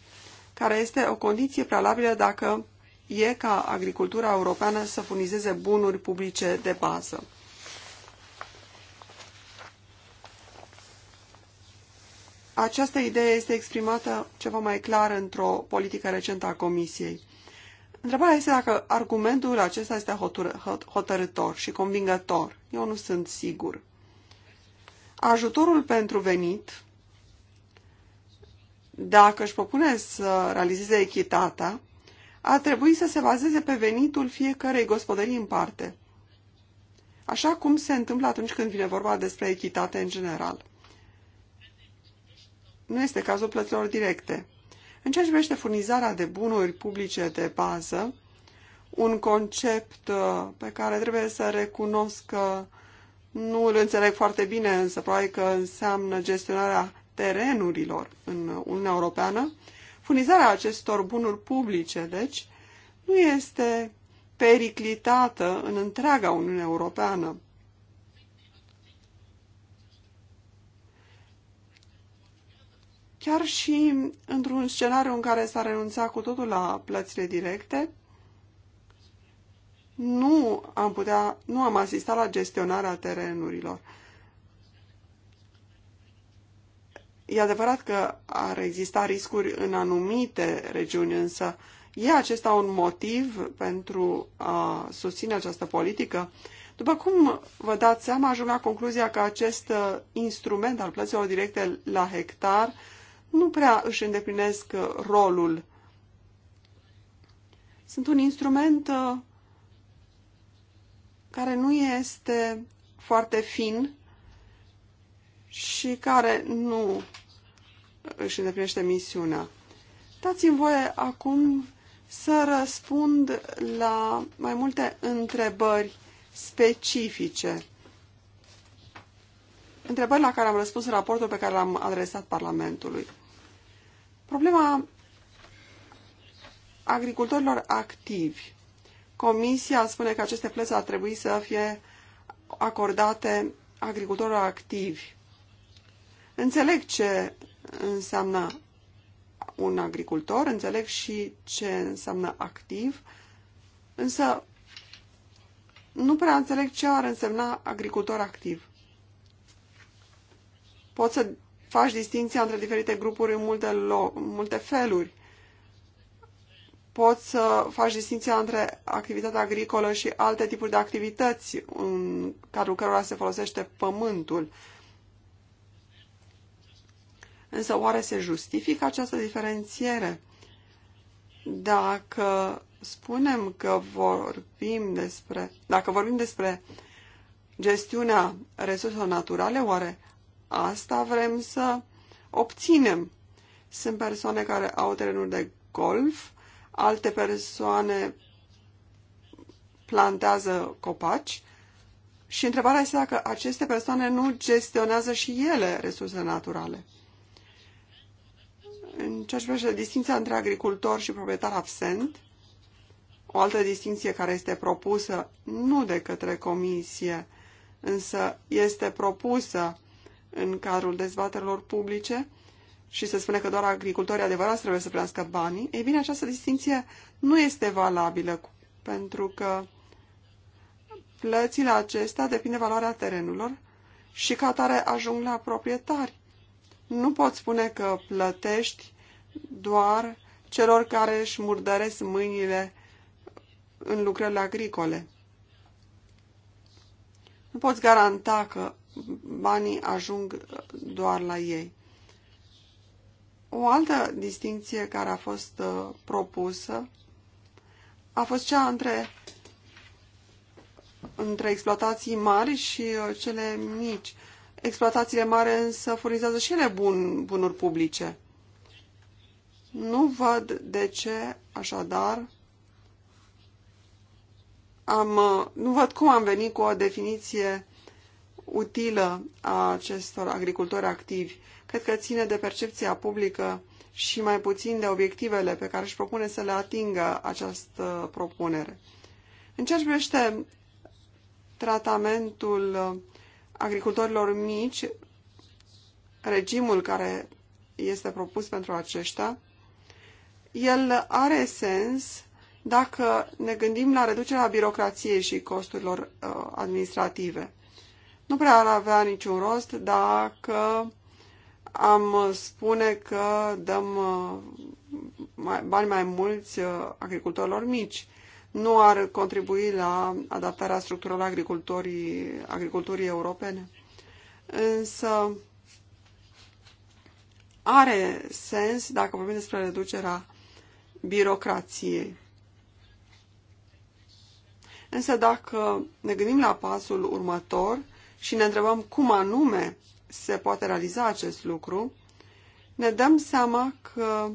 [SPEAKER 1] care este o condiție prealabilă dacă e ca agricultura europeană să furnizeze bunuri publice de bază. Această idee este exprimată ceva mai clar într-o politică recentă a Comisiei. Întrebarea este dacă argumentul acesta este hotărător și convingător. Eu nu sunt sigur. Ajutorul pentru venit dacă își propune să realizeze echitatea, ar trebui să se bazeze pe venitul fiecărei gospodării în parte, așa cum se întâmplă atunci când vine vorba despre echitate în general. Nu este cazul plăților directe. În ceea ce privește furnizarea de bunuri publice de bază, un concept uh, pe care trebuie să recunosc că nu îl înțeleg foarte bine, însă probabil că înseamnă gestionarea terenurilor în Uniunea Europeană, furnizarea acestor bunuri publice, deci, nu este periclitată în întreaga Uniune Europeană. Chiar și într-un scenariu în care s-a renunțat cu totul la plățile directe, nu am, putea, nu am asistat la gestionarea terenurilor. E adevărat că ar exista riscuri în anumite regiuni, însă e acesta un motiv pentru a susține această politică? După cum vă dați seama, ajung la concluzia că acest uh, instrument al plăților directe la hectar nu prea își îndeplinesc uh, rolul. Sunt un instrument uh, care nu este foarte fin și care nu își îndeplinește misiunea. Dați-mi voie acum să răspund la mai multe întrebări specifice. Întrebări la care am răspuns în raportul pe care l-am adresat Parlamentului. Problema agricultorilor activi. Comisia spune că aceste plăți ar trebui să fie acordate agricultorilor activi. Înțeleg ce înseamnă un agricultor, înțeleg și ce înseamnă activ, însă nu prea înțeleg ce ar însemna agricultor activ. Poți să faci distinția între diferite grupuri în multe, multe feluri. Poți să faci distinția între activitatea agricolă și alte tipuri de activități în cadrul cărora se folosește pământul. Uh, Însă oare se justifică această diferențiere? Dacă spunem că vorbim despre, dacă vorbim despre gestiunea resurselor naturale, oare asta vrem să obținem? Sunt persoane care au terenuri de golf, alte persoane plantează copaci și întrebarea este dacă aceste persoane nu gestionează și ele resursele naturale. În ceea ce privește distinția între agricultor și proprietar absent, o altă distinție care este propusă nu de către comisie, însă este propusă în cadrul dezbaterilor publice și se spune că doar agricultorii adevărați trebuie să primească banii, ei bine, această distinție nu este valabilă pentru că plățile acestea depind de valoarea terenurilor și ca atare ajung la proprietari. Nu pot spune că plătești doar celor care își murdăresc mâinile în lucrările agricole. Nu poți garanta că banii ajung doar la ei. O altă distinție care a fost uh, propusă a fost cea între, între exploatații mari și uh, cele mici. Exploatațiile mari însă furnizează și ele bun, bunuri publice. Nu văd de ce, așadar, am, uh, nu văd cum am venit cu o definiție utilă a acestor agricultori activi. Cred că ține de percepția publică și mai puțin de obiectivele pe care își propune să le atingă această propunere. În ceea ce privește tratamentul uh, agricultorilor mici, regimul care este propus pentru aceștia, el are sens dacă ne gândim la reducerea birocrației și costurilor uh, administrative. Nu prea ar avea niciun rost dacă am spune că dăm uh, mai, bani mai mulți uh, agricultorilor mici nu ar contribui la adaptarea structurală a agriculturii, agriculturii europene. Însă are sens dacă vorbim despre reducerea birocrației. Însă dacă ne gândim la pasul următor și ne întrebăm cum anume se poate realiza acest lucru, ne dăm seama că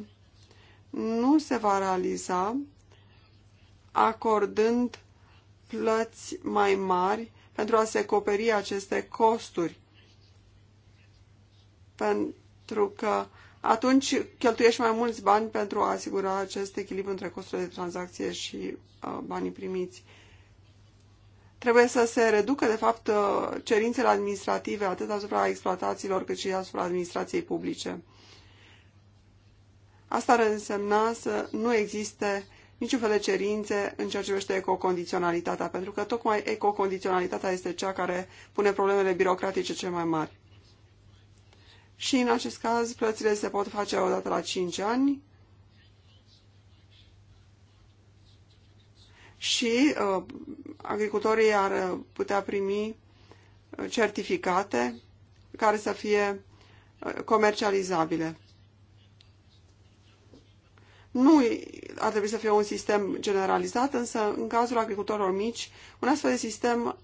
[SPEAKER 1] nu se va realiza acordând plăți mai mari pentru a se acoperi aceste costuri. Pentru că atunci cheltuiești mai mulți bani pentru a asigura acest echilibru între costurile de tranzacție și uh, banii primiți. Trebuie să se reducă, de fapt, uh, cerințele administrative atât asupra exploatațiilor cât și asupra administrației publice. Asta ar însemna să nu existe niciun fel de cerințe în ceea ce privește ecocondiționalitatea, pentru că tocmai ecocondiționalitatea este cea care pune problemele birocratice cele mai mari. Și în acest caz, plățile se pot face odată la 5 ani și uh, agricultorii ar putea primi uh, certificate care să fie uh, comercializabile. Nu ar trebui să fie un sistem generalizat, însă în cazul agricultorilor mici, un astfel de sistem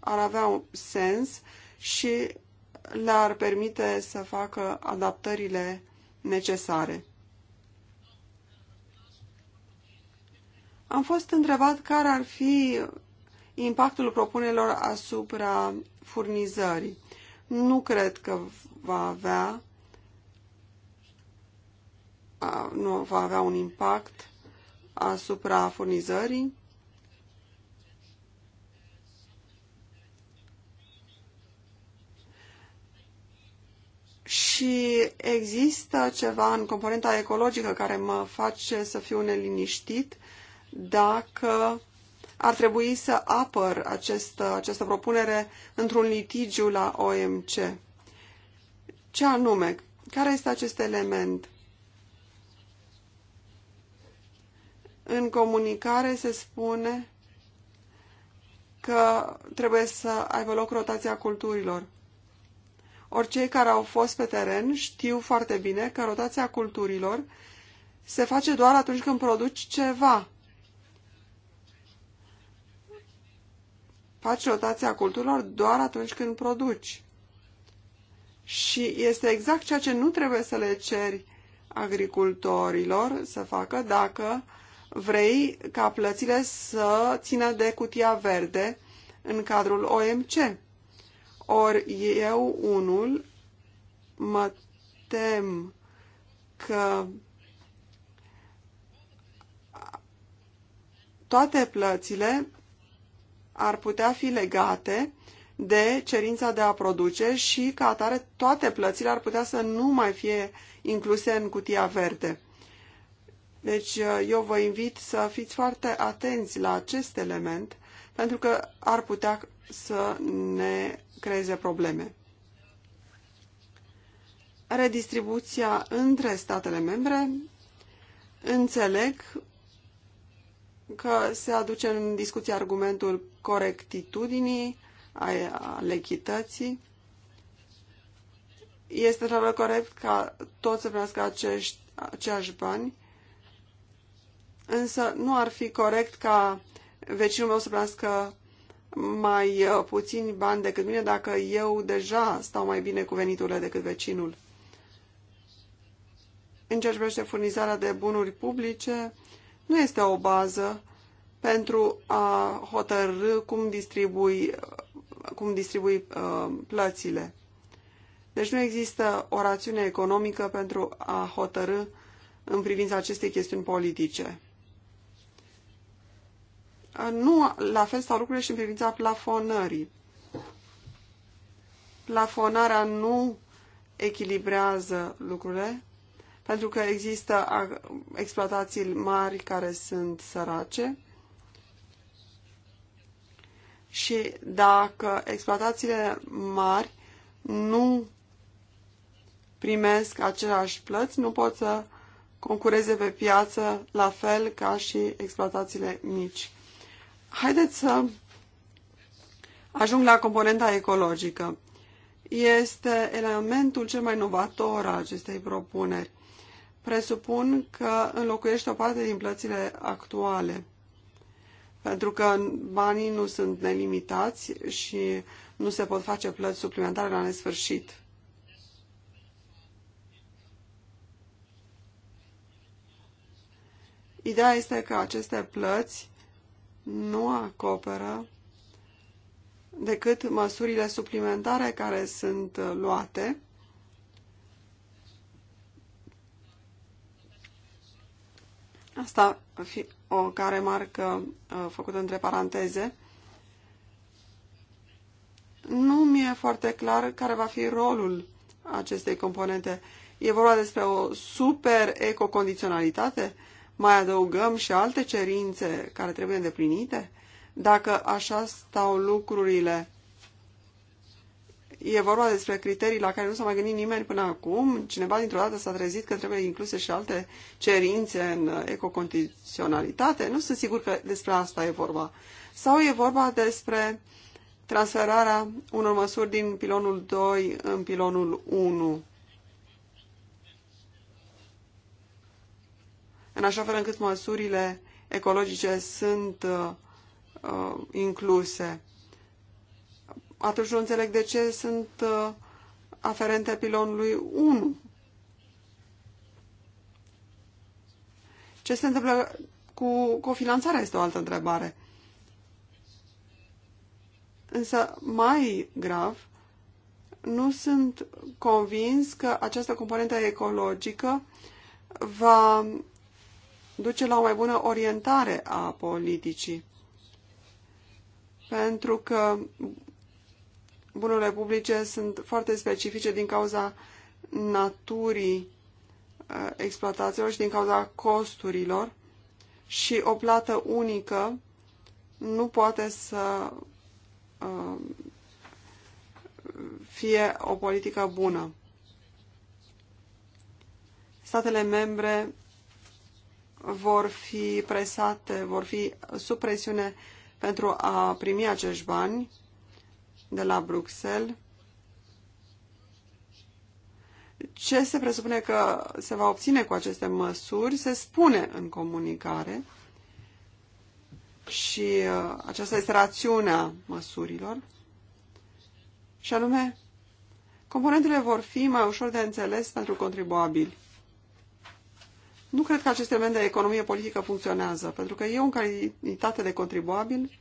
[SPEAKER 1] ar avea un sens și le-ar permite să facă adaptările necesare. Am fost întrebat care ar fi impactul propunerilor asupra furnizării. Nu cred că va avea nu va avea un impact asupra furnizării. Și există ceva în componenta ecologică care mă face să fiu neliniștit dacă ar trebui să apăr această, această propunere într-un litigiu la OMC. Ce anume? Care este acest element? În comunicare se spune că trebuie să aibă loc rotația culturilor. Ori cei care au fost pe teren știu foarte bine că rotația culturilor se face doar atunci când produci ceva. Faci rotația culturilor doar atunci când produci. Și este exact ceea ce nu trebuie să le ceri agricultorilor să facă dacă vrei ca plățile să țină de cutia verde în cadrul OMC. Ori eu, unul, mă tem că toate plățile ar putea fi legate de cerința de a produce și, ca atare, toate plățile ar putea să nu mai fie incluse în cutia verde. Deci uh, eu vă invit să fiți foarte atenți la acest element, pentru că ar putea să ne creeze probleme. Redistribuția între statele membre, înțeleg că se aduce în discuție argumentul corectitudinii, al echității. Este într corect ca toți să primească acești, aceeași bani, însă nu ar fi corect ca vecinul meu să primească mai uh, puțini bani decât mine dacă eu deja stau mai bine cu veniturile decât vecinul. În ceea ce privește furnizarea de bunuri publice, nu este o bază pentru a hotărâ cum distribui, uh, cum distribui uh, plățile. Deci nu există o rațiune economică pentru a hotărâ în privința acestei chestiuni politice. Nu la fel stau lucrurile și în privința plafonării. Plafonarea nu echilibrează lucrurile, pentru că există exploatații mari care sunt sărace și dacă exploatațiile mari nu primesc aceleași plăți, nu pot să concureze pe piață la fel ca și exploatațiile mici. Haideți să ajung la componenta ecologică. Este elementul cel mai novator al acestei propuneri. Presupun că înlocuiește o parte din plățile actuale, pentru că banii nu sunt nelimitați și nu se pot face plăți suplimentare la nesfârșit. Ideea este că aceste plăți nu acoperă decât măsurile suplimentare care sunt uh, luate Asta fi o care marcă uh, făcută între paranteze. Nu mi-e foarte clar care va fi rolul acestei componente. E vorba despre o super ecocondiționalitate? mai adăugăm și alte cerințe care trebuie îndeplinite? Dacă așa stau lucrurile, e vorba despre criterii la care nu s-a mai gândit nimeni până acum, cineva dintr-o dată s-a trezit că trebuie incluse și alte cerințe în ecocondiționalitate, nu sunt sigur că despre asta e vorba. Sau e vorba despre transferarea unor măsuri din pilonul 2 în pilonul 1. în așa fel încât măsurile ecologice sunt uh, incluse. Atunci nu înțeleg de ce sunt uh, aferente pilonului 1. Ce se întâmplă cu cofinanțarea este o altă întrebare. Însă, mai grav, nu sunt convins că această componentă ecologică va duce la o mai bună orientare a politicii. Pentru că bunurile publice sunt foarte specifice din cauza naturii uh, exploatațiilor și din cauza costurilor și o plată unică nu poate să uh, fie o politică bună. Statele membre vor fi presate, vor fi sub presiune pentru a primi acești bani de la Bruxelles. Ce se presupune că se va obține cu aceste măsuri, se spune în comunicare și uh, aceasta este rațiunea măsurilor. Și anume, componentele vor fi mai ușor de înțeles pentru contribuabili. Nu cred că acest element de economie politică funcționează, pentru că eu, în calitate de contribuabil,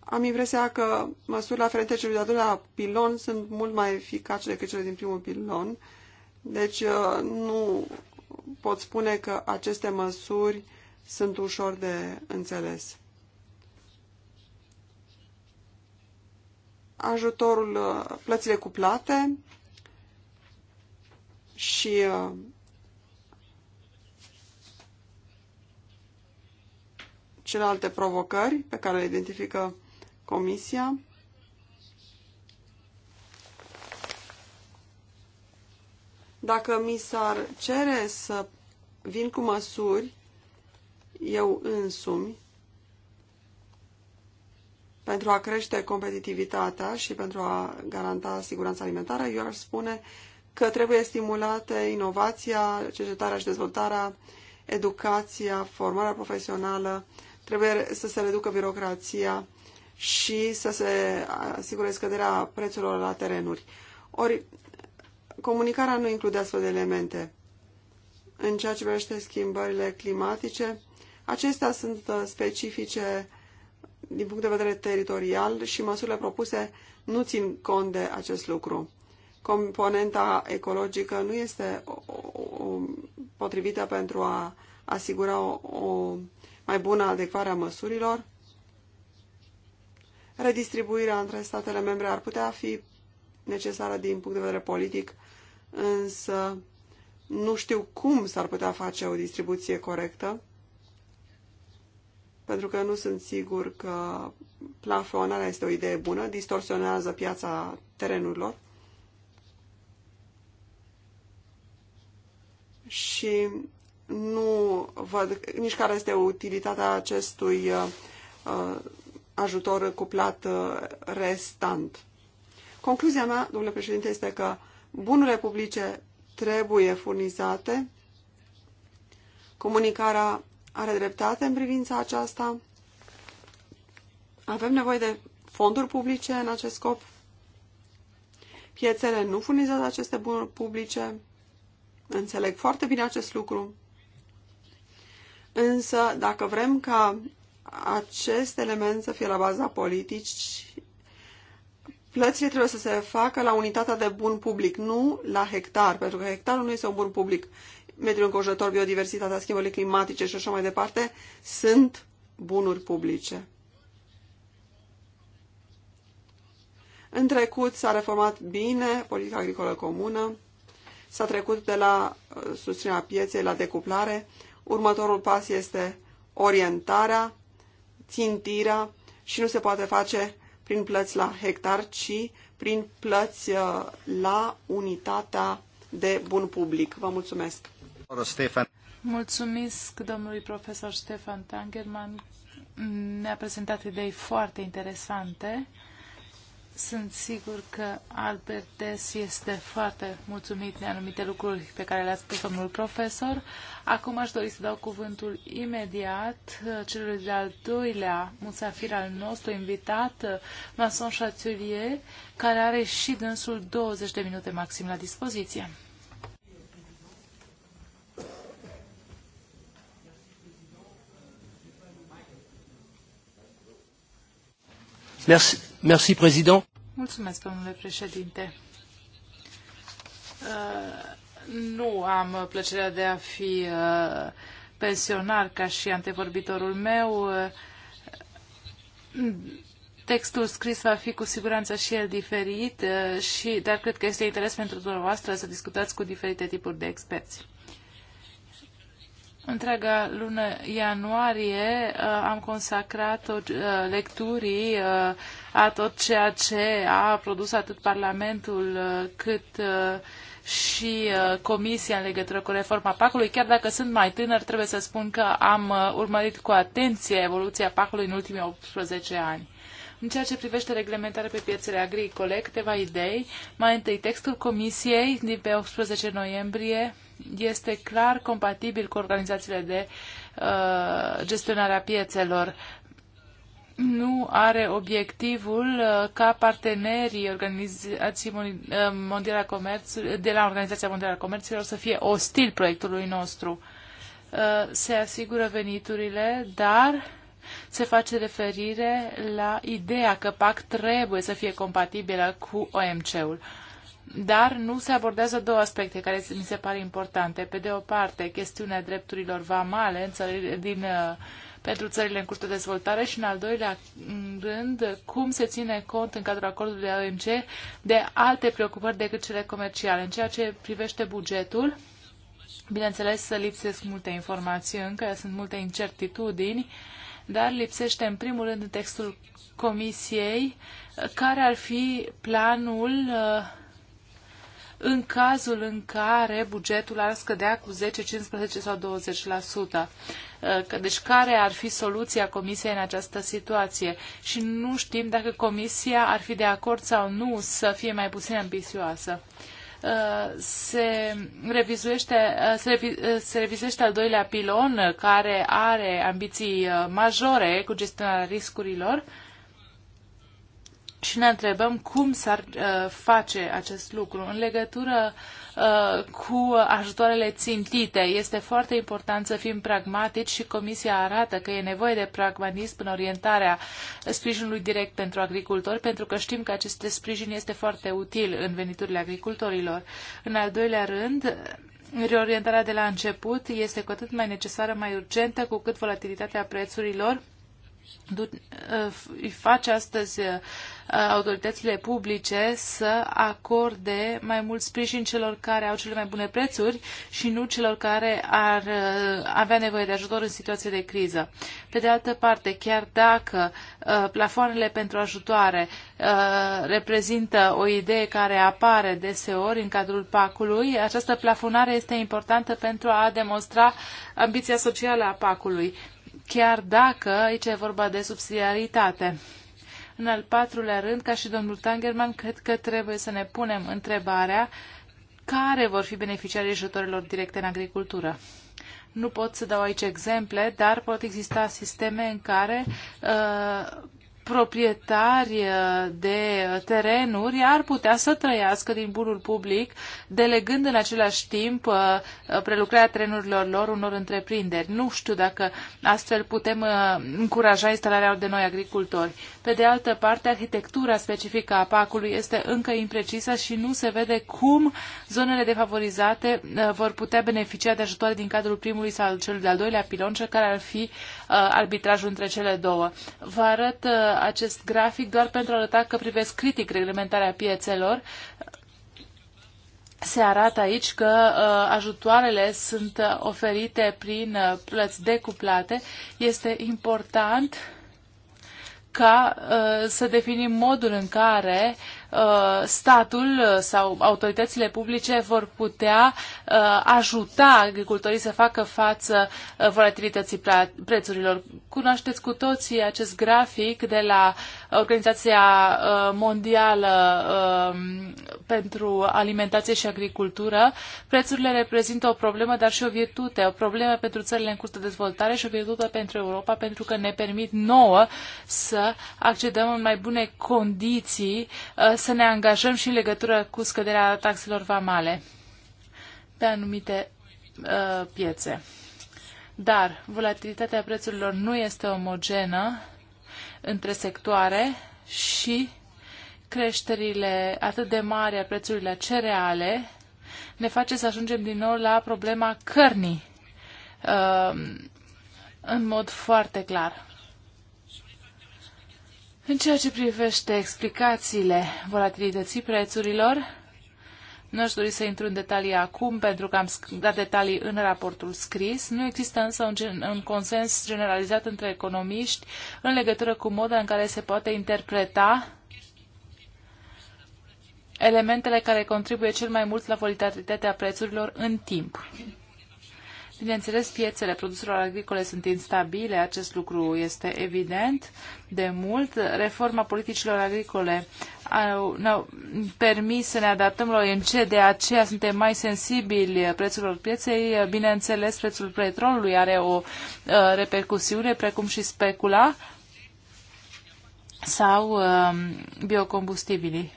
[SPEAKER 1] am impresia că măsurile aferente celui de-al doilea pilon sunt mult mai eficace decât cele din primul pilon. Deci uh, nu pot spune că aceste măsuri sunt ușor de înțeles. Ajutorul, uh, plățile cuplate și uh, celelalte provocări pe care le identifică Comisia. Dacă mi s-ar cere să vin cu măsuri eu însumi pentru a crește competitivitatea și pentru a garanta siguranța alimentară, eu aș spune că trebuie stimulate inovația, cercetarea și dezvoltarea, educația, formarea profesională, Trebuie să se reducă birocrația și să se asigure scăderea prețurilor la terenuri. Ori, comunicarea nu include astfel de elemente. În ceea ce privește schimbările climatice, acestea sunt uh, specifice din punct de vedere teritorial și măsurile propuse nu țin cont de acest lucru. Componenta ecologică nu este o, o, potrivită pentru a asigura o, o mai bună adecvare a măsurilor. Redistribuirea între statele membre ar putea fi necesară din punct de vedere politic, însă nu știu cum s-ar putea face o distribuție corectă, pentru că nu sunt sigur că plafonarea este o idee bună, distorsionează piața terenurilor. Și nu văd nici care este utilitatea acestui uh, ajutor cuplat uh, restant. Concluzia mea, domnule președinte, este că bunurile publice trebuie furnizate, comunicarea are dreptate în privința aceasta, avem nevoie de fonduri publice în acest scop, piețele nu furnizează aceste bunuri publice, înțeleg foarte bine acest lucru, Însă, dacă vrem ca acest element să fie la baza politicii, plățile trebuie să se facă la unitatea de bun public, nu la hectar, pentru că hectarul nu este un bun public. Mediul înconjurător, biodiversitatea, schimbările climatice și așa mai departe sunt bunuri publice. În trecut s-a reformat bine politica agricolă comună, s-a trecut de la uh, susținerea pieței la decuplare, Următorul pas este orientarea, țintirea și nu se poate face prin plăți la hectar, ci prin plăți uh, la unitatea de bun public. Vă mulțumesc! Mulțumesc
[SPEAKER 2] domnului profesor Stefan Tangerman. Ne-a prezentat idei foarte interesante. Sunt sigur că Albert Des este foarte mulțumit de anumite lucruri pe care le-a spus domnul profesor. Acum aș dori să dau cuvântul imediat celui de-al doilea musafir al nostru invitat, Mason Chatelier, care are și dânsul 20 de minute maxim la dispoziție.
[SPEAKER 3] Merci, merci président.
[SPEAKER 2] Mulțumesc, domnule președinte. Uh, nu am plăcerea de a fi uh, pensionar ca și antevorbitorul meu. Uh, textul scris va fi cu siguranță și el diferit, și, dar cred că este interes pentru dumneavoastră să discutați cu diferite tipuri de experți. Întreaga lună ianuarie am consacrat-o lecturii a tot ceea ce a produs atât Parlamentul uh, cât uh, și uh, Comisia în legătură cu reforma PAC-ului. Chiar dacă sunt mai tânăr, trebuie să spun că am urmărit cu atenție evoluția PAC-ului în ultimii 18 ani. În ceea ce privește reglementarea pe piețele agricole, câteva idei. Mai întâi, textul Comisiei din pe 18 noiembrie este clar compatibil cu organizațiile de uh, gestionare a piețelor nu are obiectivul uh, ca partenerii Organizației uh, Mondiale a Comerțului, de la Organizația Mondială a Comerțului să fie ostil proiectului nostru. Uh, se asigură veniturile, dar se face referire la ideea că PAC trebuie să fie compatibilă cu OMC-ul. Dar nu se abordează două aspecte care mi se pare importante. Pe de o parte, chestiunea drepturilor vamale în țările din uh, pentru țările în curs de dezvoltare și, în al doilea rând, cum se ține cont în cadrul acordului OMC de alte preocupări decât cele comerciale. În ceea ce privește bugetul, bineînțeles, lipsesc multe informații încă, sunt multe incertitudini, dar lipsește în primul rând textul Comisiei care ar fi planul uh, în cazul în care bugetul ar scădea cu 10, 15 sau 20%. Uh, deci care ar fi soluția Comisiei în această situație? Și nu știm dacă Comisia ar fi de acord sau nu să fie mai puțin ambițioasă uh, se revizuiește, uh, se, revizuiește al doilea pilon care are ambiții majore cu gestionarea riscurilor și ne întrebăm cum s-ar uh, face acest lucru în legătură uh, cu ajutoarele țintite. Este foarte important să fim pragmatici și Comisia arată că e nevoie de pragmatism în orientarea sprijinului direct pentru agricultori, pentru că știm că acest sprijin este foarte util în veniturile agricultorilor. În al doilea rând, reorientarea de la început este cu atât mai necesară, mai urgentă, cu cât volatilitatea prețurilor Uh, îi face astăzi uh, autoritățile publice să acorde mai mult sprijin celor care au cele mai bune prețuri și nu celor care ar uh, avea nevoie de ajutor în situație de criză. Pe de altă parte, chiar dacă plafoanele pentru ajutoare reprezintă o idee care apare deseori în cadrul PAC-ului, această plafonare este importantă pentru a demonstra ambiția socială a PAC-ului chiar dacă aici e vorba de subsidiaritate. În al patrulea rând, ca și domnul Tangerman, cred că trebuie să ne punem întrebarea care vor fi beneficiarii ajutorilor directe în agricultură. Nu pot să dau aici exemple, dar pot exista sisteme în care uh, proprietari uh, de terenuri ar putea să trăiască din bunul public, delegând în același timp uh, prelucrarea terenurilor lor unor întreprinderi. Nu știu dacă astfel putem uh, încuraja instalarea de noi agricultori. Pe de altă parte, arhitectura specifică a pacului este încă imprecisă și nu se vede cum zonele defavorizate vor putea beneficia de ajutoare din cadrul primului sau cel de-al doilea pilon, cel care ar fi arbitrajul între cele două. Vă arăt acest grafic doar pentru a arăta că privesc critic reglementarea piețelor. Se arată aici că uh, ajutoarele sunt oferite prin uh, plăți decuplate. Este important ca uh, să definim modul în care uh, Uh, statul uh, sau autoritățile publice vor putea uh, ajuta agricultorii să facă față volatilității prețurilor. Cunoașteți cu toții acest grafic de la Organizația Mondială um, pentru Alimentație și Agricultură. Prețurile reprezintă o problemă, dar și o virtute, o problemă pentru țările în curs de dezvoltare și o virtute pentru Europa, pentru că ne permit nouă să accedăm în mai bune condiții, să ne angajăm și în legătură cu scăderea taxelor vamale pe anumite uh, piețe. Dar volatilitatea prețurilor nu este omogenă între sectoare și creșterile atât de mari a prețurilor cereale ne face să ajungem din nou la problema cărnii uh, în mod foarte clar. În ceea ce privește explicațiile volatilității prețurilor, nu aș dori să intru în detalii acum, pentru că am dat detalii în raportul scris. Nu există însă un, gen, un consens generalizat între economiști în legătură cu modul în care se poate interpreta elementele care contribuie cel mai mult la volatilitatea prețurilor în timp. Bineînțeles, piețele produselor agricole sunt instabile, acest lucru este evident de mult. Reforma politicilor agricole ne-a permis să ne adaptăm la OMC, de aceea suntem mai sensibili prețurilor pieței. Bineînțeles, prețul petrolului are o uh, repercusiune, precum și specula sau um, biocombustibilii.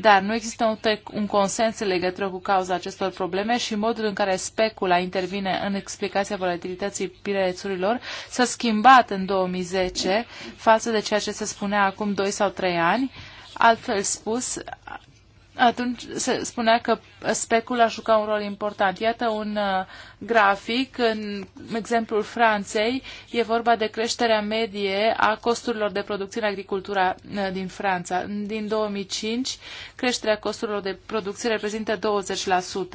[SPEAKER 2] Dar nu există un, un consens în legătură cu cauza acestor probleme și modul în care specula intervine în explicația volatilității prețurilor s-a schimbat în 2010 față de ceea ce se spunea acum 2 sau 3 ani. Altfel spus, atunci se spunea că a jucat un rol important. Iată un uh, grafic, în exemplul Franței, e vorba de creșterea medie a costurilor de producție în agricultura uh, din Franța. Din 2005, creșterea costurilor de producție reprezintă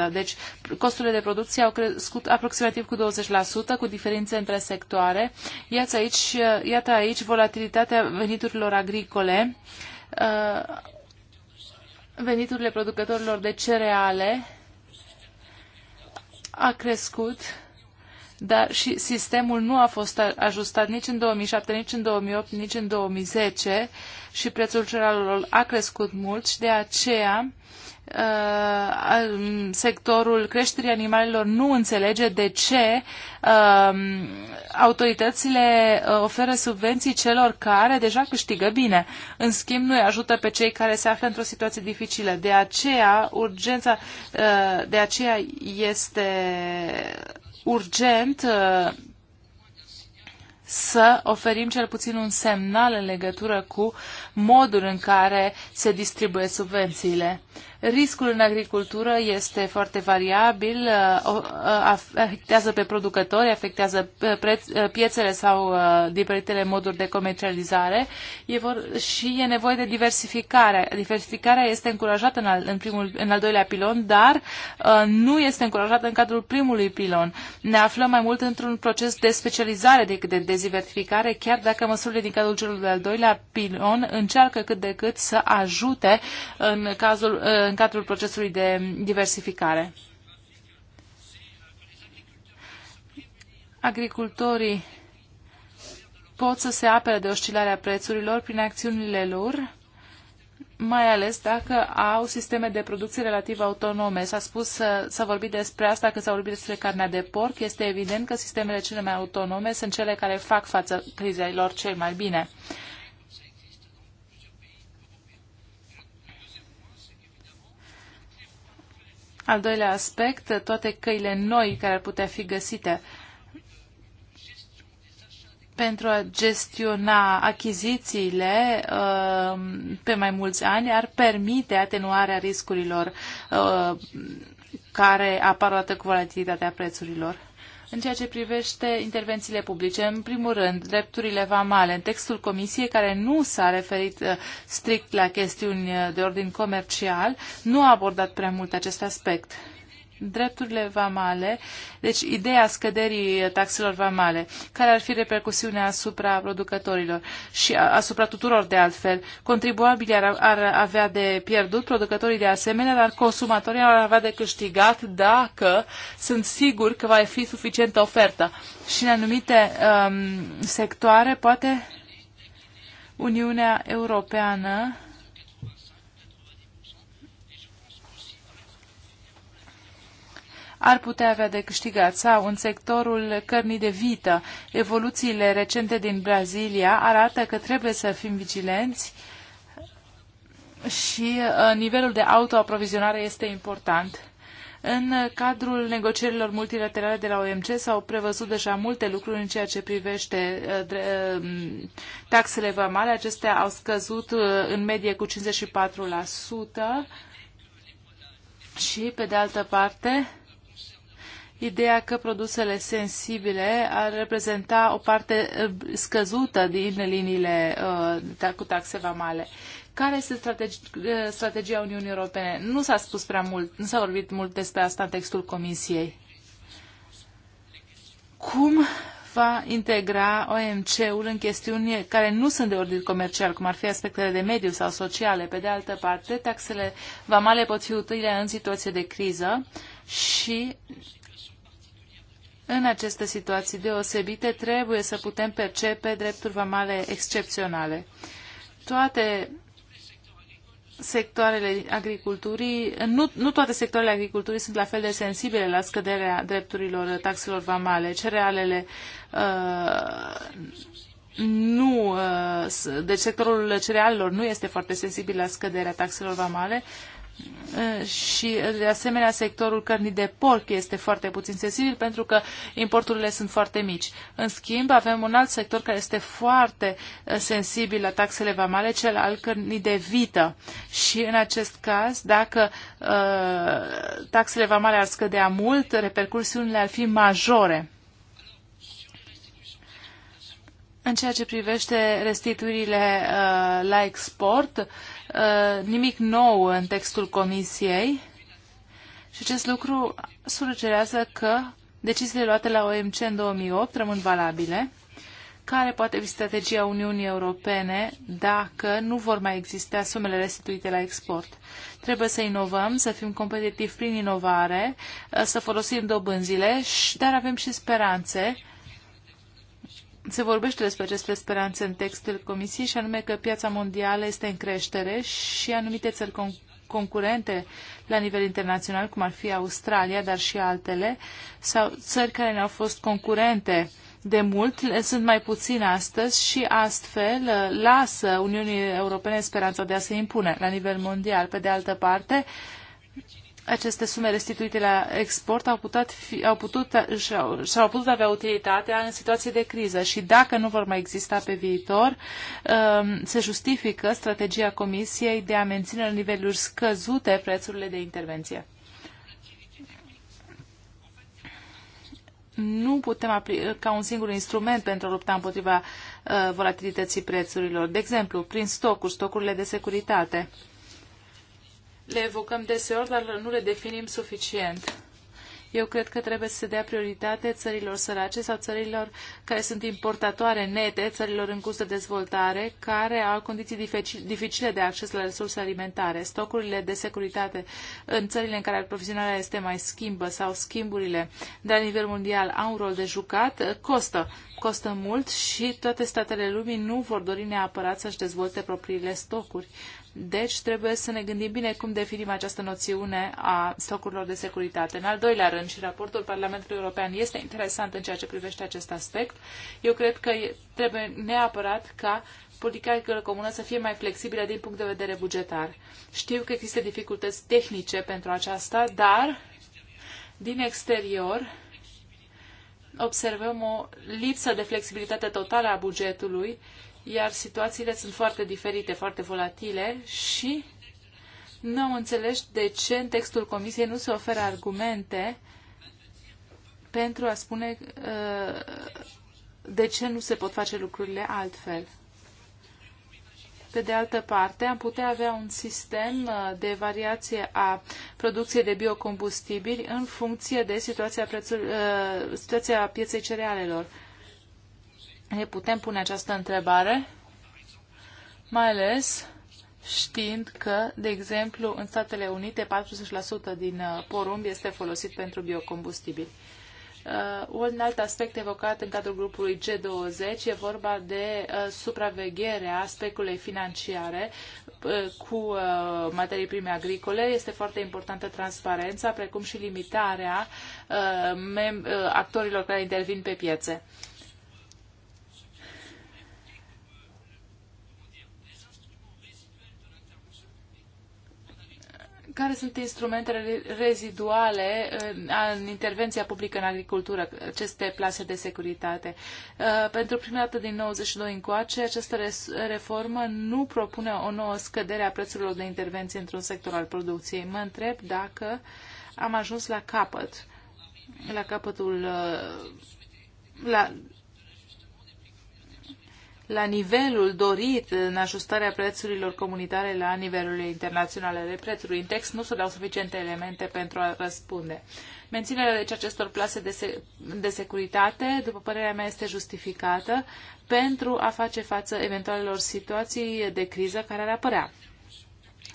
[SPEAKER 2] 20%. Deci, costurile de producție au crescut aproximativ cu 20%, cu diferențe între sectoare. Iată aici, uh, iată aici volatilitatea veniturilor agricole veniturile producătorilor de cereale a crescut, dar și sistemul nu a fost ajustat nici în 2007, nici în 2008, nici în 2010 și prețul cerealelor a crescut mult și de aceea Uh, sectorul creșterii animalelor nu înțelege de ce um, autoritățile uh, oferă subvenții celor care deja câștigă bine. În schimb, nu îi ajută pe cei care se află într-o situație dificilă. De aceea, urgența, uh, de aceea este urgent să oferim cel puțin un semnal în legătură cu modul în care se distribuie subvențiile. Riscul în agricultură este foarte variabil, uh, uh, afectează pe producători, afectează preț, uh, piețele sau diferitele moduri de comercializare e vor, și e nevoie de diversificare. Diversificarea este încurajată în al, în primul, în al doilea pilon, dar nu este încurajată în cadrul primului pilon. Ne aflăm mai mult într-un proces de specializare decât de diversificare, chiar dacă măsurile din cadrul celui de-al doilea pilon încearcă cât de cât să ajute în cazul în cadrul procesului de diversificare. Agricultorii pot să se apere de oscilarea prețurilor prin acțiunile lor, mai ales dacă au sisteme de producție relativ autonome. S-a spus, s-a vorbit despre asta, că s-a vorbit despre carnea de porc. Este evident că sistemele cele mai autonome sunt cele care fac față crizelor cel mai bine. Al doilea aspect, toate căile noi care ar putea fi găsite pentru a gestiona achizițiile uh, pe mai mulți ani ar permite atenuarea riscurilor uh, care apar odată cu volatilitatea prețurilor în ceea ce privește intervențiile publice. În primul rând, drepturile vamale. În textul comisiei, care nu s-a referit uh, strict la chestiuni uh, de ordin comercial, nu a abordat prea mult acest aspect drepturile vamale, deci ideea scăderii taxelor vamale, care ar fi repercusiunea asupra producătorilor și asupra tuturor de altfel. Contribuabilii ar, ar avea de pierdut, producătorii de asemenea, dar consumatorii ar avea de câștigat dacă sunt siguri că va fi suficientă ofertă. Și în anumite um, sectoare, poate Uniunea Europeană ar putea avea de câștigat sau în sectorul cărnii de vită. Evoluțiile recente din Brazilia arată că trebuie să fim vigilenți și uh, nivelul de autoaprovizionare este important. În cadrul negocierilor multilaterale de la OMC s-au prevăzut deja multe lucruri în ceea ce privește uh, uh, taxele vamale. Acestea au scăzut în medie cu 54% și, pe de altă parte, ideea că produsele sensibile ar reprezenta o parte eh, scăzută din liniile uh, cu taxe vamale. Care este strategi, eh, strategia Uniunii Europene? Nu s-a spus prea mult, nu s-a vorbit mult despre asta în textul Comisiei. Cum va integra OMC-ul în chestiuni care nu sunt de ordin comercial, cum ar fi aspectele de mediu sau sociale. Pe de altă parte, taxele vamale pot fi utile în situație de criză și în aceste situații deosebite trebuie să putem percepe drepturi vamale excepționale. Toate sectoarele agriculturii, nu, nu toate sectoarele agriculturii sunt la fel de sensibile la scăderea drepturilor taxelor vamale. Cerealele uh, nu, uh, deci sectorul cerealelor nu este foarte sensibil la scăderea taxelor vamale, Eh, și, de asemenea, sectorul cărnii de porc este foarte puțin sensibil pentru că importurile sunt foarte mici. În schimb, avem un alt sector care este foarte eh, sensibil la taxele vamale, cel al cărnii de vită. Și, în acest caz, dacă uh, taxele vamale ar scădea mult, repercursiunile ar fi majore. În ceea ce privește restituirile uh, la export, uh, Uh, nimic nou în textul Comisiei și acest lucru sugerează că deciziile luate la OMC în 2008 rămân valabile. Care poate fi strategia Uniunii Europene dacă nu vor mai exista sumele restituite la export? Trebuie să inovăm, să fim competitivi prin inovare, uh, să folosim dobânzile, dar avem și speranțe se vorbește despre aceste speranțe în textul Comisiei și anume că piața mondială este în creștere și anumite țări con- concurente la nivel internațional, cum ar fi Australia, dar și altele, sau țări care ne-au fost concurente de mult, sunt mai puțini astăzi și astfel uh, lasă Uniunii Europene speranța de a se impune la nivel mondial. Pe de altă parte, aceste sume restituite la export au putut, fi, au putut, și-au, și-au putut avea utilitatea în situații de criză și dacă nu vor mai exista pe viitor, um, se justifică strategia Comisiei de a menține în niveluri scăzute prețurile de intervenție. Nu putem aplica un singur instrument pentru a lupta împotriva uh, volatilității prețurilor, de exemplu, prin stocuri, stocurile de securitate le evocăm deseori, dar nu le definim suficient. Eu cred că trebuie să se dea prioritate țărilor sărace sau țărilor care sunt importatoare nete, țărilor în curs de dezvoltare, care au condiții dificile de acces la resurse alimentare. Stocurile de securitate în țările în care aprovizionarea este mai schimbă sau schimburile de la nivel mondial au un rol de jucat, costă. Costă mult și toate statele lumii nu vor dori neapărat să-și dezvolte propriile stocuri. Deci trebuie să ne gândim bine cum definim această noțiune a stocurilor de securitate. În al doilea rând, și raportul Parlamentului European este interesant în ceea ce privește acest aspect, eu cred că trebuie neapărat ca politica agricolă comună să fie mai flexibilă din punct de vedere bugetar. Știu că există dificultăți tehnice pentru aceasta, dar din exterior observăm o lipsă de flexibilitate totală a bugetului iar situațiile sunt foarte diferite, foarte volatile și nu am înțeles de ce în textul Comisiei nu se oferă argumente pentru a spune uh, de ce nu se pot face lucrurile altfel. Pe de altă parte, am putea avea un sistem uh, de variație a producției de biocombustibili în funcție de situația, prețul, uh, situația pieței cerealelor. Ne putem pune această întrebare, mai ales știind că, de exemplu, în Statele Unite 40% din uh, porumb este folosit pentru biocombustibil. Uh, un alt aspect evocat în cadrul grupului G20 e vorba de uh, supravegherea speculei financiare cu materii prime agricole. Este foarte importantă transparența, precum și limitarea actorilor care intervin pe piețe. care sunt instrumentele reziduale în intervenția publică în agricultură, aceste plase de securitate. Uh, pentru prima dată din 92 încoace, această reformă nu propune o nouă scădere a prețurilor de intervenție într-un sector al producției. Mă întreb dacă am ajuns la capăt, la capătul uh, la la nivelul dorit în ajustarea prețurilor comunitare la nivelurile internaționale de prețuri. În text nu se dau suficiente elemente pentru a răspunde. Menținerea deci acestor plase de, se- de securitate, după părerea mea, este justificată pentru a face față eventualelor situații de criză care ar apărea.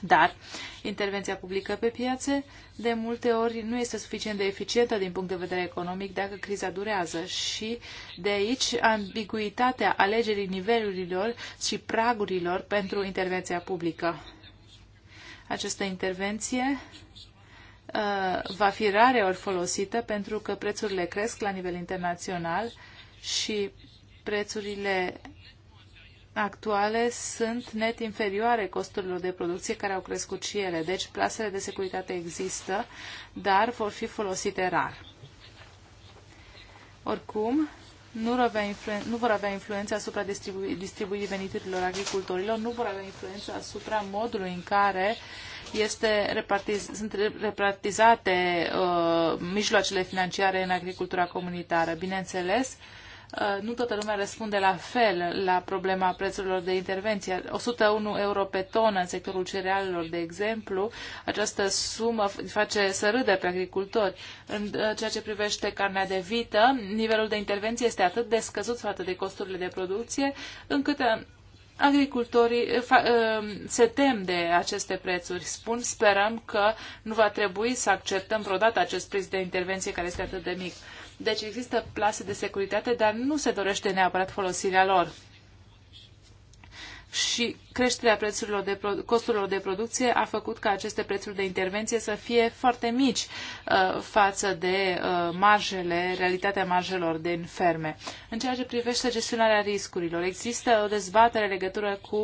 [SPEAKER 2] Dar intervenția publică pe piațe de multe ori nu este suficient de eficientă din punct de vedere economic dacă criza durează și de aici ambiguitatea alegerii nivelurilor și pragurilor pentru intervenția publică. Această intervenție uh, va fi rare ori folosită pentru că prețurile cresc la nivel internațional și prețurile actuale sunt net inferioare costurilor de producție care au crescut și ele. Deci plasele de securitate există, dar vor fi folosite rar. Oricum, nu, avea nu vor avea influență asupra distribu distribuirii veniturilor agricultorilor, nu vor avea influență asupra modului în care este repartiz, sunt repartizate uh, mijloacele financiare în agricultura comunitară. Bineînțeles, uh, Uh, nu toată lumea răspunde la fel la problema prețurilor de intervenție. 101 euro pe tonă în sectorul cerealelor, de exemplu, această sumă face să râde pe agricultori. În uh, ceea ce privește carnea de vită, nivelul de intervenție este atât de scăzut față de costurile de producție, încât uh, agricultorii se tem de aceste prețuri. Spun, sperăm că nu va trebui să acceptăm vreodată acest preț de intervenție care este atât de mic. Deci există plase de securitate, dar nu se dorește neapărat folosirea lor. Și creșterea prețurilor de costurilor de producție a făcut ca aceste prețuri de intervenție să fie foarte mici uh, față de uh, marjele, realitatea marjelor din ferme. În ceea ce privește gestionarea riscurilor, există o dezbatere legătură cu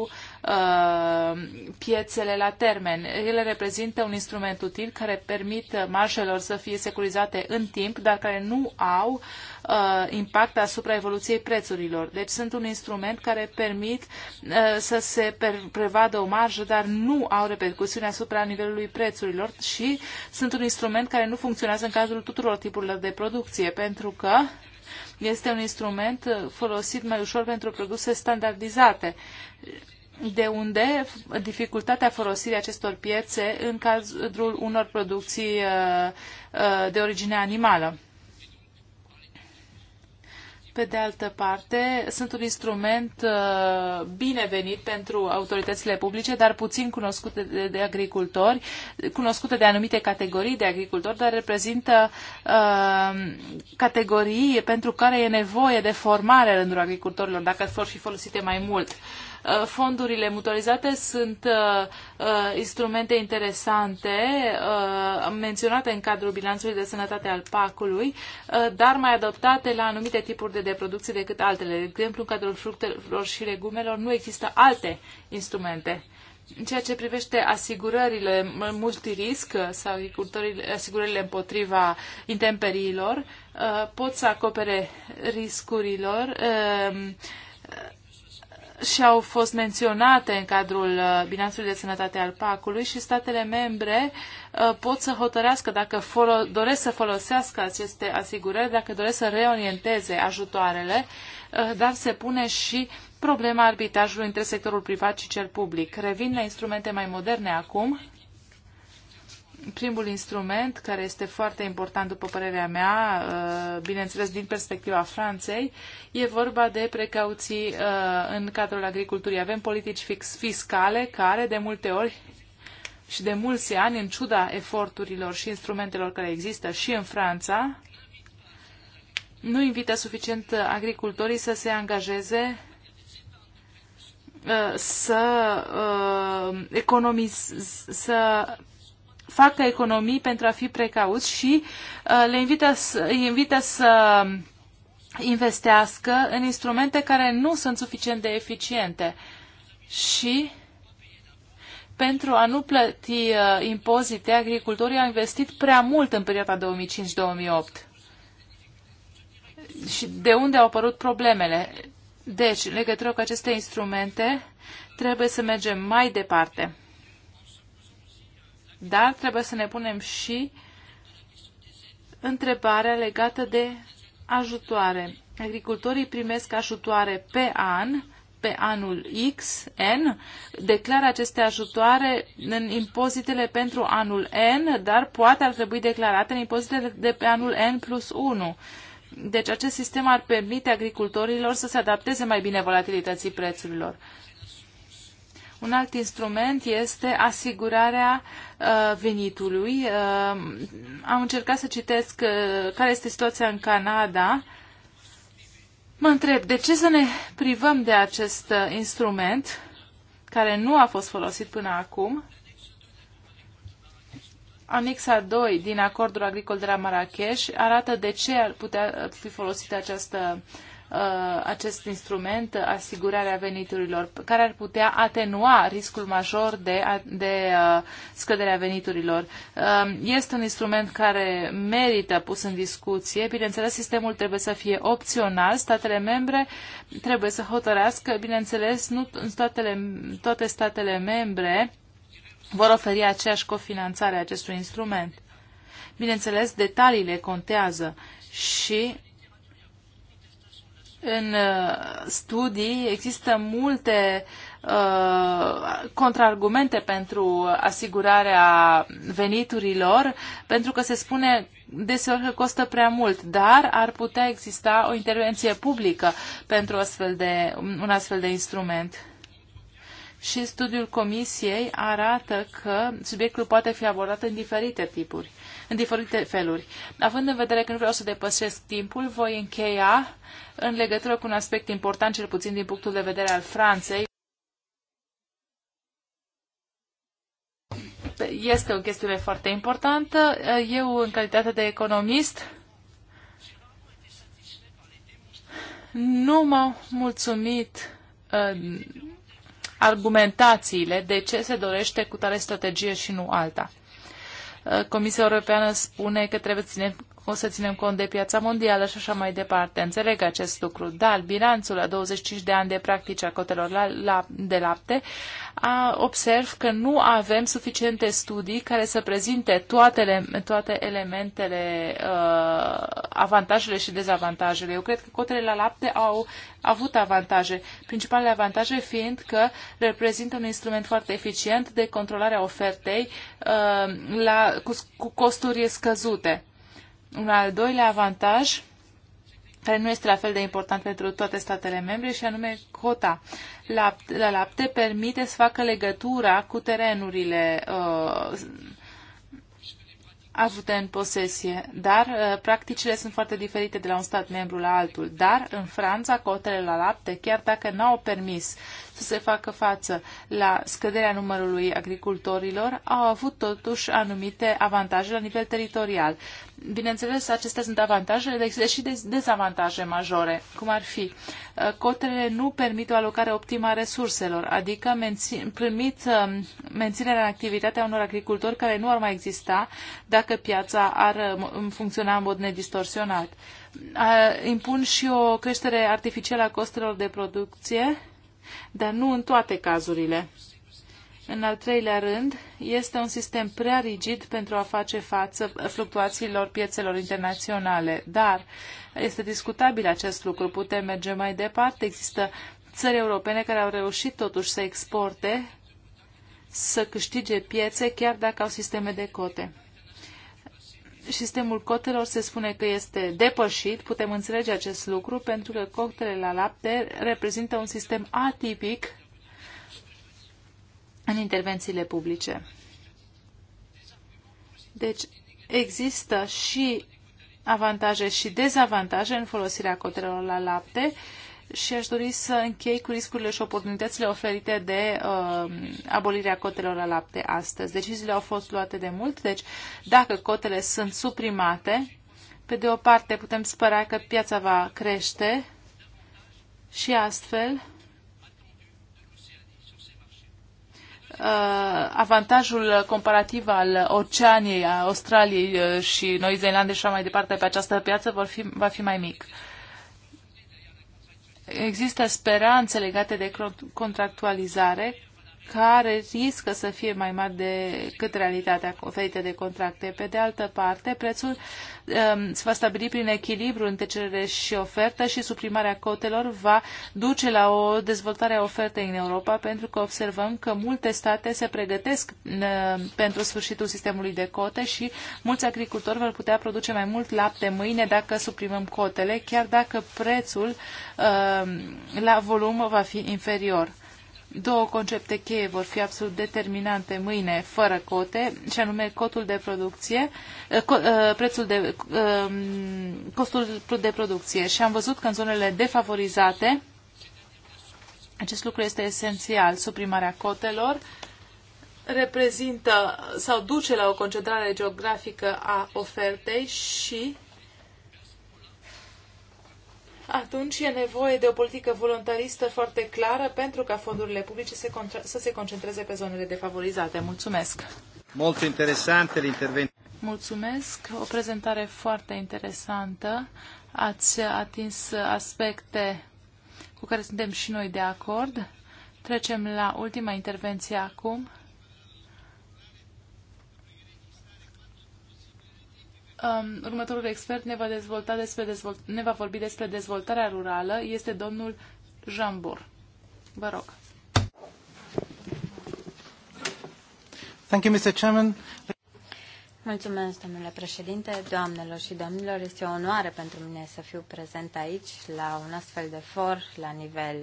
[SPEAKER 2] uh, piețele la termen. Ele reprezintă un instrument util care permit marjelor să fie securizate în timp, dar care nu au uh, impact asupra evoluției prețurilor. Deci sunt un instrument care permit uh, să se prevadă o marjă, dar nu au repercusiune asupra nivelului prețurilor și sunt un instrument care nu funcționează în cazul tuturor tipurilor de producție, pentru că este un instrument uh, folosit mai ușor pentru produse standardizate de unde dificultatea folosirii acestor piețe în cazul unor producții uh, uh, de origine animală pe de altă parte, sunt un instrument uh, binevenit pentru autoritățile publice, dar puțin cunoscute de, de agricultori, cunoscute de anumite categorii de agricultori, dar reprezintă uh, categorii pentru care e nevoie de formare în rândul agricultorilor, dacă vor fi folosite mai mult. Uh, Uh, fondurile mutualizate sunt uh, uh, instrumente interesante menționate în cadrul bilanțului de sănătate al pacului, dar mai adoptate la anumite tipuri de reproducție decât altele. De exemplu, în cadrul fructelor și legumelor nu există alte instrumente. În ceea ce privește asigurările multirisc sau asigurările împotriva intemperiilor, pot să acopere riscurilor și au fost menționate în cadrul uh, bilanțului de sănătate al PAC-ului și statele membre uh, pot să hotărească dacă folo- doresc să folosească aceste asigurări, dacă doresc să reorienteze ajutoarele, uh, dar se pune și problema arbitrajului între sectorul privat și cel public. Revin la instrumente mai moderne acum, primul instrument, care este foarte important, după părerea mea, uh, bineînțeles din perspectiva Franței, e vorba de precauții uh, în cadrul agriculturii. Avem politici fix fiscale care, de multe ori și de mulți ani, în ciuda eforturilor și instrumentelor care există și în Franța, nu invită suficient agricultorii să se angajeze uh, să economiz, să facă economii pentru a fi precauți și uh, le invită, îi invită să investească în instrumente care nu sunt suficient de eficiente și pentru a nu plăti uh, impozite, agricultorii au investit prea mult în perioada 2005-2008. Și de unde au apărut problemele? Deci, în legătură cu aceste instrumente, trebuie să mergem mai departe. Dar trebuie să ne punem și întrebarea legată de ajutoare. Agricultorii primesc ajutoare pe an, pe anul X, N, declară aceste ajutoare în impozitele pentru anul N, dar poate ar trebui declarate în impozitele de pe anul N plus 1. Deci acest sistem ar permite agricultorilor să se adapteze mai bine volatilității prețurilor. Un alt instrument este asigurarea uh, venitului. Uh, am încercat să citesc uh, care este situația în Canada. Mă întreb, de ce să ne privăm de acest instrument care nu a fost folosit până acum? Anexa 2 din acordul agricol de la Marrakesh arată de ce ar putea fi folosită această uh, Uh, acest instrument, asigurarea veniturilor, care ar putea atenua riscul major de, de uh, scăderea veniturilor. Um, este un instrument care merită pus în discuție. Bineînțeles, sistemul trebuie să fie opțional. Statele membre trebuie să hotărească, bineînțeles, nu în toatele, toate statele membre vor oferi aceeași cofinanțare a acestui instrument. Bineînțeles, detaliile contează și în uh, studii există multe uh, contraargumente pentru asigurarea veniturilor, pentru că se spune deseori că costă prea mult, dar ar putea exista o intervenție publică pentru astfel de, un astfel de instrument și studiul comisiei arată că subiectul poate fi abordat în diferite tipuri, în diferite feluri. Având în vedere că nu vreau să depășesc timpul, voi încheia în legătură cu un aspect important, cel puțin din punctul de vedere al Franței. Este o chestiune foarte importantă. Eu, în calitate de economist, nu m-au mulțumit uh, argumentațiile de ce se dorește cu tare strategie și nu alta. Comisia Europeană spune că trebuie să ținem o să ținem cont de piața mondială și așa mai departe. Înțeleg acest lucru, dar bilanțul la 25 de ani de practice a cotelor la, la, de lapte a, observ că nu avem suficiente studii care să prezinte toate, toate elementele, uh, avantajele și dezavantajele. Eu cred că cotele la lapte au avut avantaje, principalele avantaje fiind că reprezintă un instrument foarte eficient de controlare a ofertei uh, la, cu, cu costuri scăzute un al doilea avantaj care nu este la fel de important pentru toate statele membre, și anume cota lapte, la lapte permite să facă legătura cu terenurile uh, avute în posesie, dar uh, practicile sunt foarte diferite de la un stat membru la altul. Dar în Franța, cotele la lapte, chiar dacă n-au permis să se facă față la scăderea numărului agricultorilor, au avut totuși anumite avantaje la nivel teritorial. Bineînțeles, acestea sunt avantajele, dar și dezavantaje majore, cum ar fi uh, cotele nu permit o alocare optimă a resurselor, adică menține, permit um, menținerea în activitate a unor agricultori care nu ar mai exista dacă piața ar uh, funcționa în mod nedistorsionat. Uh, impun și o creștere artificială a costelor de producție, dar nu în toate cazurile. În al treilea rând, este un sistem prea rigid pentru a face față fluctuațiilor piețelor internaționale, dar este discutabil acest lucru. Putem merge mai departe. Există țări europene care au reușit totuși să exporte, să câștige piețe, chiar dacă au sisteme de cote sistemul cotelor se spune că este depășit, putem înțelege acest lucru, pentru că cotele la lapte reprezintă un sistem atipic în intervențiile publice. Deci există și avantaje și dezavantaje în folosirea cotelor la lapte și aș dori să închei cu riscurile și oportunitățile oferite de uh, abolirea cotelor la lapte astăzi. Deciziile au fost luate de mult, deci dacă cotele sunt suprimate, pe de o parte putem spera că piața va crește și astfel uh, avantajul comparativ al Oceaniei, a Australiei uh, și Noi Zeelande și așa mai departe pe această piață vor fi, va fi mai mic există speranțe legate de contractualizare care riscă să fie mai mari decât realitatea oferită de contracte. Pe de altă parte, prețul um, se va stabili prin echilibru între cerere și ofertă și suprimarea cotelor va duce la o dezvoltare a ofertei în Europa, pentru că observăm că multe state se pregătesc uh, pentru sfârșitul sistemului de cote și mulți agricultori vor putea produce mai mult lapte mâine dacă suprimăm cotele, chiar dacă prețul uh, la volum va fi inferior două concepte cheie vor fi absolut determinante mâine fără cote, și anume cotul de producție, eh, eh, prețul de, eh, costul de producție. Și am văzut că în zonele defavorizate acest lucru este esențial. Suprimarea cotelor reprezintă sau duce la o concentrare geografică a ofertei și atunci e nevoie de o politică voluntaristă foarte clară pentru ca fondurile publice se să se concentreze pe zonele defavorizate. Mulțumesc! Mult interesante, l'intervento. Mulțumesc, o prezentare foarte interesantă. Ați atins aspecte cu care suntem și noi de acord. Trecem la ultima intervenție acum um, următorul expert ne va, dezvolta despre dezvolt, ne va vorbi despre dezvoltarea rurală. Este domnul Jambur. Vă rog. Thank you, Mr. Chairman.
[SPEAKER 3] Mulțumesc, domnule președinte, doamnelor și domnilor. Este o onoare pentru mine să fiu prezent aici la un astfel de for la nivel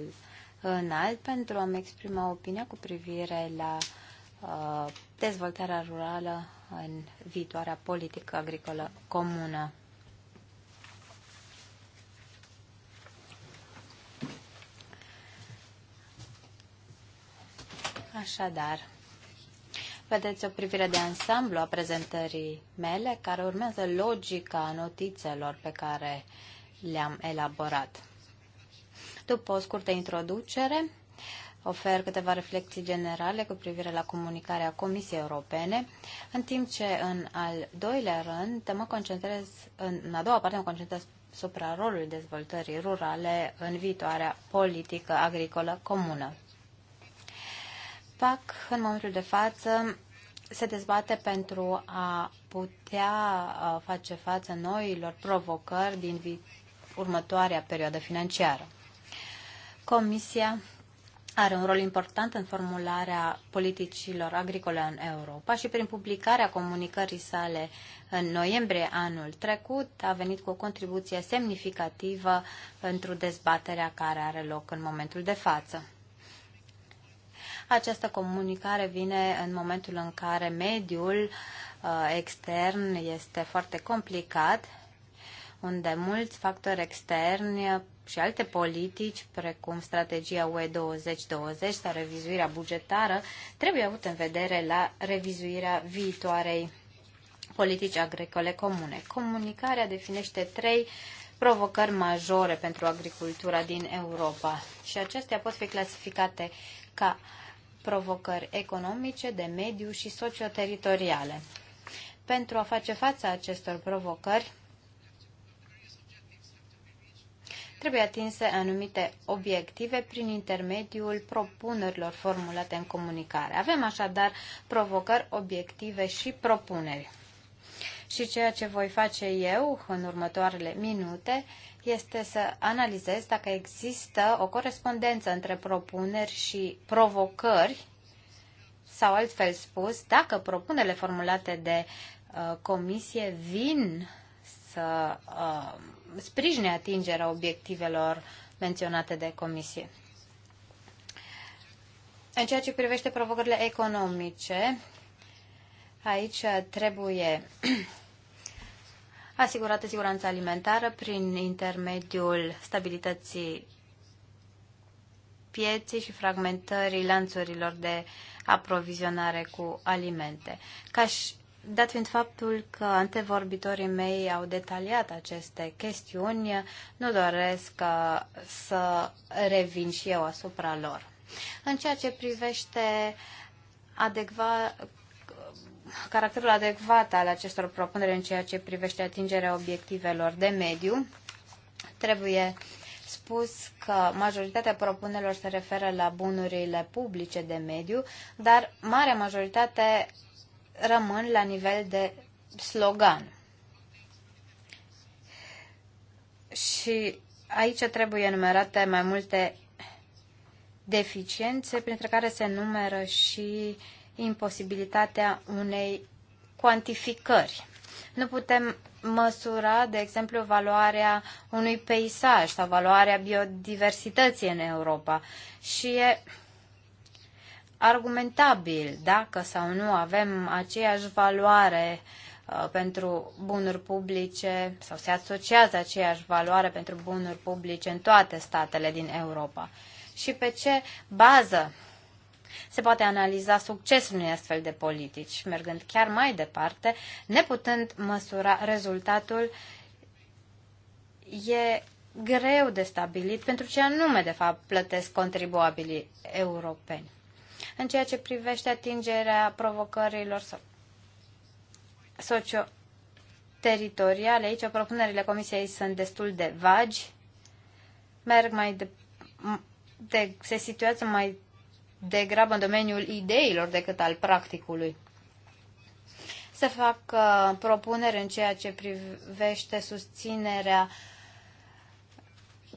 [SPEAKER 3] înalt pentru a-mi exprima opinia cu privire la uh, dezvoltarea rurală în viitoarea politică agricolă comună. Așadar, vedeți o privire de ansamblu a prezentării mele, care urmează logica notițelor pe care le-am elaborat. După o scurtă introducere, ofer câteva reflexii generale cu privire la comunicarea Comisiei Europene, în timp ce în al doilea rând mă concentrez, în a doua parte mă concentrez supra rolului dezvoltării rurale în viitoarea politică agricolă comună. PAC, în momentul de față, se dezbate pentru a putea face față noilor provocări din următoarea perioadă financiară. Comisia are un rol important în formularea politicilor agricole în Europa și prin publicarea comunicării sale în noiembrie anul trecut a venit cu o contribuție semnificativă pentru dezbaterea care are loc în momentul de față. Această comunicare vine în momentul în care mediul uh, extern este foarte complicat, unde mulți factori externi și alte politici, precum strategia UE 2020 sau revizuirea bugetară, trebuie avut în vedere la revizuirea viitoarei politici agricole comune. Comunicarea definește trei provocări majore pentru agricultura din Europa și acestea pot fi clasificate ca provocări economice, de mediu și socioteritoriale. Pentru a face față acestor provocări, Trebuie atinse anumite obiective prin intermediul propunerilor formulate în comunicare. Avem așadar provocări, obiective și propuneri. Și ceea ce voi face eu în următoarele minute este să analizez dacă există o corespondență între propuneri și provocări sau altfel spus, dacă propunerile formulate de uh, comisie vin să uh, sprijine atingerea obiectivelor menționate de comisie. În ceea ce privește provocările economice, aici trebuie asigurată siguranța alimentară prin intermediul stabilității pieții și fragmentării lanțurilor de aprovizionare cu alimente. Ca și dat fiind faptul că antevorbitorii mei au detaliat aceste chestiuni, nu doresc uh, să revin și eu asupra lor. În ceea ce privește adecva, caracterul adecvat al acestor propuneri în ceea ce privește atingerea obiectivelor de mediu, trebuie spus că majoritatea propunerilor se referă la bunurile publice de mediu, dar marea majoritate rămân la nivel de slogan. Și aici trebuie enumerate mai multe deficiențe, printre care se numără și imposibilitatea unei cuantificări. Nu putem măsura, de exemplu, valoarea unui peisaj sau valoarea biodiversității în Europa. Și e argumentabil dacă sau nu avem aceeași valoare uh, pentru bunuri publice sau se asociază aceeași valoare pentru bunuri publice în toate statele din Europa și pe ce bază se poate analiza succesul unei astfel de politici, mergând chiar mai departe, neputând măsura rezultatul, e greu de stabilit pentru ce anume, de fapt, plătesc contribuabilii europeni în ceea ce privește atingerea provocărilor socio-teritoriale. Aici propunerile Comisiei sunt destul de vagi, merg mai de, de, se situează mai degrabă în domeniul ideilor decât al practicului să fac uh, propuneri în ceea ce privește susținerea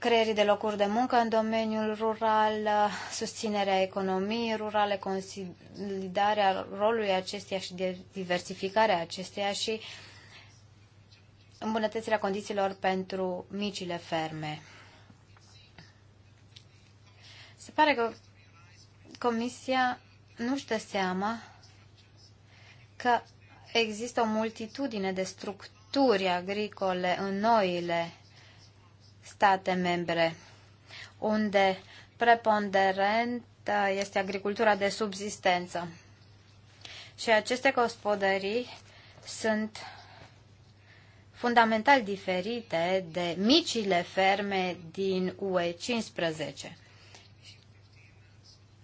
[SPEAKER 3] creierii de locuri de muncă în domeniul rural, susținerea economiei rurale, consolidarea rolului acesteia și diversificarea acesteia și îmbunătățirea condițiilor pentru micile ferme. Se pare că Comisia nu-și dă seama că există o multitudine de structuri agricole în noile state membre, unde preponderent uh, este agricultura de subsistență. Și aceste gospodării sunt fundamental diferite de micile ferme din UE 15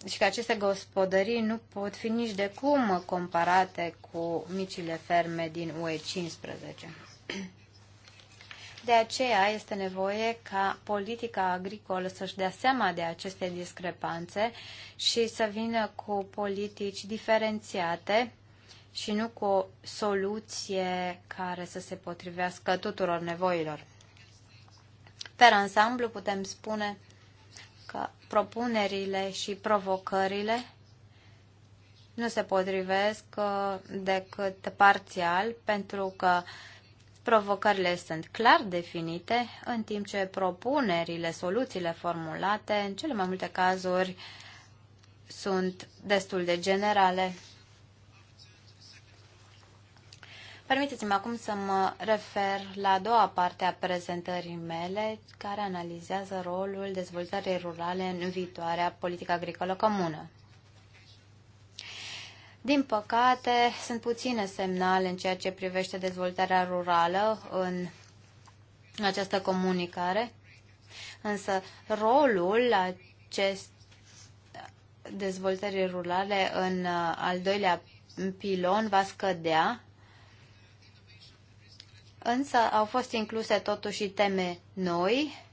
[SPEAKER 3] și că aceste gospodării nu pot fi nici de cum comparate cu micile ferme din UE 15. De aceea este nevoie ca politica agricolă să-și dea seama de aceste discrepanțe și să vină cu politici diferențiate și nu cu o soluție care să se potrivească tuturor nevoilor. Per ansamblu putem spune că propunerile și provocările nu se potrivesc uh, decât parțial, pentru că Provocările sunt clar definite, în timp ce propunerile, soluțiile formulate, în cele mai multe cazuri, sunt destul de generale. Permiteți-mi acum să mă refer la a doua parte a prezentării mele, care analizează rolul dezvoltării rurale în viitoarea politică agricolă comună. Din păcate, sunt puține semnale în ceea ce privește dezvoltarea rurală în această comunicare, însă rolul acest dezvoltării rurale în uh, al doilea pilon va scădea, însă au fost incluse totuși teme noi,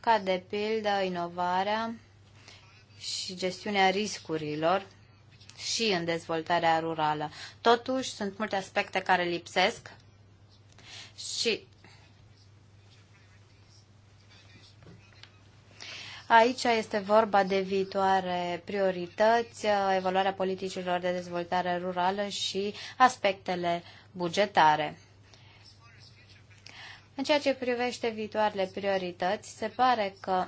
[SPEAKER 3] ca de pildă inovarea și gestiunea riscurilor, și în dezvoltarea rurală. Totuși, sunt multe aspecte care lipsesc și Aici este vorba de viitoare priorități, evaluarea politicilor de dezvoltare rurală și aspectele bugetare. În ceea ce privește viitoarele priorități, se pare că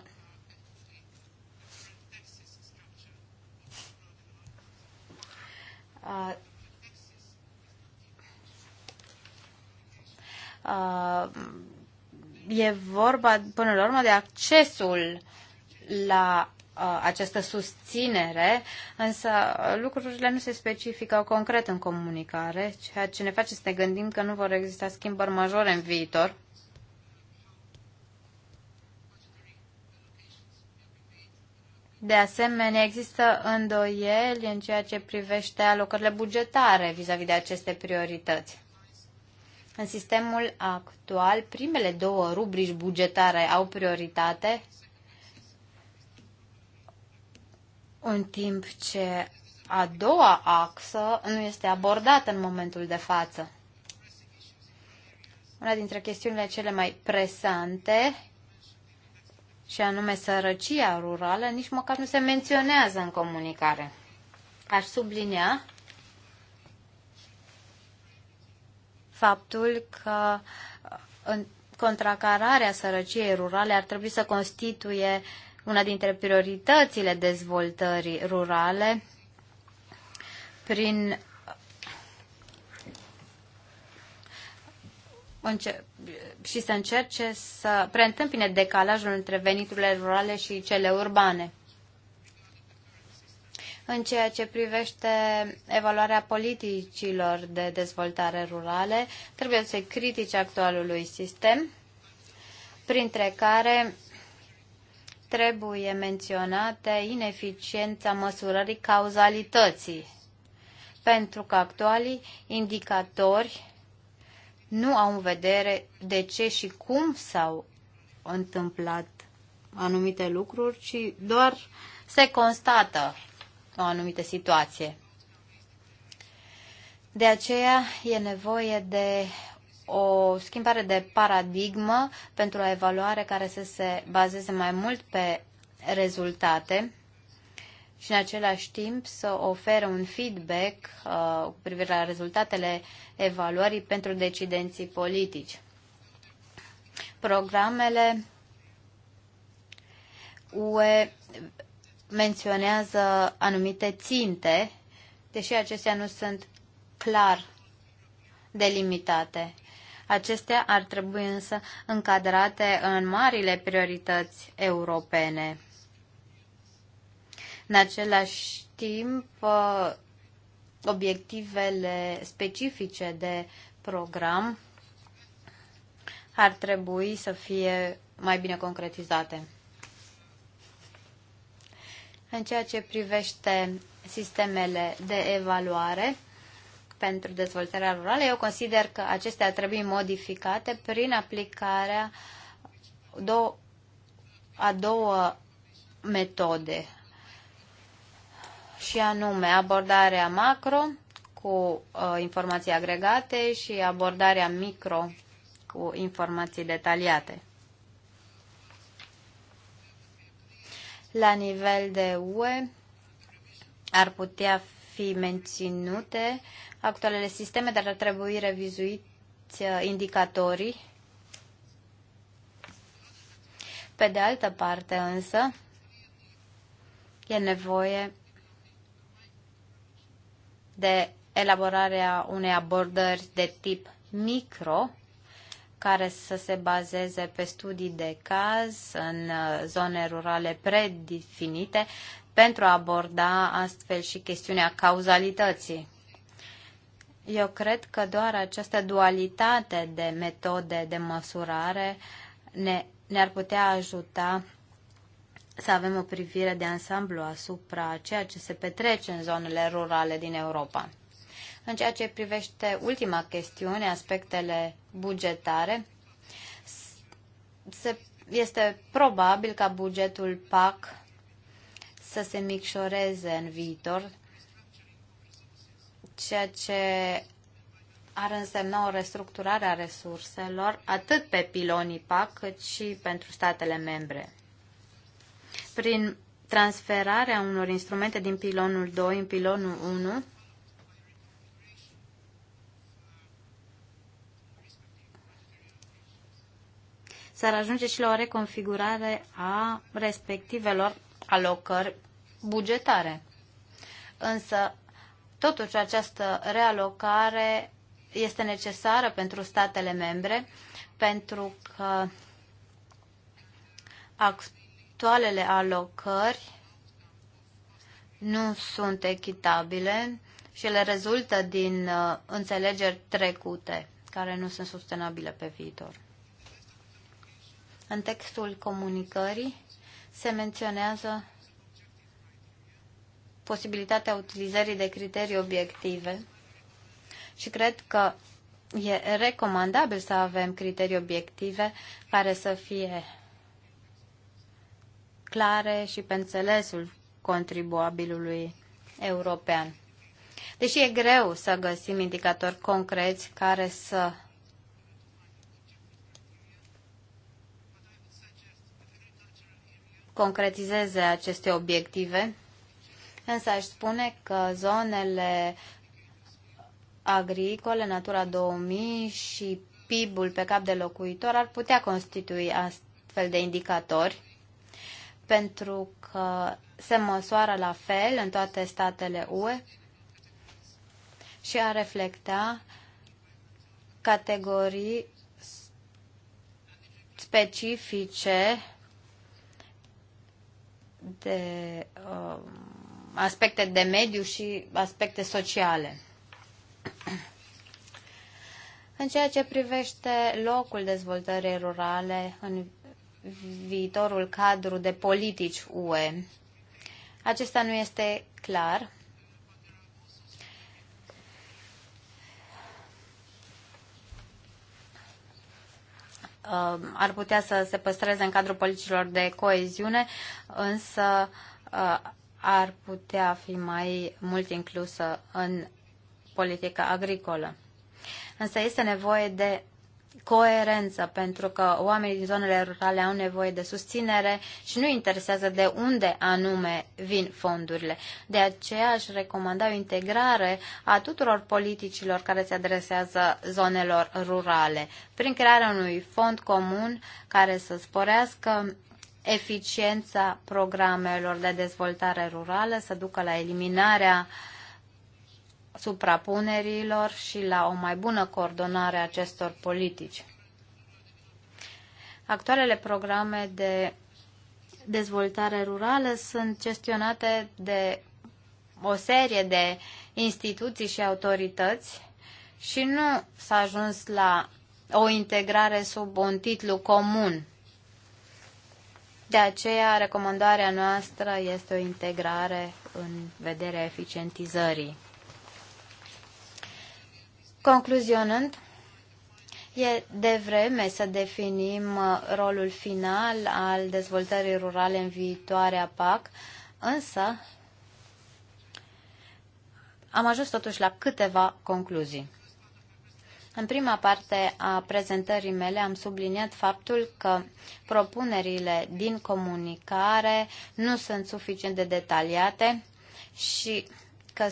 [SPEAKER 3] Uh, uh, e vorba până la urmă de accesul la uh, această susținere, însă lucrurile nu se specifică concret în comunicare, ceea ce ne face să ne gândim că nu vor exista schimbări majore în viitor. De asemenea, există îndoieli în ceea ce privește alocările bugetare vis-a-vis -vis de aceste priorități. În sistemul actual, primele două rubrici bugetare au prioritate, în timp ce a doua axă nu este abordată în momentul de față. Una dintre chestiunile cele mai presante și anume sărăcia rurală, nici măcar nu se menționează în comunicare. Aș sublinea faptul că uh, în contracararea sărăciei rurale ar trebui să constituie una dintre prioritățile dezvoltării rurale prin uh, și să încerce să preîntâmpine decalajul între veniturile rurale și cele urbane. În ceea ce privește evaluarea politicilor de dezvoltare rurale, trebuie să critice actualului sistem, printre care trebuie menționate ineficiența măsurării cauzalității, pentru că actualii indicatori nu au în vedere de ce și cum s-au întâmplat anumite lucruri, ci doar se constată o anumită situație. De aceea e nevoie de o schimbare de paradigmă pentru o evaluare care să se bazeze mai mult pe rezultate și în același timp să ofere un feedback uh, cu privire la rezultatele evaluării pentru decidenții politici. Programele UE menționează anumite ținte, deși acestea nu sunt clar delimitate. Acestea ar trebui însă încadrate în marile priorități europene. În același timp, uh, obiectivele specifice de program ar trebui să fie mai bine concretizate. În ceea ce privește sistemele de evaluare pentru dezvoltarea rurală, eu consider că acestea ar trebui modificate prin aplicarea dou- a două metode și anume abordarea macro cu uh, informații agregate și abordarea micro cu informații detaliate. La nivel de UE ar putea fi menținute actualele sisteme, dar ar trebui revizuiți uh, indicatorii. Pe de altă parte însă, e nevoie de elaborarea unei abordări de tip micro, care să se bazeze pe studii de caz în uh, zone rurale predefinite pentru a aborda astfel și chestiunea cauzalității. Eu cred că doar această dualitate de metode de măsurare ne, ne-ar putea ajuta să avem o privire de ansamblu asupra ceea ce se petrece în zonele rurale din Europa. În ceea ce privește ultima chestiune, aspectele bugetare, se, este probabil ca bugetul PAC să se micșoreze în viitor, ceea ce ar însemna o restructurare a resurselor atât pe pilonii PAC cât și pentru statele membre prin transferarea unor instrumente din pilonul 2 în pilonul 1, s-ar ajunge și la o reconfigurare a respectivelor alocări bugetare. Însă, totuși, această realocare este necesară pentru statele membre, pentru că actualele alocări nu sunt echitabile și ele rezultă din uh, înțelegeri trecute care nu sunt sustenabile pe viitor. În textul comunicării se menționează posibilitatea utilizării de criterii obiective și cred că e recomandabil să avem criterii obiective care să fie clare și pe înțelesul contribuabilului european. Deși e greu să găsim indicatori concreți care să concretizeze aceste obiective, însă aș spune că zonele agricole, Natura 2000 și PIB-ul pe cap de locuitor ar putea constitui astfel de indicatori pentru că se măsoară la fel în toate statele UE și a reflecta categorii specifice de uh, aspecte de mediu și aspecte sociale. În ceea ce privește locul dezvoltării rurale în viitorul cadru de politici UE. Acesta nu este clar. Uh, ar putea să se păstreze în cadrul politicilor de coeziune, însă uh, ar putea fi mai mult inclusă în politica agricolă. Însă este nevoie de coerență, pentru că oamenii din zonele rurale au nevoie de susținere și nu interesează de unde anume vin fondurile. De aceea aș recomanda o integrare a tuturor politicilor care se adresează zonelor rurale, prin crearea unui fond comun care să sporească eficiența programelor de dezvoltare rurală, să ducă la eliminarea uh, suprapunerilor și la o mai bună coordonare a acestor politici. Actualele programe de dezvoltare rurală sunt gestionate de o serie de instituții și autorități și nu s-a ajuns la o integrare sub un titlu comun. De aceea, recomandarea noastră este o integrare în vederea eficientizării. Concluzionând, e de vreme să definim uh, rolul final al dezvoltării rurale în viitoarea PAC, însă am ajuns totuși la câteva concluzii. În prima parte a prezentării mele am subliniat faptul că propunerile din comunicare nu sunt suficient de detaliate și că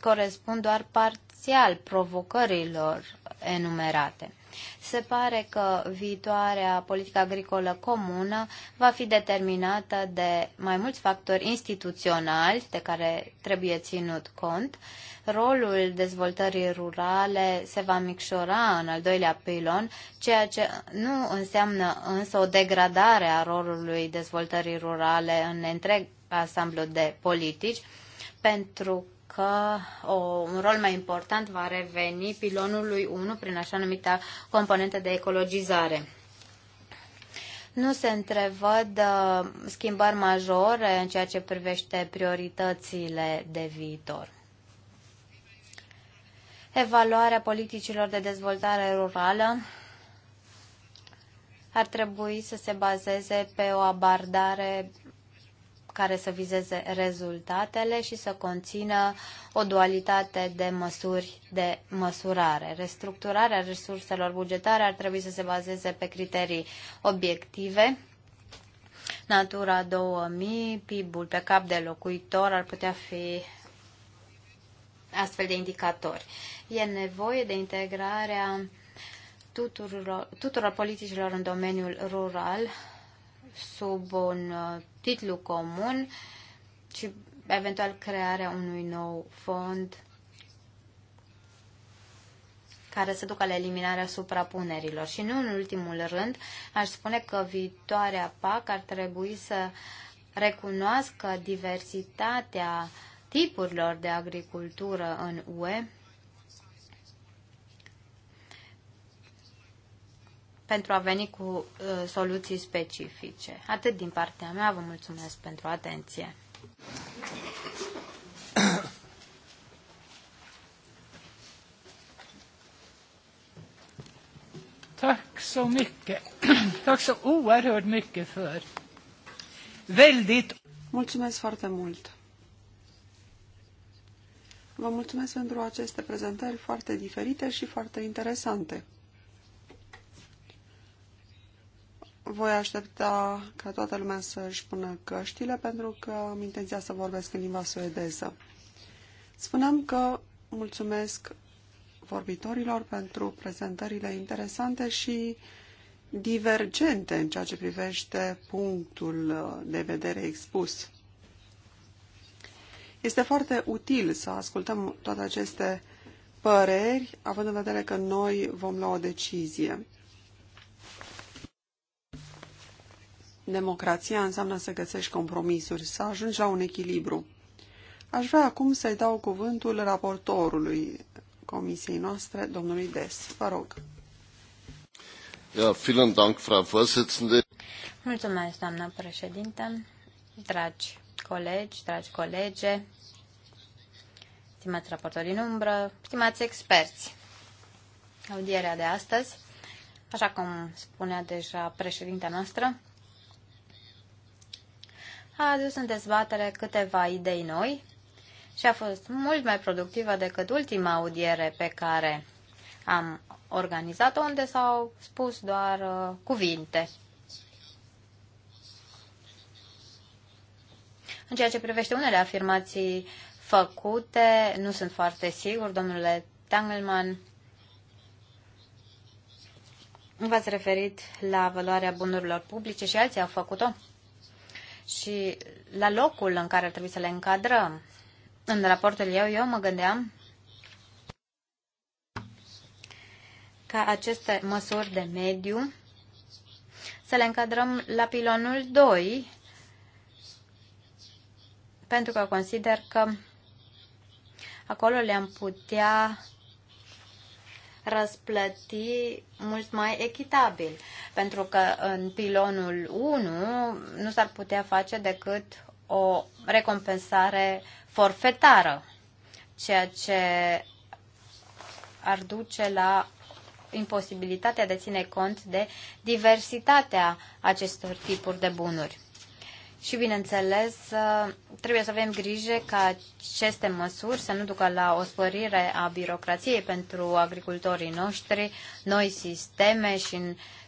[SPEAKER 3] corespund doar part, parțial provocărilor enumerate. Se pare că viitoarea politică agricolă comună va fi determinată de mai mulți factori instituționali de care trebuie ținut cont. Rolul dezvoltării rurale se va micșora în al doilea pilon, ceea ce nu înseamnă însă o degradare a rolului dezvoltării rurale în întreg ansamblu de politici, pentru că o, un rol mai important va reveni pilonului 1 prin așa numită componentă de ecologizare. Nu se întrevăd uh, schimbări majore în ceea ce privește prioritățile de viitor. Evaluarea politicilor de dezvoltare rurală ar trebui să se bazeze pe o abordare care să vizeze rezultatele și să conțină o dualitate de măsuri de măsurare. Restructurarea resurselor bugetare ar trebui să se bazeze pe criterii obiective. Natura 2000, PIB-ul pe cap de locuitor ar putea fi astfel de indicatori. E nevoie de integrarea tuturor, tuturor politicilor în domeniul rural sub un titlu comun și eventual crearea unui nou fond care să ducă la eliminarea suprapunerilor. Și nu în ultimul rând, aș spune că viitoarea PAC ar trebui să recunoască diversitatea tipurilor de agricultură în UE pentru a veni cu uh, soluții specifice. Atât din partea mea, vă mulțumesc pentru atenție. Tack så
[SPEAKER 1] mycket. Tack så oerhört mycket för. Väldigt... Mulțumesc foarte mult. Vă mulțumesc pentru aceste prezentări foarte diferite și foarte interesante. Voi aștepta ca toată lumea să-și pună căștile pentru că am intenția să vorbesc în limba suedeză. Spuneam că mulțumesc vorbitorilor pentru prezentările interesante și divergente în ceea ce privește punctul de vedere expus. Este foarte util să ascultăm toate aceste păreri, având în vedere că noi vom lua o decizie. Democrația înseamnă să găsești compromisuri, să ajungi la un echilibru. Aș vrea acum să-i dau cuvântul raportorului comisiei noastre, domnului Des. Vă rog.
[SPEAKER 3] Ja, vielen Dank, Frau Vorsitzende. Mulțumesc, doamnă președinte, dragi colegi, dragi colege, stimați raportori din umbră, stimați experți. Audierea de astăzi, așa cum spunea deja președintea noastră, a adus în dezbatere câteva idei noi și a fost mult mai productivă decât ultima audiere pe care am organizat-o, unde s-au spus doar uh, cuvinte. În ceea ce privește unele afirmații făcute, nu sunt foarte sigur, domnule Tangelman, v-ați referit la valoarea bunurilor publice și alții au făcut-o? și la locul în care ar trebui să le încadrăm. În raportul eu, eu mă gândeam ca aceste măsuri de mediu să le încadrăm la pilonul 2, pentru că consider că acolo le-am putea răsplăti mult mai echitabil. Pentru că în pilonul 1 nu s-ar putea face decât o recompensare forfetară, ceea ce ar duce la imposibilitatea de ține cont de diversitatea acestor tipuri de bunuri. Și, bineînțeles, ă, trebuie să avem grijă ca aceste măsuri să nu ducă la o spărire a birocrației pentru agricultorii noștri, noi sisteme și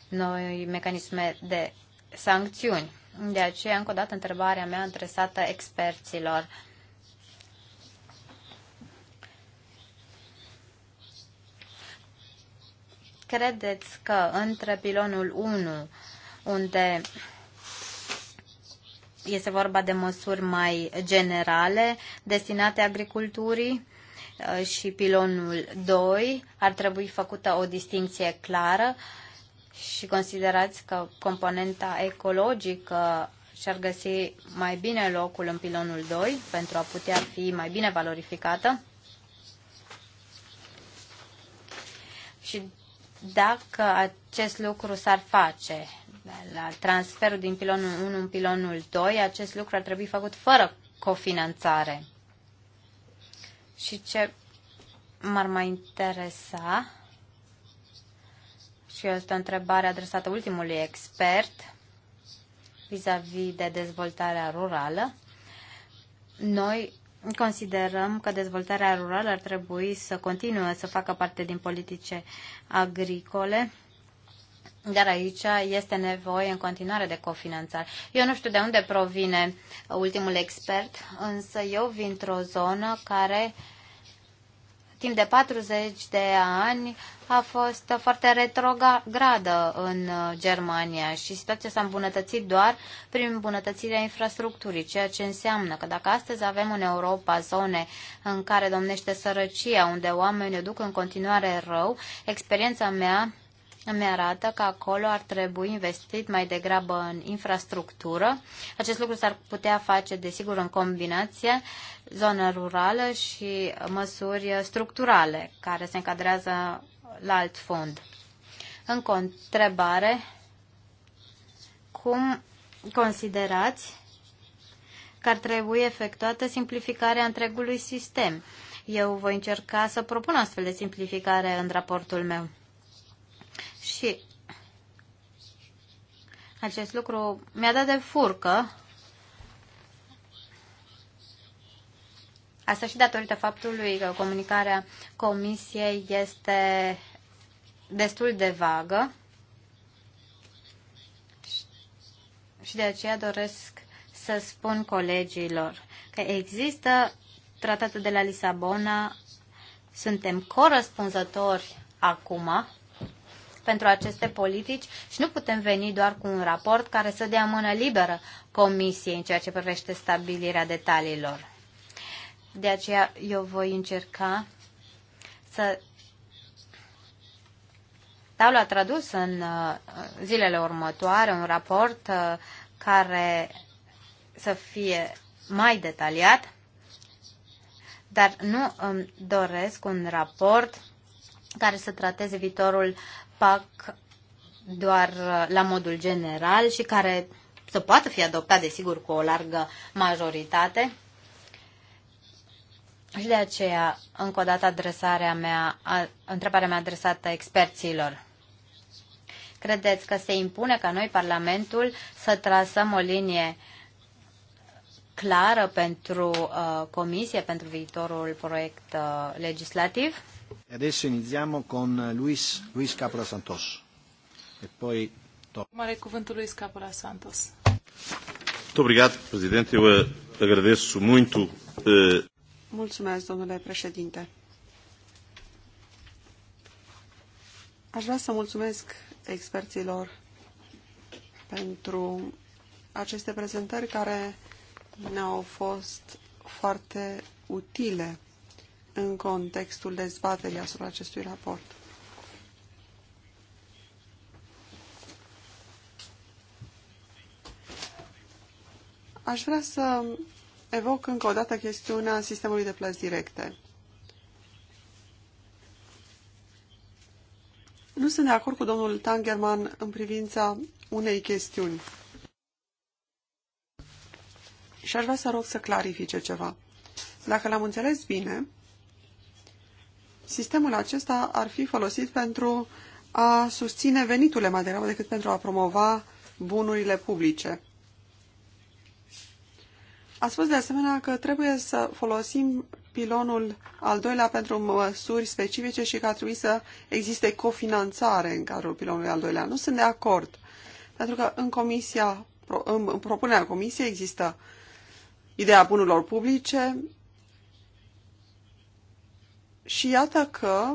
[SPEAKER 3] noi mecanisme de sancțiuni. De aceea, încă o dată, întrebarea mea adresată experților. Credeți că între pilonul 1, unde este vorba de măsuri mai generale destinate agriculturii uh, și pilonul 2 ar trebui făcută o distinție clară și considerați că componenta ecologică și-ar găsi mai bine locul în pilonul 2 pentru a putea fi mai bine valorificată? Și dacă acest lucru s-ar face, la transferul din pilonul 1 în pilonul 2, acest lucru ar trebui făcut fără cofinanțare. Și ce m-ar mai interesa, și este o întrebare adresată ultimului expert, vis-a-vis -vis de dezvoltarea rurală, noi considerăm că dezvoltarea rurală ar trebui să continue să facă parte din politice agricole dar aici este nevoie în continuare de cofinanțare. Eu nu știu de unde provine ultimul expert, însă eu vin într-o zonă care timp de 40 de ani a fost foarte retrogradă în Germania și situația s-a îmbunătățit doar prin îmbunătățirea infrastructurii, ceea ce înseamnă că dacă astăzi avem în Europa zone în care domnește sărăcia, unde oamenii o duc în continuare rău, experiența mea îmi arată că acolo ar trebui investit mai degrabă în infrastructură. Acest lucru s-ar putea face, desigur, în combinație zonă rurală și măsuri structurale care se încadrează la alt fond. În întrebare, cum considerați că ar trebui efectuată simplificarea întregului sistem? Eu voi încerca să propun astfel de simplificare în raportul meu. Și acest lucru mi-a dat de furcă. Asta și datorită faptului că comunicarea comisiei este destul de vagă. Și de aceea doresc să spun colegilor că există tratatul de la Lisabona, suntem corespunzători acum pentru aceste politici și nu putem veni doar cu un raport care să dea mână liberă Comisiei în ceea ce privește stabilirea detaliilor. De aceea eu voi încerca să dau la tradus în uh, zilele următoare un raport uh, care să fie mai detaliat, dar nu îmi doresc un raport care să trateze viitorul fac doar uh, la modul general și care să poată fi adoptat, desigur, cu o largă majoritate. Și de aceea, încă o dată, adresarea mea, întrebarea mea adresată experților. Credeți că se impune ca noi, Parlamentul, să trasăm o linie clară pentru uh, comisie, pentru viitorul proiect uh, legislativ? Adesso iniziamo con Luis, Luis Santos. E
[SPEAKER 1] poi...
[SPEAKER 2] Mare cuvântul Santos.
[SPEAKER 1] Muito obrigado, Presidente. Eu eh, agradeço muito... Eh, mulțumesc, domnule președinte. Aș vrea să mulțumesc experților pentru aceste prezentări care ne-au fost foarte utile în contextul dezbaterii asupra acestui raport. Aș vrea să evoc încă o dată chestiunea sistemului de plăți directe. Nu sunt de acord cu domnul Tangerman în privința unei chestiuni. Și aș vrea să rog să clarifice ceva. Dacă l-am înțeles bine, Sistemul acesta ar fi folosit pentru a susține veniturile mai degrabă decât pentru a promova bunurile publice. A spus de asemenea că trebuie să folosim pilonul al doilea pentru măsuri specifice și că ar trebui să existe cofinanțare în cadrul pilonului al doilea. Nu sunt de acord, pentru că în, comisia, în propunerea comisiei există ideea bunurilor publice, și iată că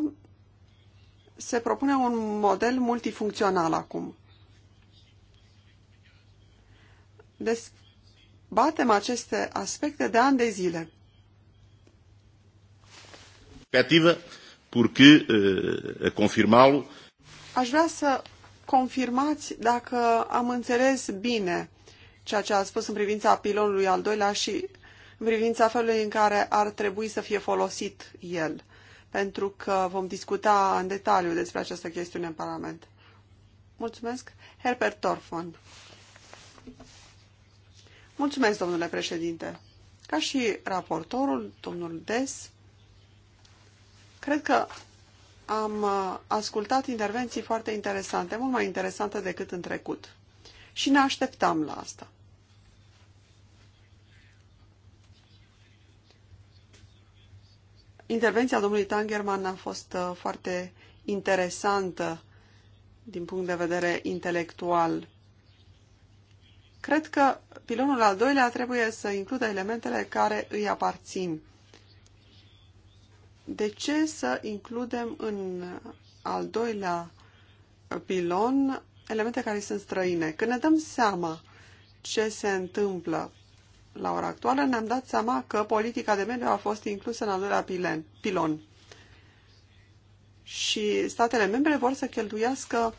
[SPEAKER 1] se propune un model multifuncțional acum. Dezbatem aceste aspecte de ani de zile. Perspectivă, porque eh, a confirmá-lo. Aș vrea să confirmați dacă am înțeles bine ceea ce a spus în privința pilonului al doilea și în privința felului în care ar trebui să fie folosit el pentru că vom discuta în detaliu despre această chestiune în Parlament. Mulțumesc. Herbert Torfon. Mulțumesc, domnule președinte. Ca și raportorul, domnul Des, cred că am uh, ascultat intervenții foarte interesante, mult mai interesante decât în trecut. Și ne așteptam la asta. Intervenția domnului Tangerman a fost uh, foarte interesantă din punct de vedere intelectual. Cred că pilonul al doilea trebuie să includă elementele care îi aparțin. De ce să includem în al doilea pilon elemente care sunt străine? Când ne dăm seama ce se întâmplă la ora actuală, ne-am dat seama că politica de mediu a fost inclusă în al doilea pilon. Și statele membre vor să cheltuiască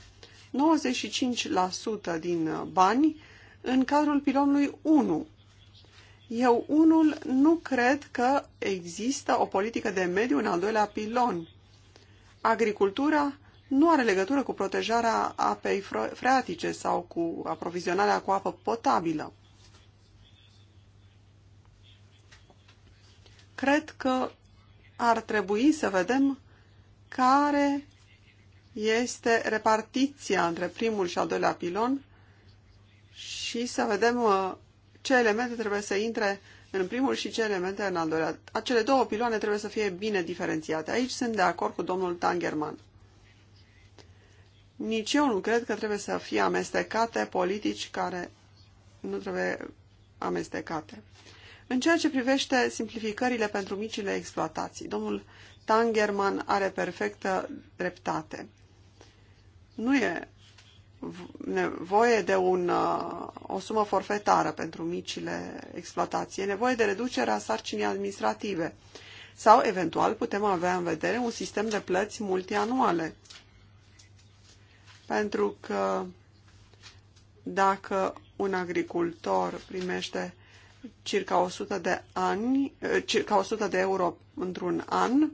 [SPEAKER 1] 95% din bani în cadrul pilonului 1. Eu unul nu cred că există o politică de mediu în al doilea pilon. Agricultura nu are legătură cu protejarea apei freatice sau cu aprovizionarea cu apă potabilă. cred că ar trebui să vedem care este repartiția între primul și al doilea pilon și să vedem uh, ce elemente trebuie să intre în primul și ce elemente în al doilea. Acele două piloane trebuie să fie bine diferențiate. Aici sunt de acord cu domnul Tangerman. Nici eu nu cred că trebuie să fie amestecate politici care nu trebuie amestecate. În ceea ce privește simplificările pentru micile exploatații, domnul Tangerman are perfectă dreptate. Nu e nevoie de un, uh, o sumă forfetară pentru micile exploatații, e nevoie de reducerea sarcinii administrative sau, eventual, putem avea în vedere un sistem de plăți multianuale. Pentru că dacă un agricultor primește circa 100 de ani, eh, circa 100 de euro într-un an,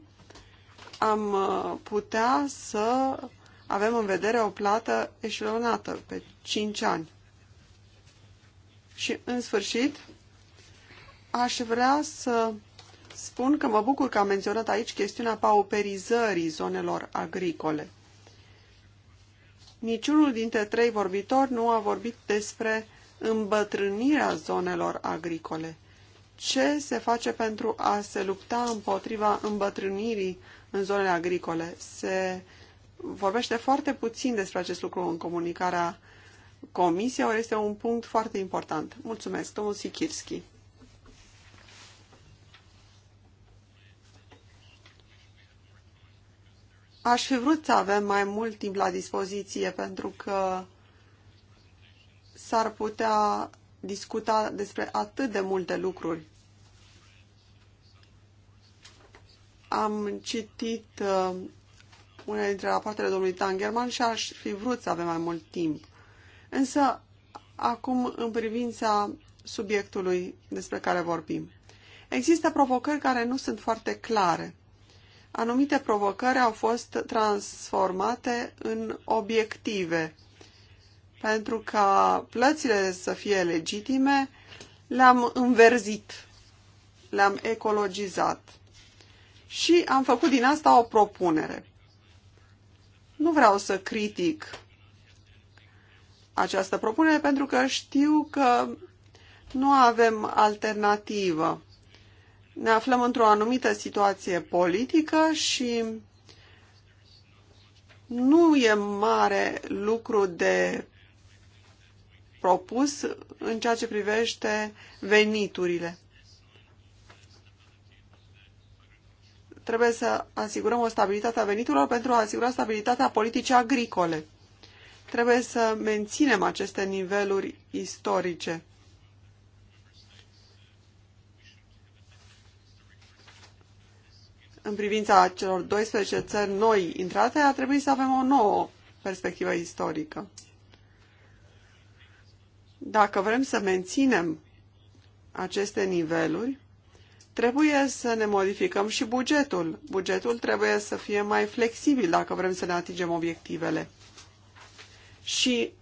[SPEAKER 1] am eh, putea să avem în vedere o plată eșelonată pe 5 ani. Și în sfârșit, aș vrea să spun că mă bucur că am menționat aici chestiunea pauperizării zonelor agricole. Niciunul dintre trei vorbitori nu a vorbit despre îmbătrânirea zonelor agricole. Ce se face pentru a se lupta împotriva îmbătrânirii în zonele agricole? Se vorbește foarte puțin despre acest lucru în comunicarea Comisiei, ori este un punct foarte important. Mulțumesc, domnul Sikirski. Aș fi vrut să avem mai mult timp la dispoziție pentru că s-ar putea discuta despre atât de multe lucruri. Am citit uh, unele dintre rapoartele domnului Tangerman și aș fi vrut să avem mai mult timp. Însă, acum, în privința subiectului despre care vorbim. Există provocări care nu sunt foarte clare. Anumite provocări au fost transformate în obiective pentru ca plățile să fie legitime, le-am înverzit, le-am ecologizat și am făcut din asta o propunere. Nu vreau să critic această propunere pentru că știu că nu avem alternativă. Ne aflăm într-o anumită situație politică și nu e mare lucru de propus în ceea ce privește veniturile. Trebuie să asigurăm o stabilitate a veniturilor pentru a asigura stabilitatea politicii agricole. Trebuie să menținem aceste niveluri istorice. în privința celor 12 țări noi intrate, ar trebui să avem o nouă perspectivă istorică. Dacă vrem să menținem aceste niveluri, trebuie să ne modificăm și bugetul. Bugetul trebuie să fie mai flexibil dacă vrem să ne atingem obiectivele. Și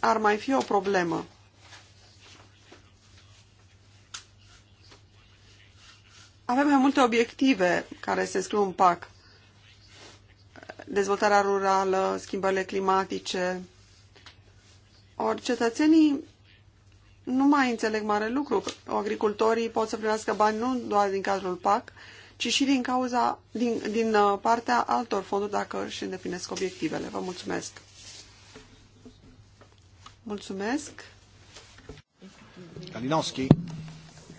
[SPEAKER 1] ar mai fi o problemă. Avem mai multe obiective care se scriu în PAC. Dezvoltarea rurală, schimbările climatice. Ori cetățenii nu mai înțeleg mare lucru. Agricultorii pot să primească bani nu doar din cadrul PAC, ci și din cauza, din, din uh, partea altor fonduri dacă își îndeplinesc obiectivele. Vă mulțumesc! Mulțumesc! Kalinowski.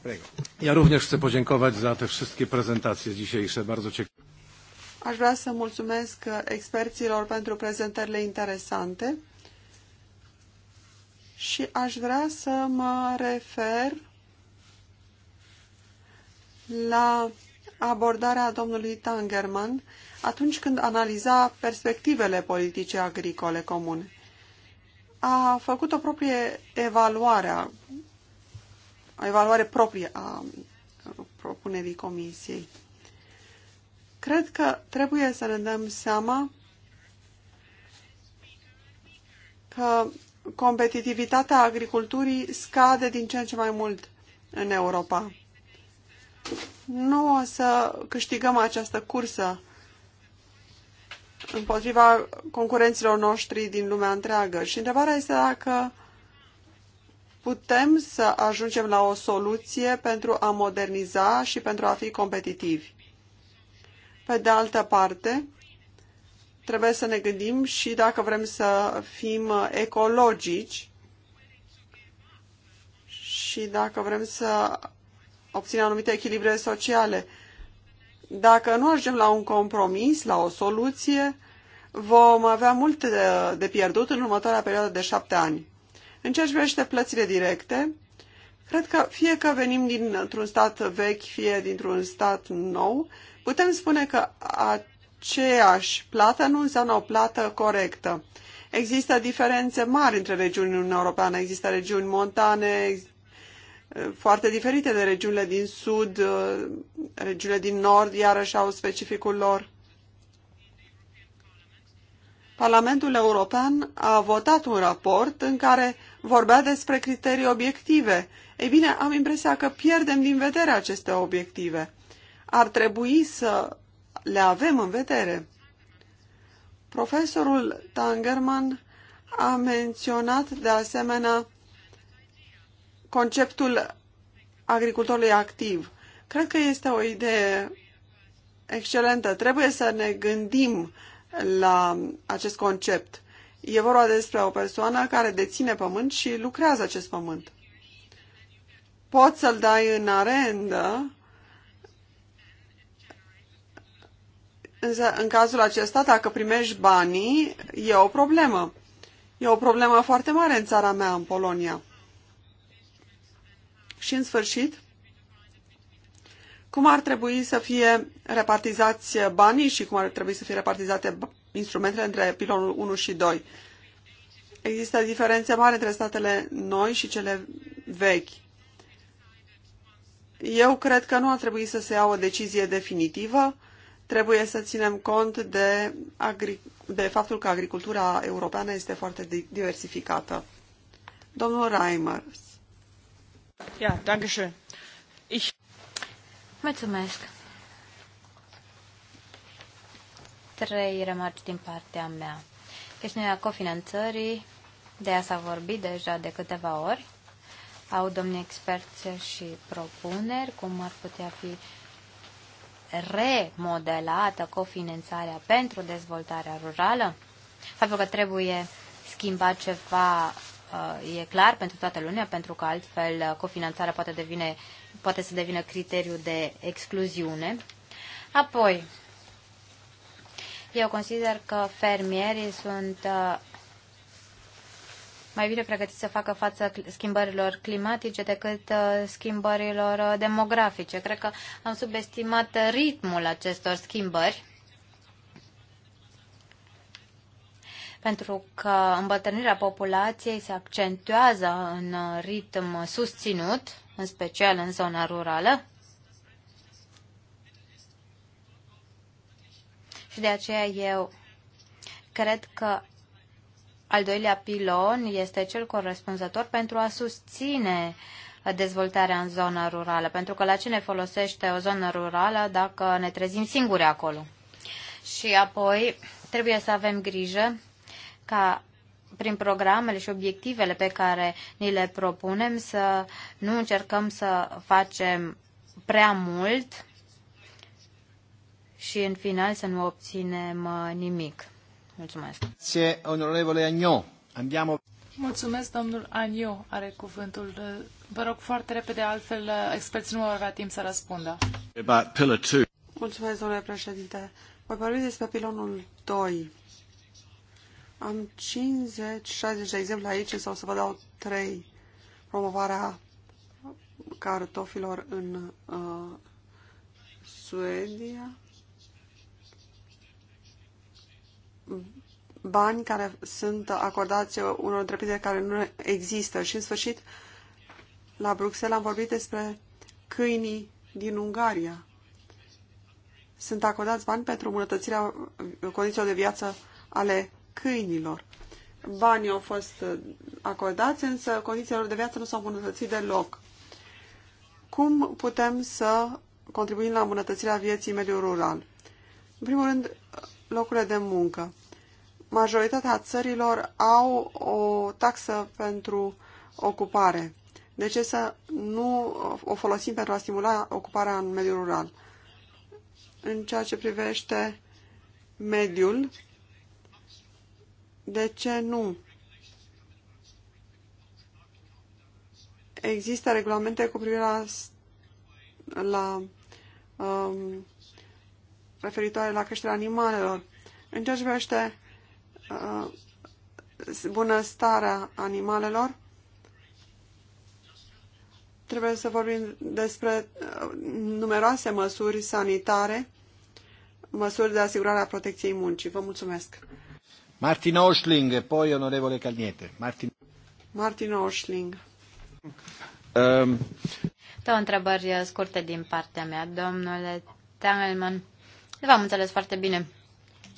[SPEAKER 1] Prego. Ja również chcę podziękować za te wszystkie prezentacje dzisiejsze, bardzo ciekawe. Aș vrea să mulțumesc uh, experților pentru prezentările interesante și aș vrea să mă refer la abordarea domnului Tangerman atunci când analiza perspectivele politice agricole comune. A făcut o proprie evaluare, o evaluare proprie a propunerii comisiei. Cred că trebuie să ne dăm seama că competitivitatea agriculturii scade din ce în ce mai mult în Europa. Nu o să câștigăm această cursă împotriva concurenților noștri din lumea întreagă. Și întrebarea este dacă putem să ajungem la o soluție pentru a moderniza și pentru a fi competitivi. Pe de altă parte, trebuie să ne gândim și dacă vrem să fim ecologici și dacă vrem să obținem anumite echilibre sociale. Dacă nu ajungem la un compromis, la o soluție, vom avea mult de, de pierdut în următoarea perioadă de șapte ani. În ceea ce privește plățile directe, cred că fie că venim dintr-un stat vechi, fie dintr-un stat nou, putem spune că a aceeași plată nu înseamnă o plată corectă. Există diferențe mari între regiunile Uniunii Europeană. Există regiuni montane foarte diferite de regiunile din sud, uh, regiunile din nord, iarăși au specificul lor. Parlamentul European a votat un raport în care vorbea despre criterii obiective. Ei bine, am impresia că pierdem din vedere aceste obiective. Ar trebui să le avem în vedere. Profesorul Tangerman a menționat de asemenea conceptul agricultorului activ. Cred că este o idee excelentă. Trebuie să ne gândim la acest concept. E vorba despre o persoană care deține pământ și lucrează acest pământ. Poți să-l dai în arendă Însă, în cazul acesta, dacă primești banii, e o problemă. E o problemă foarte mare în țara mea, în Polonia. Și, în sfârșit, cum ar trebui să fie repartizați banii și cum ar trebui să fie repartizate instrumentele între pilonul 1 și 2. Există diferențe mari între statele noi și cele vechi. Eu cred că nu ar trebui să se ia o decizie definitivă, trebuie să ținem cont de, de faptul că agricultura europeană este foarte diversificată. Domnul Reimers. Ja, danke schön. Ich... Mulțumesc.
[SPEAKER 3] Trei remarci din partea mea. Chestiunea cofinanțării, de ea s-a vorbit deja de câteva ori. Au domnii experți și propuneri cum ar putea fi uh, remodelată cofinanțarea pentru dezvoltarea rurală? Faptul că trebuie schimbat ceva uh, e clar pentru toată lumea, pentru că altfel uh, cofinanțarea poate, devine, poate să devină criteriu de excluziune. Apoi, eu consider că fermierii sunt uh, mai bine pregătiți să facă față schimbărilor climatice decât uh, schimbărilor uh, demografice. Cred că am subestimat ritmul acestor schimbări. pentru că îmbătrânirea populației se accentuează în uh, ritm susținut, în special în zona rurală. Și de aceea eu cred că al doilea pilon este cel corespunzător pentru a susține dezvoltarea în zona rurală, pentru că la cine folosește o zonă rurală dacă ne trezim singuri acolo? Și apoi trebuie să avem grijă ca prin programele și obiectivele pe care ni le propunem să nu încercăm să facem prea mult și în final să nu obținem uh, nimic. Mulțumesc.
[SPEAKER 2] Se onorevole Agnio. Andiamo. Mulțumesc, domnul Agnio are cuvântul. Vă rog foarte repede, altfel experții
[SPEAKER 1] nu vor avea timp să răspundă.
[SPEAKER 3] About pillar two.
[SPEAKER 1] Mulțumesc, domnule președinte. Voi vorbi despre pilonul 2. Am 50-60 de exemple aici, sau să vă dau 3. Promovarea cartofilor în uh, Suedia, bani care sunt acordați unor întreprinderi care nu există. Și, în sfârșit, la Bruxelles am vorbit despre câinii din Ungaria. Sunt acordați bani pentru îmbunătățirea condițiilor de viață ale câinilor. Banii au fost acordați, însă condițiile de viață nu s-au îmbunătățit deloc. Cum putem să contribuim la îmbunătățirea vieții mediul rural? În primul rând, locurile de muncă. Majoritatea țărilor au o taxă pentru ocupare. De ce să nu o folosim pentru a stimula ocuparea în mediul rural? În ceea ce privește mediul, de ce nu? Există regulamente cu privire la, la um, referitoare la creșterea animalelor. În ceea ce privește uh, bunăstarea animalelor, trebuie să vorbim despre uh, numeroase măsuri sanitare, măsuri de asigurare a protecției muncii. Vă mulțumesc. Martin Oșling, poi onorevole Calniete. Martin, Martin Oșling. Um... Două întrebări
[SPEAKER 3] scurte din partea mea, domnule Tangelman v-am înțeles foarte bine.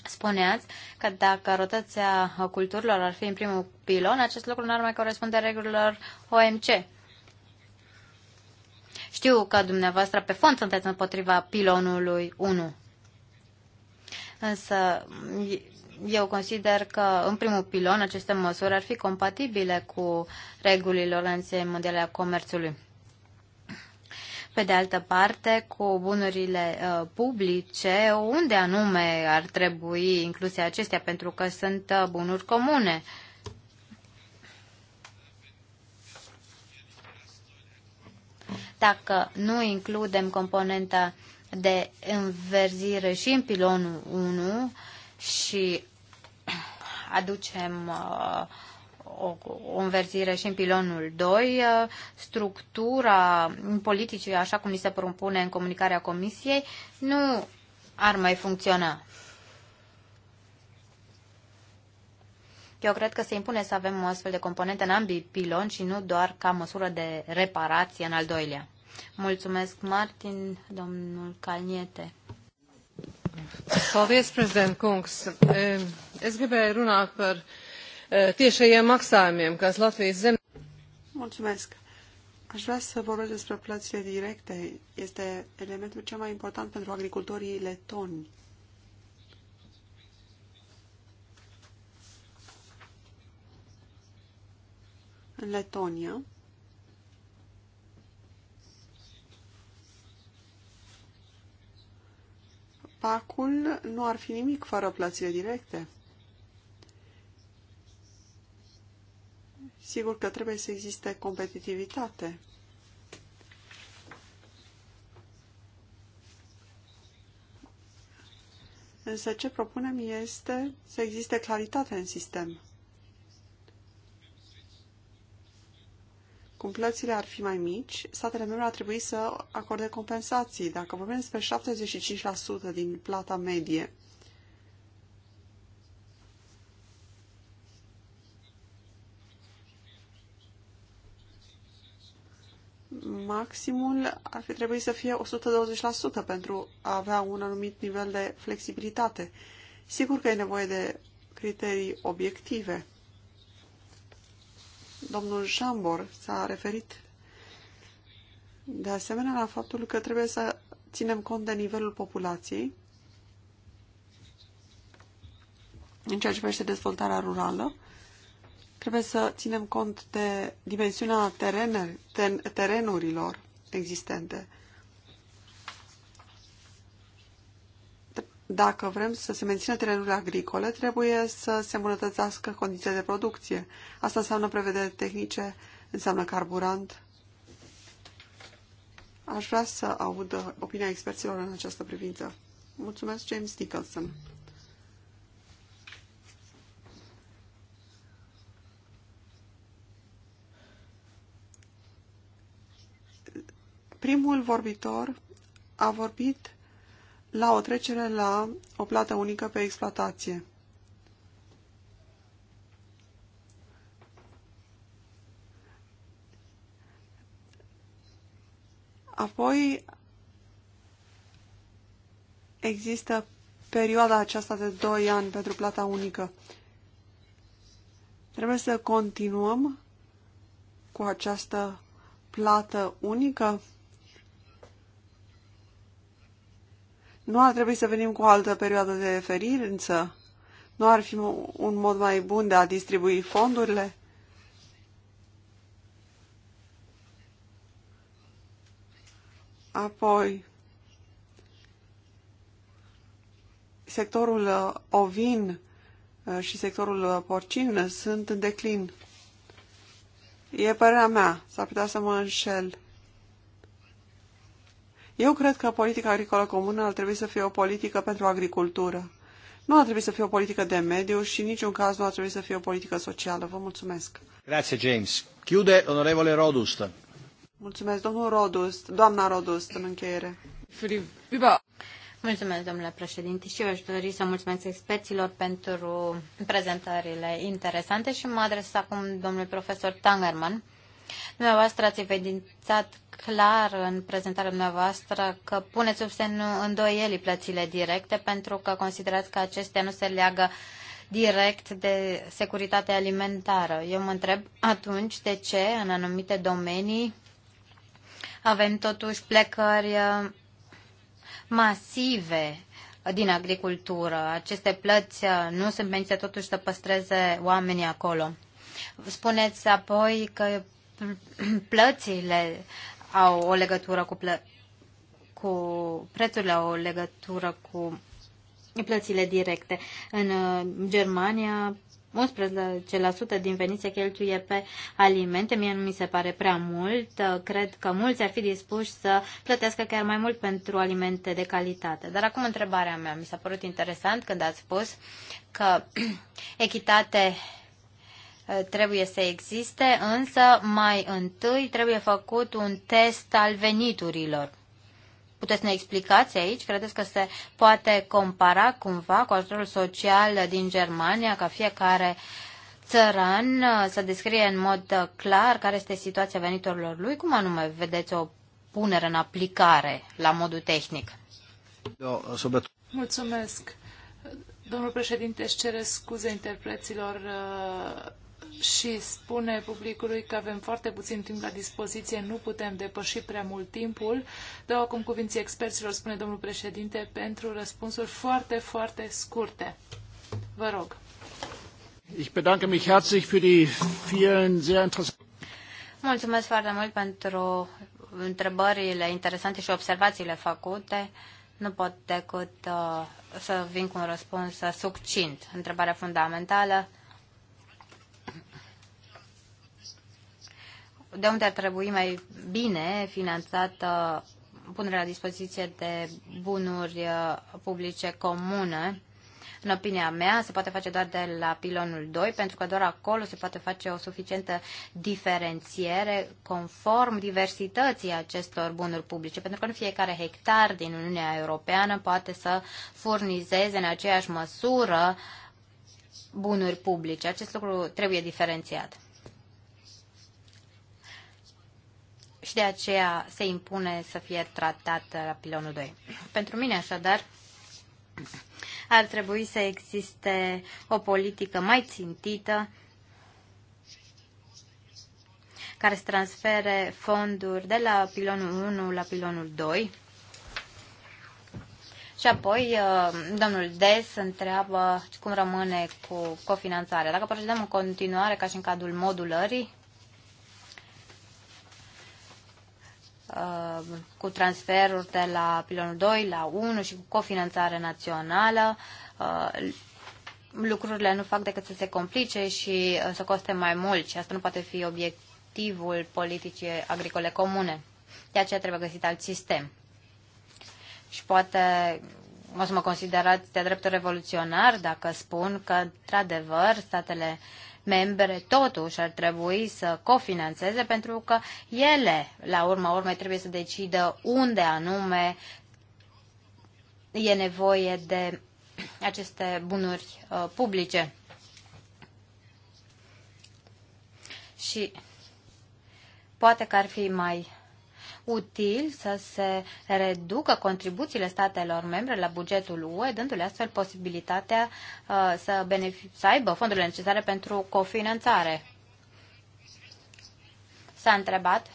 [SPEAKER 3] Spuneați că dacă rotația culturilor ar fi în primul pilon, acest lucru n-ar mai corespunde regulilor OMC. Știu că dumneavoastră pe fond sunteți împotriva pilonului 1. Însă eu consider că în primul pilon aceste măsuri ar fi compatibile cu regulile Organizației Mondiale a Comerțului pe de altă parte, cu bunurile uh, publice, unde anume ar trebui incluse acestea, pentru că sunt uh, bunuri comune. Dacă nu includem componenta de înverzire și în pilonul 1 și aducem uh, o, o înverzire și în pilonul 2. Uh, structura politicii, așa cum ni se propune în comunicarea Comisiei, nu ar mai funcționa. Eu cred că se impune să avem o astfel de componente în ambii piloni și nu doar ca măsură de reparație în al doilea. Mulțumesc, Martin, domnul Calniete. Paldies,
[SPEAKER 1] prezident Kungs. Es gribēju runāt par tiešajiem maksājumiem, kas Latvijas zem. Mulțumesc! Aș vrea să vorbesc despre plățile directe. Este elementul cel mai important pentru agricultorii letoni. În Letonia, pacul nu ar fi nimic fără plățile directe. Sigur că trebuie să existe competitivitate. Însă ce propunem este să existe claritate în sistem. Cum plățile ar fi mai mici, statele membre ar trebui să acorde compensații. Dacă vorbim despre 75% din plata medie, maximul ar fi trebuit să fie 120% pentru a avea un anumit nivel de flexibilitate. Sigur că e nevoie de criterii obiective. Domnul Jambor s-a referit de asemenea la faptul că trebuie să ținem cont de nivelul populației în ceea ce privește dezvoltarea rurală Trebuie să ținem cont de dimensiunea teren, ten, terenurilor existente. Dacă vrem să se mențină terenurile agricole, trebuie să se îmbunătățească condițiile de producție. Asta înseamnă prevedere tehnice, înseamnă carburant. Aș vrea să aud opinia experților în această privință. Mulțumesc, James Nicholson. Primul vorbitor a vorbit la o trecere la o plată unică pe exploatație. Apoi există perioada aceasta de 2 ani pentru plata unică. Trebuie să continuăm cu această plată unică Nu ar trebui să venim cu o altă perioadă de referință? Nu ar fi un mod mai bun de a distribui fondurile? Apoi, sectorul uh, ovin uh, și sectorul uh, porcin sunt în declin. E părerea mea, s-ar putea să mă înșel. Eu cred că politica agricolă comună ar trebui să fie o politică pentru agricultură. Nu ar trebui să fie o politică de mediu și în niciun caz nu ar trebui să fie o politică socială. Vă mulțumesc.
[SPEAKER 3] Grazie, James. Chiude, onorevole Rodust.
[SPEAKER 1] Mulțumesc, domnul Rodust, doamna Rodust, în încheiere. Mulțumesc, domnule președinte, și eu aș dori să mulțumesc
[SPEAKER 3] experților pentru prezentările interesante și mă adresez acum domnului profesor Tangerman. Dumneavoastră ați evidențat clar în prezentarea dumneavoastră că puneți sub semnul îndoielii plățile directe pentru că considerați că acestea nu se leagă direct de securitatea alimentară. Eu mă întreb atunci de ce în anumite domenii avem totuși plecări uh, masive din agricultură. Aceste plăți uh, nu sunt menite totuși să păstreze oamenii acolo. Spuneți apoi că plățile au o legătură cu, plă- cu prețurile au o legătură cu plățile directe. În uh, Germania 11% din venit se cheltuie pe alimente. Mie nu mi se pare prea mult. Uh, cred că mulți ar fi dispuși să plătească chiar mai mult pentru alimente de calitate. Dar acum întrebarea mea. Mi s-a părut interesant când ați spus că echitate trebuie să existe, însă mai întâi trebuie făcut un test al veniturilor. Puteți ne explicați aici? Credeți că se poate compara cumva cu ajutorul social din Germania, ca fiecare țăran uh, să descrie în mod uh, clar care este situația veniturilor lui? Cum anume vedeți o punere în aplicare la modul tehnic?
[SPEAKER 2] Mulțumesc. Domnul președinte, își cere scuze interpreților uh, și spune publicului că avem foarte puțin timp la dispoziție, nu putem depăși prea mult timpul. Dau acum cuvinții experților, spune domnul președinte, pentru răspunsuri foarte, foarte scurte. Vă rog. Ich bedanke mich herzlich für die vielen
[SPEAKER 3] sehr interessanten Mulțumesc foarte mult pentru întrebările interesante și observațiile făcute. Nu pot decât uh, să vin cu un răspuns uh, succint. Întrebarea fundamentală de unde ar trebui mai bine finanțată punerea la dispoziție de bunuri uh, publice comune. În opinia mea, se poate face doar de la pilonul 2, pentru că doar acolo se poate face o suficientă diferențiere conform diversității acestor bunuri publice, pentru că nu fiecare hectar din Uniunea Europeană poate să furnizeze în aceeași măsură bunuri publice. Acest lucru trebuie diferențiat. și de aceea se impune să fie tratat la pilonul 2. Pentru mine, așadar, ar trebui să existe o politică mai țintită care să transfere fonduri de la pilonul 1 la pilonul 2. Și apoi uh, domnul Des întreabă cum rămâne cu cofinanțarea. Dacă procedăm în continuare ca și în cadrul modulării, Uh, cu transferuri de la pilonul 2 la 1 și cu cofinanțare națională, uh, lucrurile nu fac decât să se complice și uh, să coste mai mult și asta nu poate fi obiectivul politicii agricole comune. De aceea trebuie găsit alt sistem. Și poate o să mă considerați de dreptul revoluționar dacă spun că, într-adevăr, statele uh, membre totuși ar trebui să cofinanțeze pentru că ele, la urma urmei, trebuie să decidă unde anume e nevoie de aceste bunuri uh, publice. Și poate că ar fi mai util să se reducă contribuțiile statelor membre la bugetul UE, dându-le astfel posibilitatea uh, să, să aibă fondurile necesare pentru cofinanțare. S-a întrebat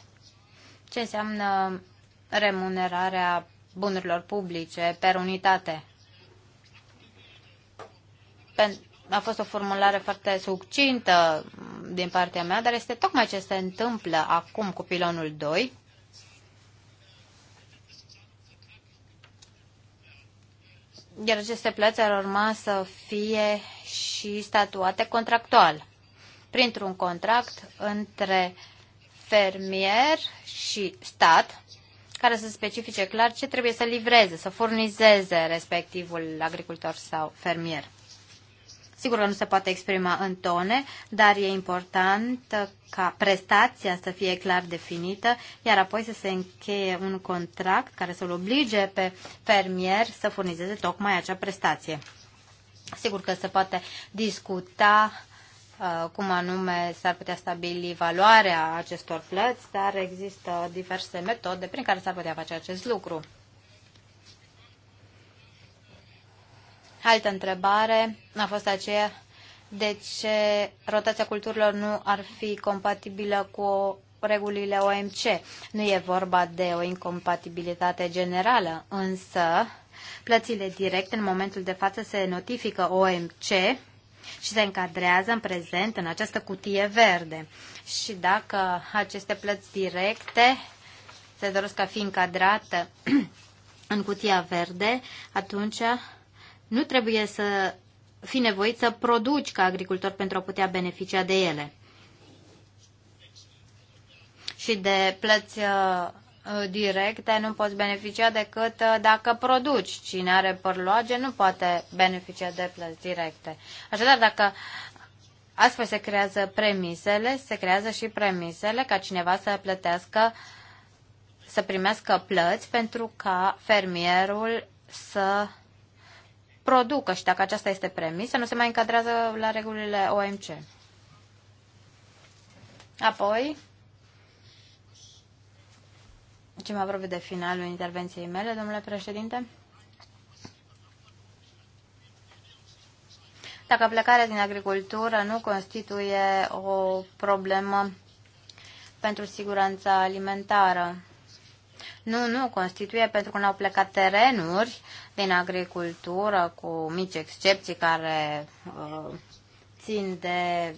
[SPEAKER 3] ce înseamnă remunerarea bunurilor publice per unitate. A fost o formulare foarte succintă din partea mea, dar este tocmai ce se întâmplă acum cu pilonul 2. iar aceste plăți ar urma să fie și statuate contractual, printr-un contract între fermier și stat, care să specifice clar ce trebuie să livreze, să furnizeze respectivul agricultor sau fermier. Sigur că nu se poate exprima în tone, dar e important ca prestația să fie clar definită, iar apoi să se încheie un contract care să-l oblige pe fermier să furnizeze tocmai acea prestație. Sigur că se poate discuta uh, cum anume s-ar putea stabili valoarea acestor plăți, dar există diverse metode prin care s-ar putea face acest lucru. Altă întrebare a fost aceea de ce rotația culturilor nu ar fi compatibilă cu regulile OMC. Nu e vorba de o incompatibilitate generală, însă plățile directe în momentul de față se notifică OMC și se încadrează în prezent în această cutie verde. Și dacă aceste plăți directe se doresc a fi încadrate în cutia verde, atunci nu trebuie să fi nevoit să produci ca agricultor pentru a putea beneficia de ele și de plăți uh, uh, directe nu poți beneficia decât uh, dacă produci. Cine are părloage nu poate beneficia de plăți directe. Așadar, dacă astfel se creează premisele, se creează și premisele ca cineva să plătească, să primească plăți pentru ca fermierul să producă și dacă aceasta este premisă, nu se mai încadrează la regulile OMC. Apoi, ce mă apropie de finalul intervenției mele, domnule președinte? Dacă plecarea din agricultură nu constituie o problemă pentru siguranța alimentară, nu, nu, constituie pentru că n-au plecat terenuri din agricultură, cu mici excepții care uh, țin de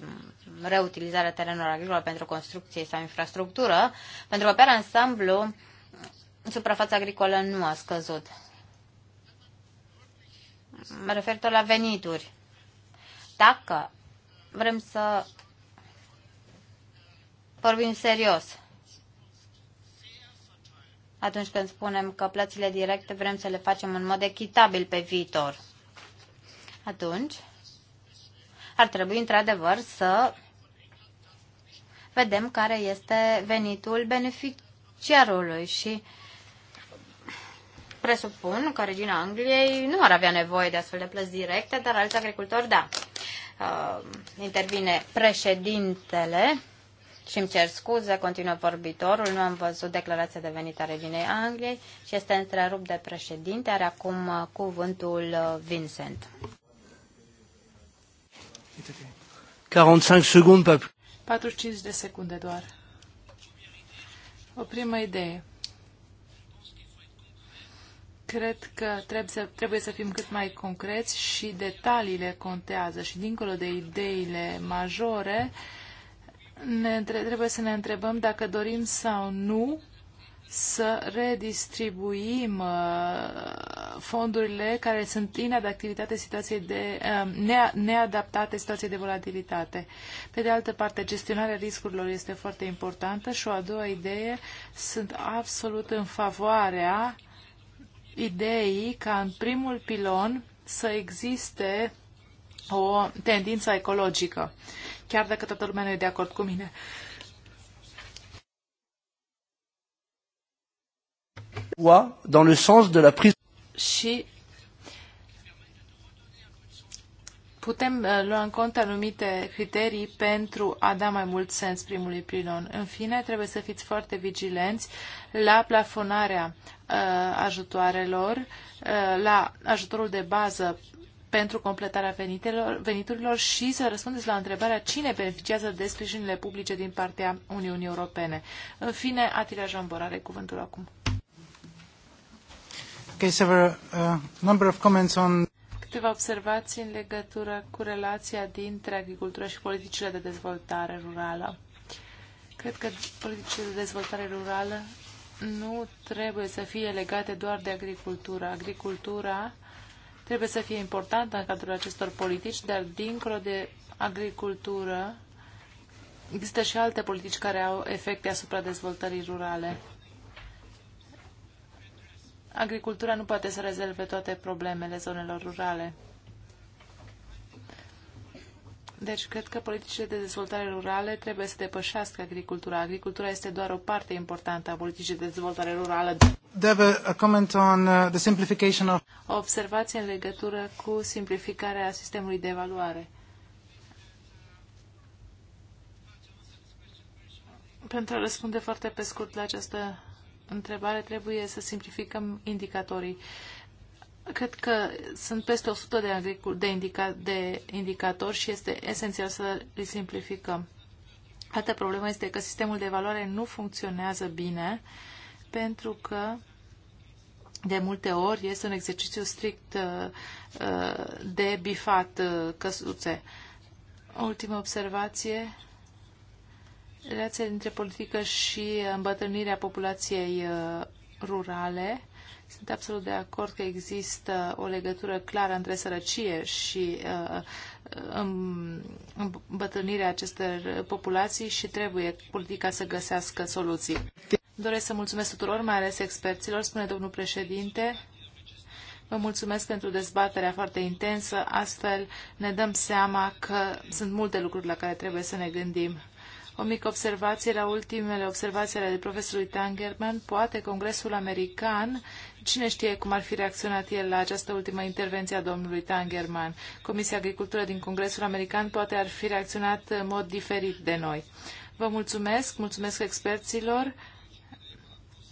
[SPEAKER 3] reutilizarea terenurilor agricole pentru construcție sau infrastructură, pentru că pe ansamblu suprafața agricolă nu a scăzut. Mă refer tot la venituri. Dacă vrem să vorbim serios atunci când spunem că plățile directe vrem să le facem în mod echitabil pe viitor. Atunci, ar trebui într-adevăr să vedem care este venitul beneficiarului și presupun că regina Angliei nu ar avea nevoie de astfel de plăți directe, dar alți agricultori da. Uh, intervine președintele și îmi cer scuze, continuă vorbitorul, nu am văzut declarația de venit a reginei Angliei și este întrerupt de președinte, are acum uh, cuvântul uh, Vincent. 45 secunde, 45 de
[SPEAKER 2] secunde doar. O primă idee. Cred că trebuie să, trebuie să fim cât mai concreți și detaliile contează și dincolo de ideile majore, uh, ne, trebuie să ne întrebăm dacă dorim sau nu să redistribuim uh, fondurile care sunt inadaptate situației de, uh, neadaptate situației de volatilitate. Pe de altă parte, gestionarea riscurilor este foarte importantă și o a doua idee sunt absolut în favoarea ideii ca în primul pilon să existe o tendință ecologică chiar dacă toată lumea nu e de acord cu mine.
[SPEAKER 3] dans le sens de la prise
[SPEAKER 2] și putem uh, lua în cont anumite criterii pentru a da mai mult sens primului pilon. În fine, trebuie să fiți foarte vigilenți la plafonarea uh, ajutoarelor, uh, la ajutorul de bază pentru completarea veniturilor și să răspundeți la întrebarea cine beneficiază de sprijinile publice din partea Uniunii Europene. În fine, Atila Jambor are cuvântul acum. Okay, several, uh, number of comments on... Câteva observații în legătură cu relația dintre agricultură și politicile de dezvoltare rurală. Cred că politicile de dezvoltare rurală nu trebuie să fie legate doar de agricultură. Agricultura trebuie să fie importantă în cadrul acestor politici, dar dincolo de agricultură, există și alte politici care au efecte asupra dezvoltării rurale. Agricultura nu poate să rezolve toate problemele zonelor rurale. Deci, cred că politicile de dezvoltare rurale trebuie să depășească agricultura. Agricultura este doar o parte importantă a politicii de dezvoltare rurală. Deve a comment on uh, the simplification of... Observație în legătură cu simplificarea sistemului de evaluare. Pentru a răspunde foarte pe scurt la această întrebare, trebuie să simplificăm indicatorii. Uh, Cred că sunt peste 100 de, agricul, de, indica, de indicatori și este esențial să îi simplificăm. Alta problemă este că sistemul de valoare nu funcționează bine pentru că de multe ori este un exercițiu strict uh, uh, de bifat uh, căsuțe. Ultima observație. Relația dintre politică și îmbătrânirea populației rurale sunt absolut de acord că există o legătură clară între sărăcie și uh, uh, îmbătrânirea acestor populații și trebuie politica să găsească soluții. Doresc să mulțumesc tuturor, mai ales experților, spune domnul președinte. Vă mulțumesc pentru dezbaterea foarte intensă, astfel ne dăm seama că sunt multe lucruri la care trebuie să ne gândim. O mică observație la ultimele observații ale profesorului Tangerman. Poate Congresul American, cine știe cum ar fi reacționat el la această ultimă intervenție a domnului Tangerman. Comisia Agricultură din Congresul American poate ar fi reacționat în mod diferit de noi. Vă mulțumesc, mulțumesc experților.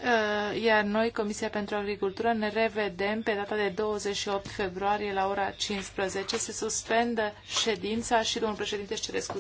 [SPEAKER 2] Uh, iar noi, Comisia pentru Agricultură, ne revedem pe data de 28 februarie la ora 15. Se suspendă ședința și domnul președinte își cere scuze.